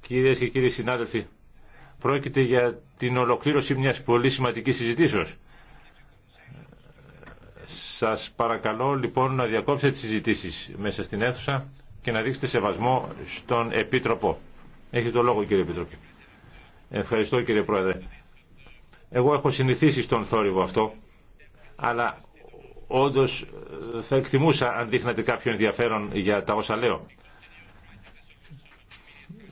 κυρίες και κύριοι συνάδελφοι, πρόκειται για την ολοκλήρωση μιας πολύ σημαντικής συζητήσεως σας παρακαλώ λοιπόν να διακόψετε τις συζητήσεις μέσα στην αίθουσα και να δείξετε σεβασμό στον Επίτροπο. Έχει το λόγο κύριε Επίτροπο. Ευχαριστώ κύριε Πρόεδρε. Εγώ έχω συνηθίσει στον θόρυβο αυτό, αλλά όντω ε, θα εκτιμούσα αν δείχνατε κάποιο ενδιαφέρον για τα όσα λέω.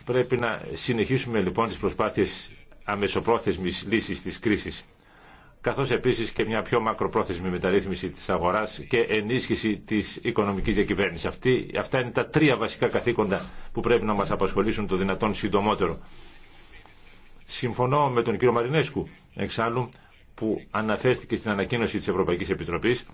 Πρέπει να συνεχίσουμε λοιπόν τις προσπάθειες αμεσοπρόθεσμης λύσης της κρίσης καθώς επίσης και μια πιο μακροπρόθεσμη μεταρρύθμιση της αγοράς και ενίσχυση της οικονομικής διακυβέρνησης. Αυτή, αυτά είναι τα τρία βασικά καθήκοντα που πρέπει να μας απασχολήσουν το δυνατόν συντομότερο. Συμφωνώ με τον κύριο Μαρινέσκου, εξάλλου, που αναφέρθηκε στην ανακοίνωση της Ευρωπαϊκής Επιτροπής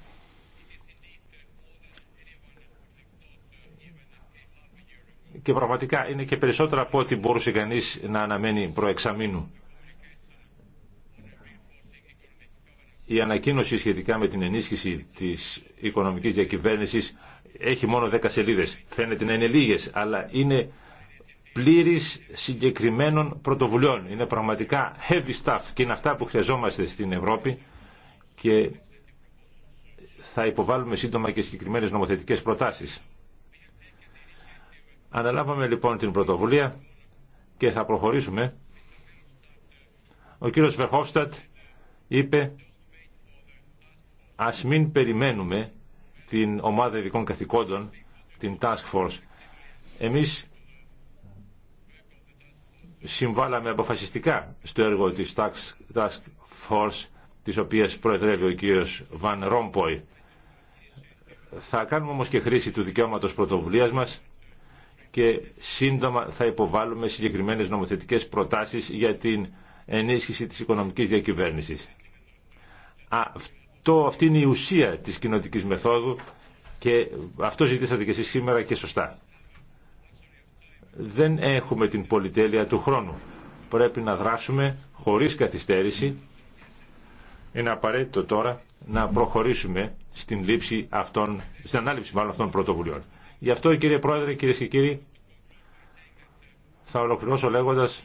και πραγματικά είναι και περισσότερα από ό,τι μπορούσε κανείς να αναμένει προεξαμήνου. η ανακοίνωση σχετικά με την ενίσχυση της οικονομικής διακυβέρνησης έχει μόνο 10 σελίδες. Φαίνεται να είναι λίγες, αλλά είναι πλήρης συγκεκριμένων πρωτοβουλειών. Είναι πραγματικά heavy stuff και είναι αυτά που χρειαζόμαστε στην Ευρώπη και θα υποβάλουμε σύντομα και συγκεκριμένες νομοθετικές προτάσεις. Αναλάβαμε λοιπόν την πρωτοβουλία και θα προχωρήσουμε. Ο κύριος Βερχόφστατ είπε Ας μην περιμένουμε την ομάδα ειδικών καθηκόντων, την Task Force. Εμείς συμβάλαμε αποφασιστικά στο έργο της Task Force, της οποίας προεδρεύει ο κ. Βαν Ρόμποϊ. Θα κάνουμε όμως και χρήση του δικαιώματος πρωτοβουλίας μας και σύντομα θα υποβάλουμε συγκεκριμένες νομοθετικές προτάσεις για την ενίσχυση της οικονομικής διακυβέρνησης το αυτή είναι η ουσία της κοινοτικής μεθόδου και αυτό ζητήσατε και εσείς σήμερα και σωστά. Δεν έχουμε την πολυτέλεια του χρόνου. Πρέπει να δράσουμε χωρίς καθυστέρηση. Είναι απαραίτητο τώρα να προχωρήσουμε στην, λήψη αυτών, στην ανάληψη μάλλον αυτών των πρωτοβουλειών. Γι' αυτό κύριε Πρόεδρε, κυρίε και κύριοι, θα ολοκληρώσω λέγοντας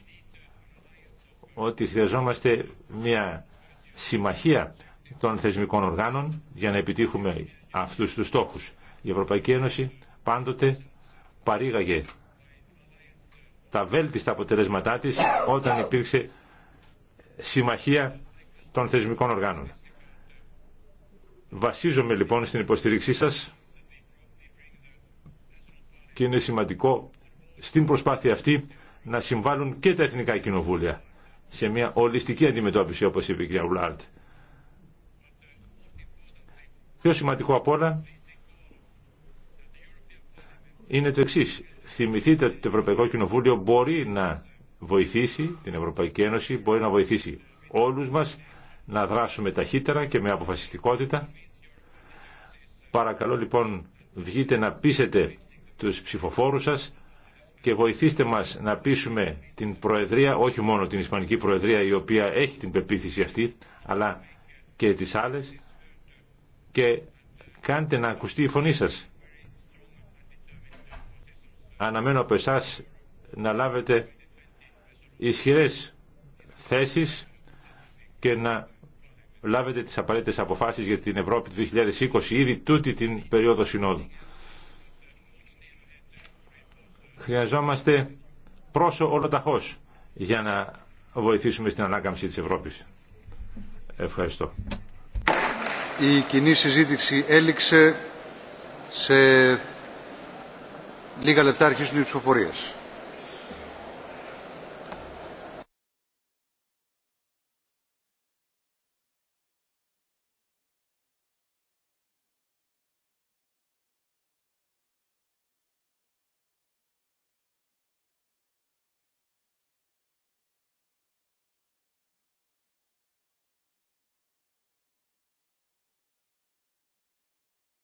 ότι χρειαζόμαστε μια συμμαχία των θεσμικών οργάνων για να επιτύχουμε αυτούς τους στόχους. Η Ευρωπαϊκή Ένωση πάντοτε παρήγαγε τα βέλτιστα αποτελέσματά της όταν υπήρξε συμμαχία των θεσμικών οργάνων. Βασίζομαι λοιπόν στην υποστήριξή σας και είναι σημαντικό στην προσπάθεια αυτή να συμβάλλουν και τα εθνικά κοινοβούλια σε μια ολιστική αντιμετώπιση όπως είπε η κυρία Ουλάρτ Πιο σημαντικό απ' όλα είναι το εξή. Θυμηθείτε ότι το Ευρωπαϊκό Κοινοβούλιο μπορεί να βοηθήσει την Ευρωπαϊκή Ένωση, μπορεί να βοηθήσει όλους μας να δράσουμε ταχύτερα και με αποφασιστικότητα. Παρακαλώ λοιπόν βγείτε να πείσετε τους ψηφοφόρους σας και βοηθήστε μας να πείσουμε την Προεδρία, όχι μόνο την Ισπανική Προεδρία η οποία έχει την πεποίθηση αυτή, αλλά και τις άλλες, και κάντε να ακουστεί η φωνή σας. Αναμένω από εσά να λάβετε ισχυρές θέσεις και να λάβετε τις απαραίτητες αποφάσεις για την Ευρώπη του 2020 ήδη τούτη την περίοδο συνόδου. Χρειαζόμαστε πρόσω ολοταχώς για να βοηθήσουμε στην ανάκαμψη της Ευρώπης. Ευχαριστώ. Η κοινή συζήτηση έληξε. Σε λίγα λεπτά αρχίζουν οι ψηφοφορίες.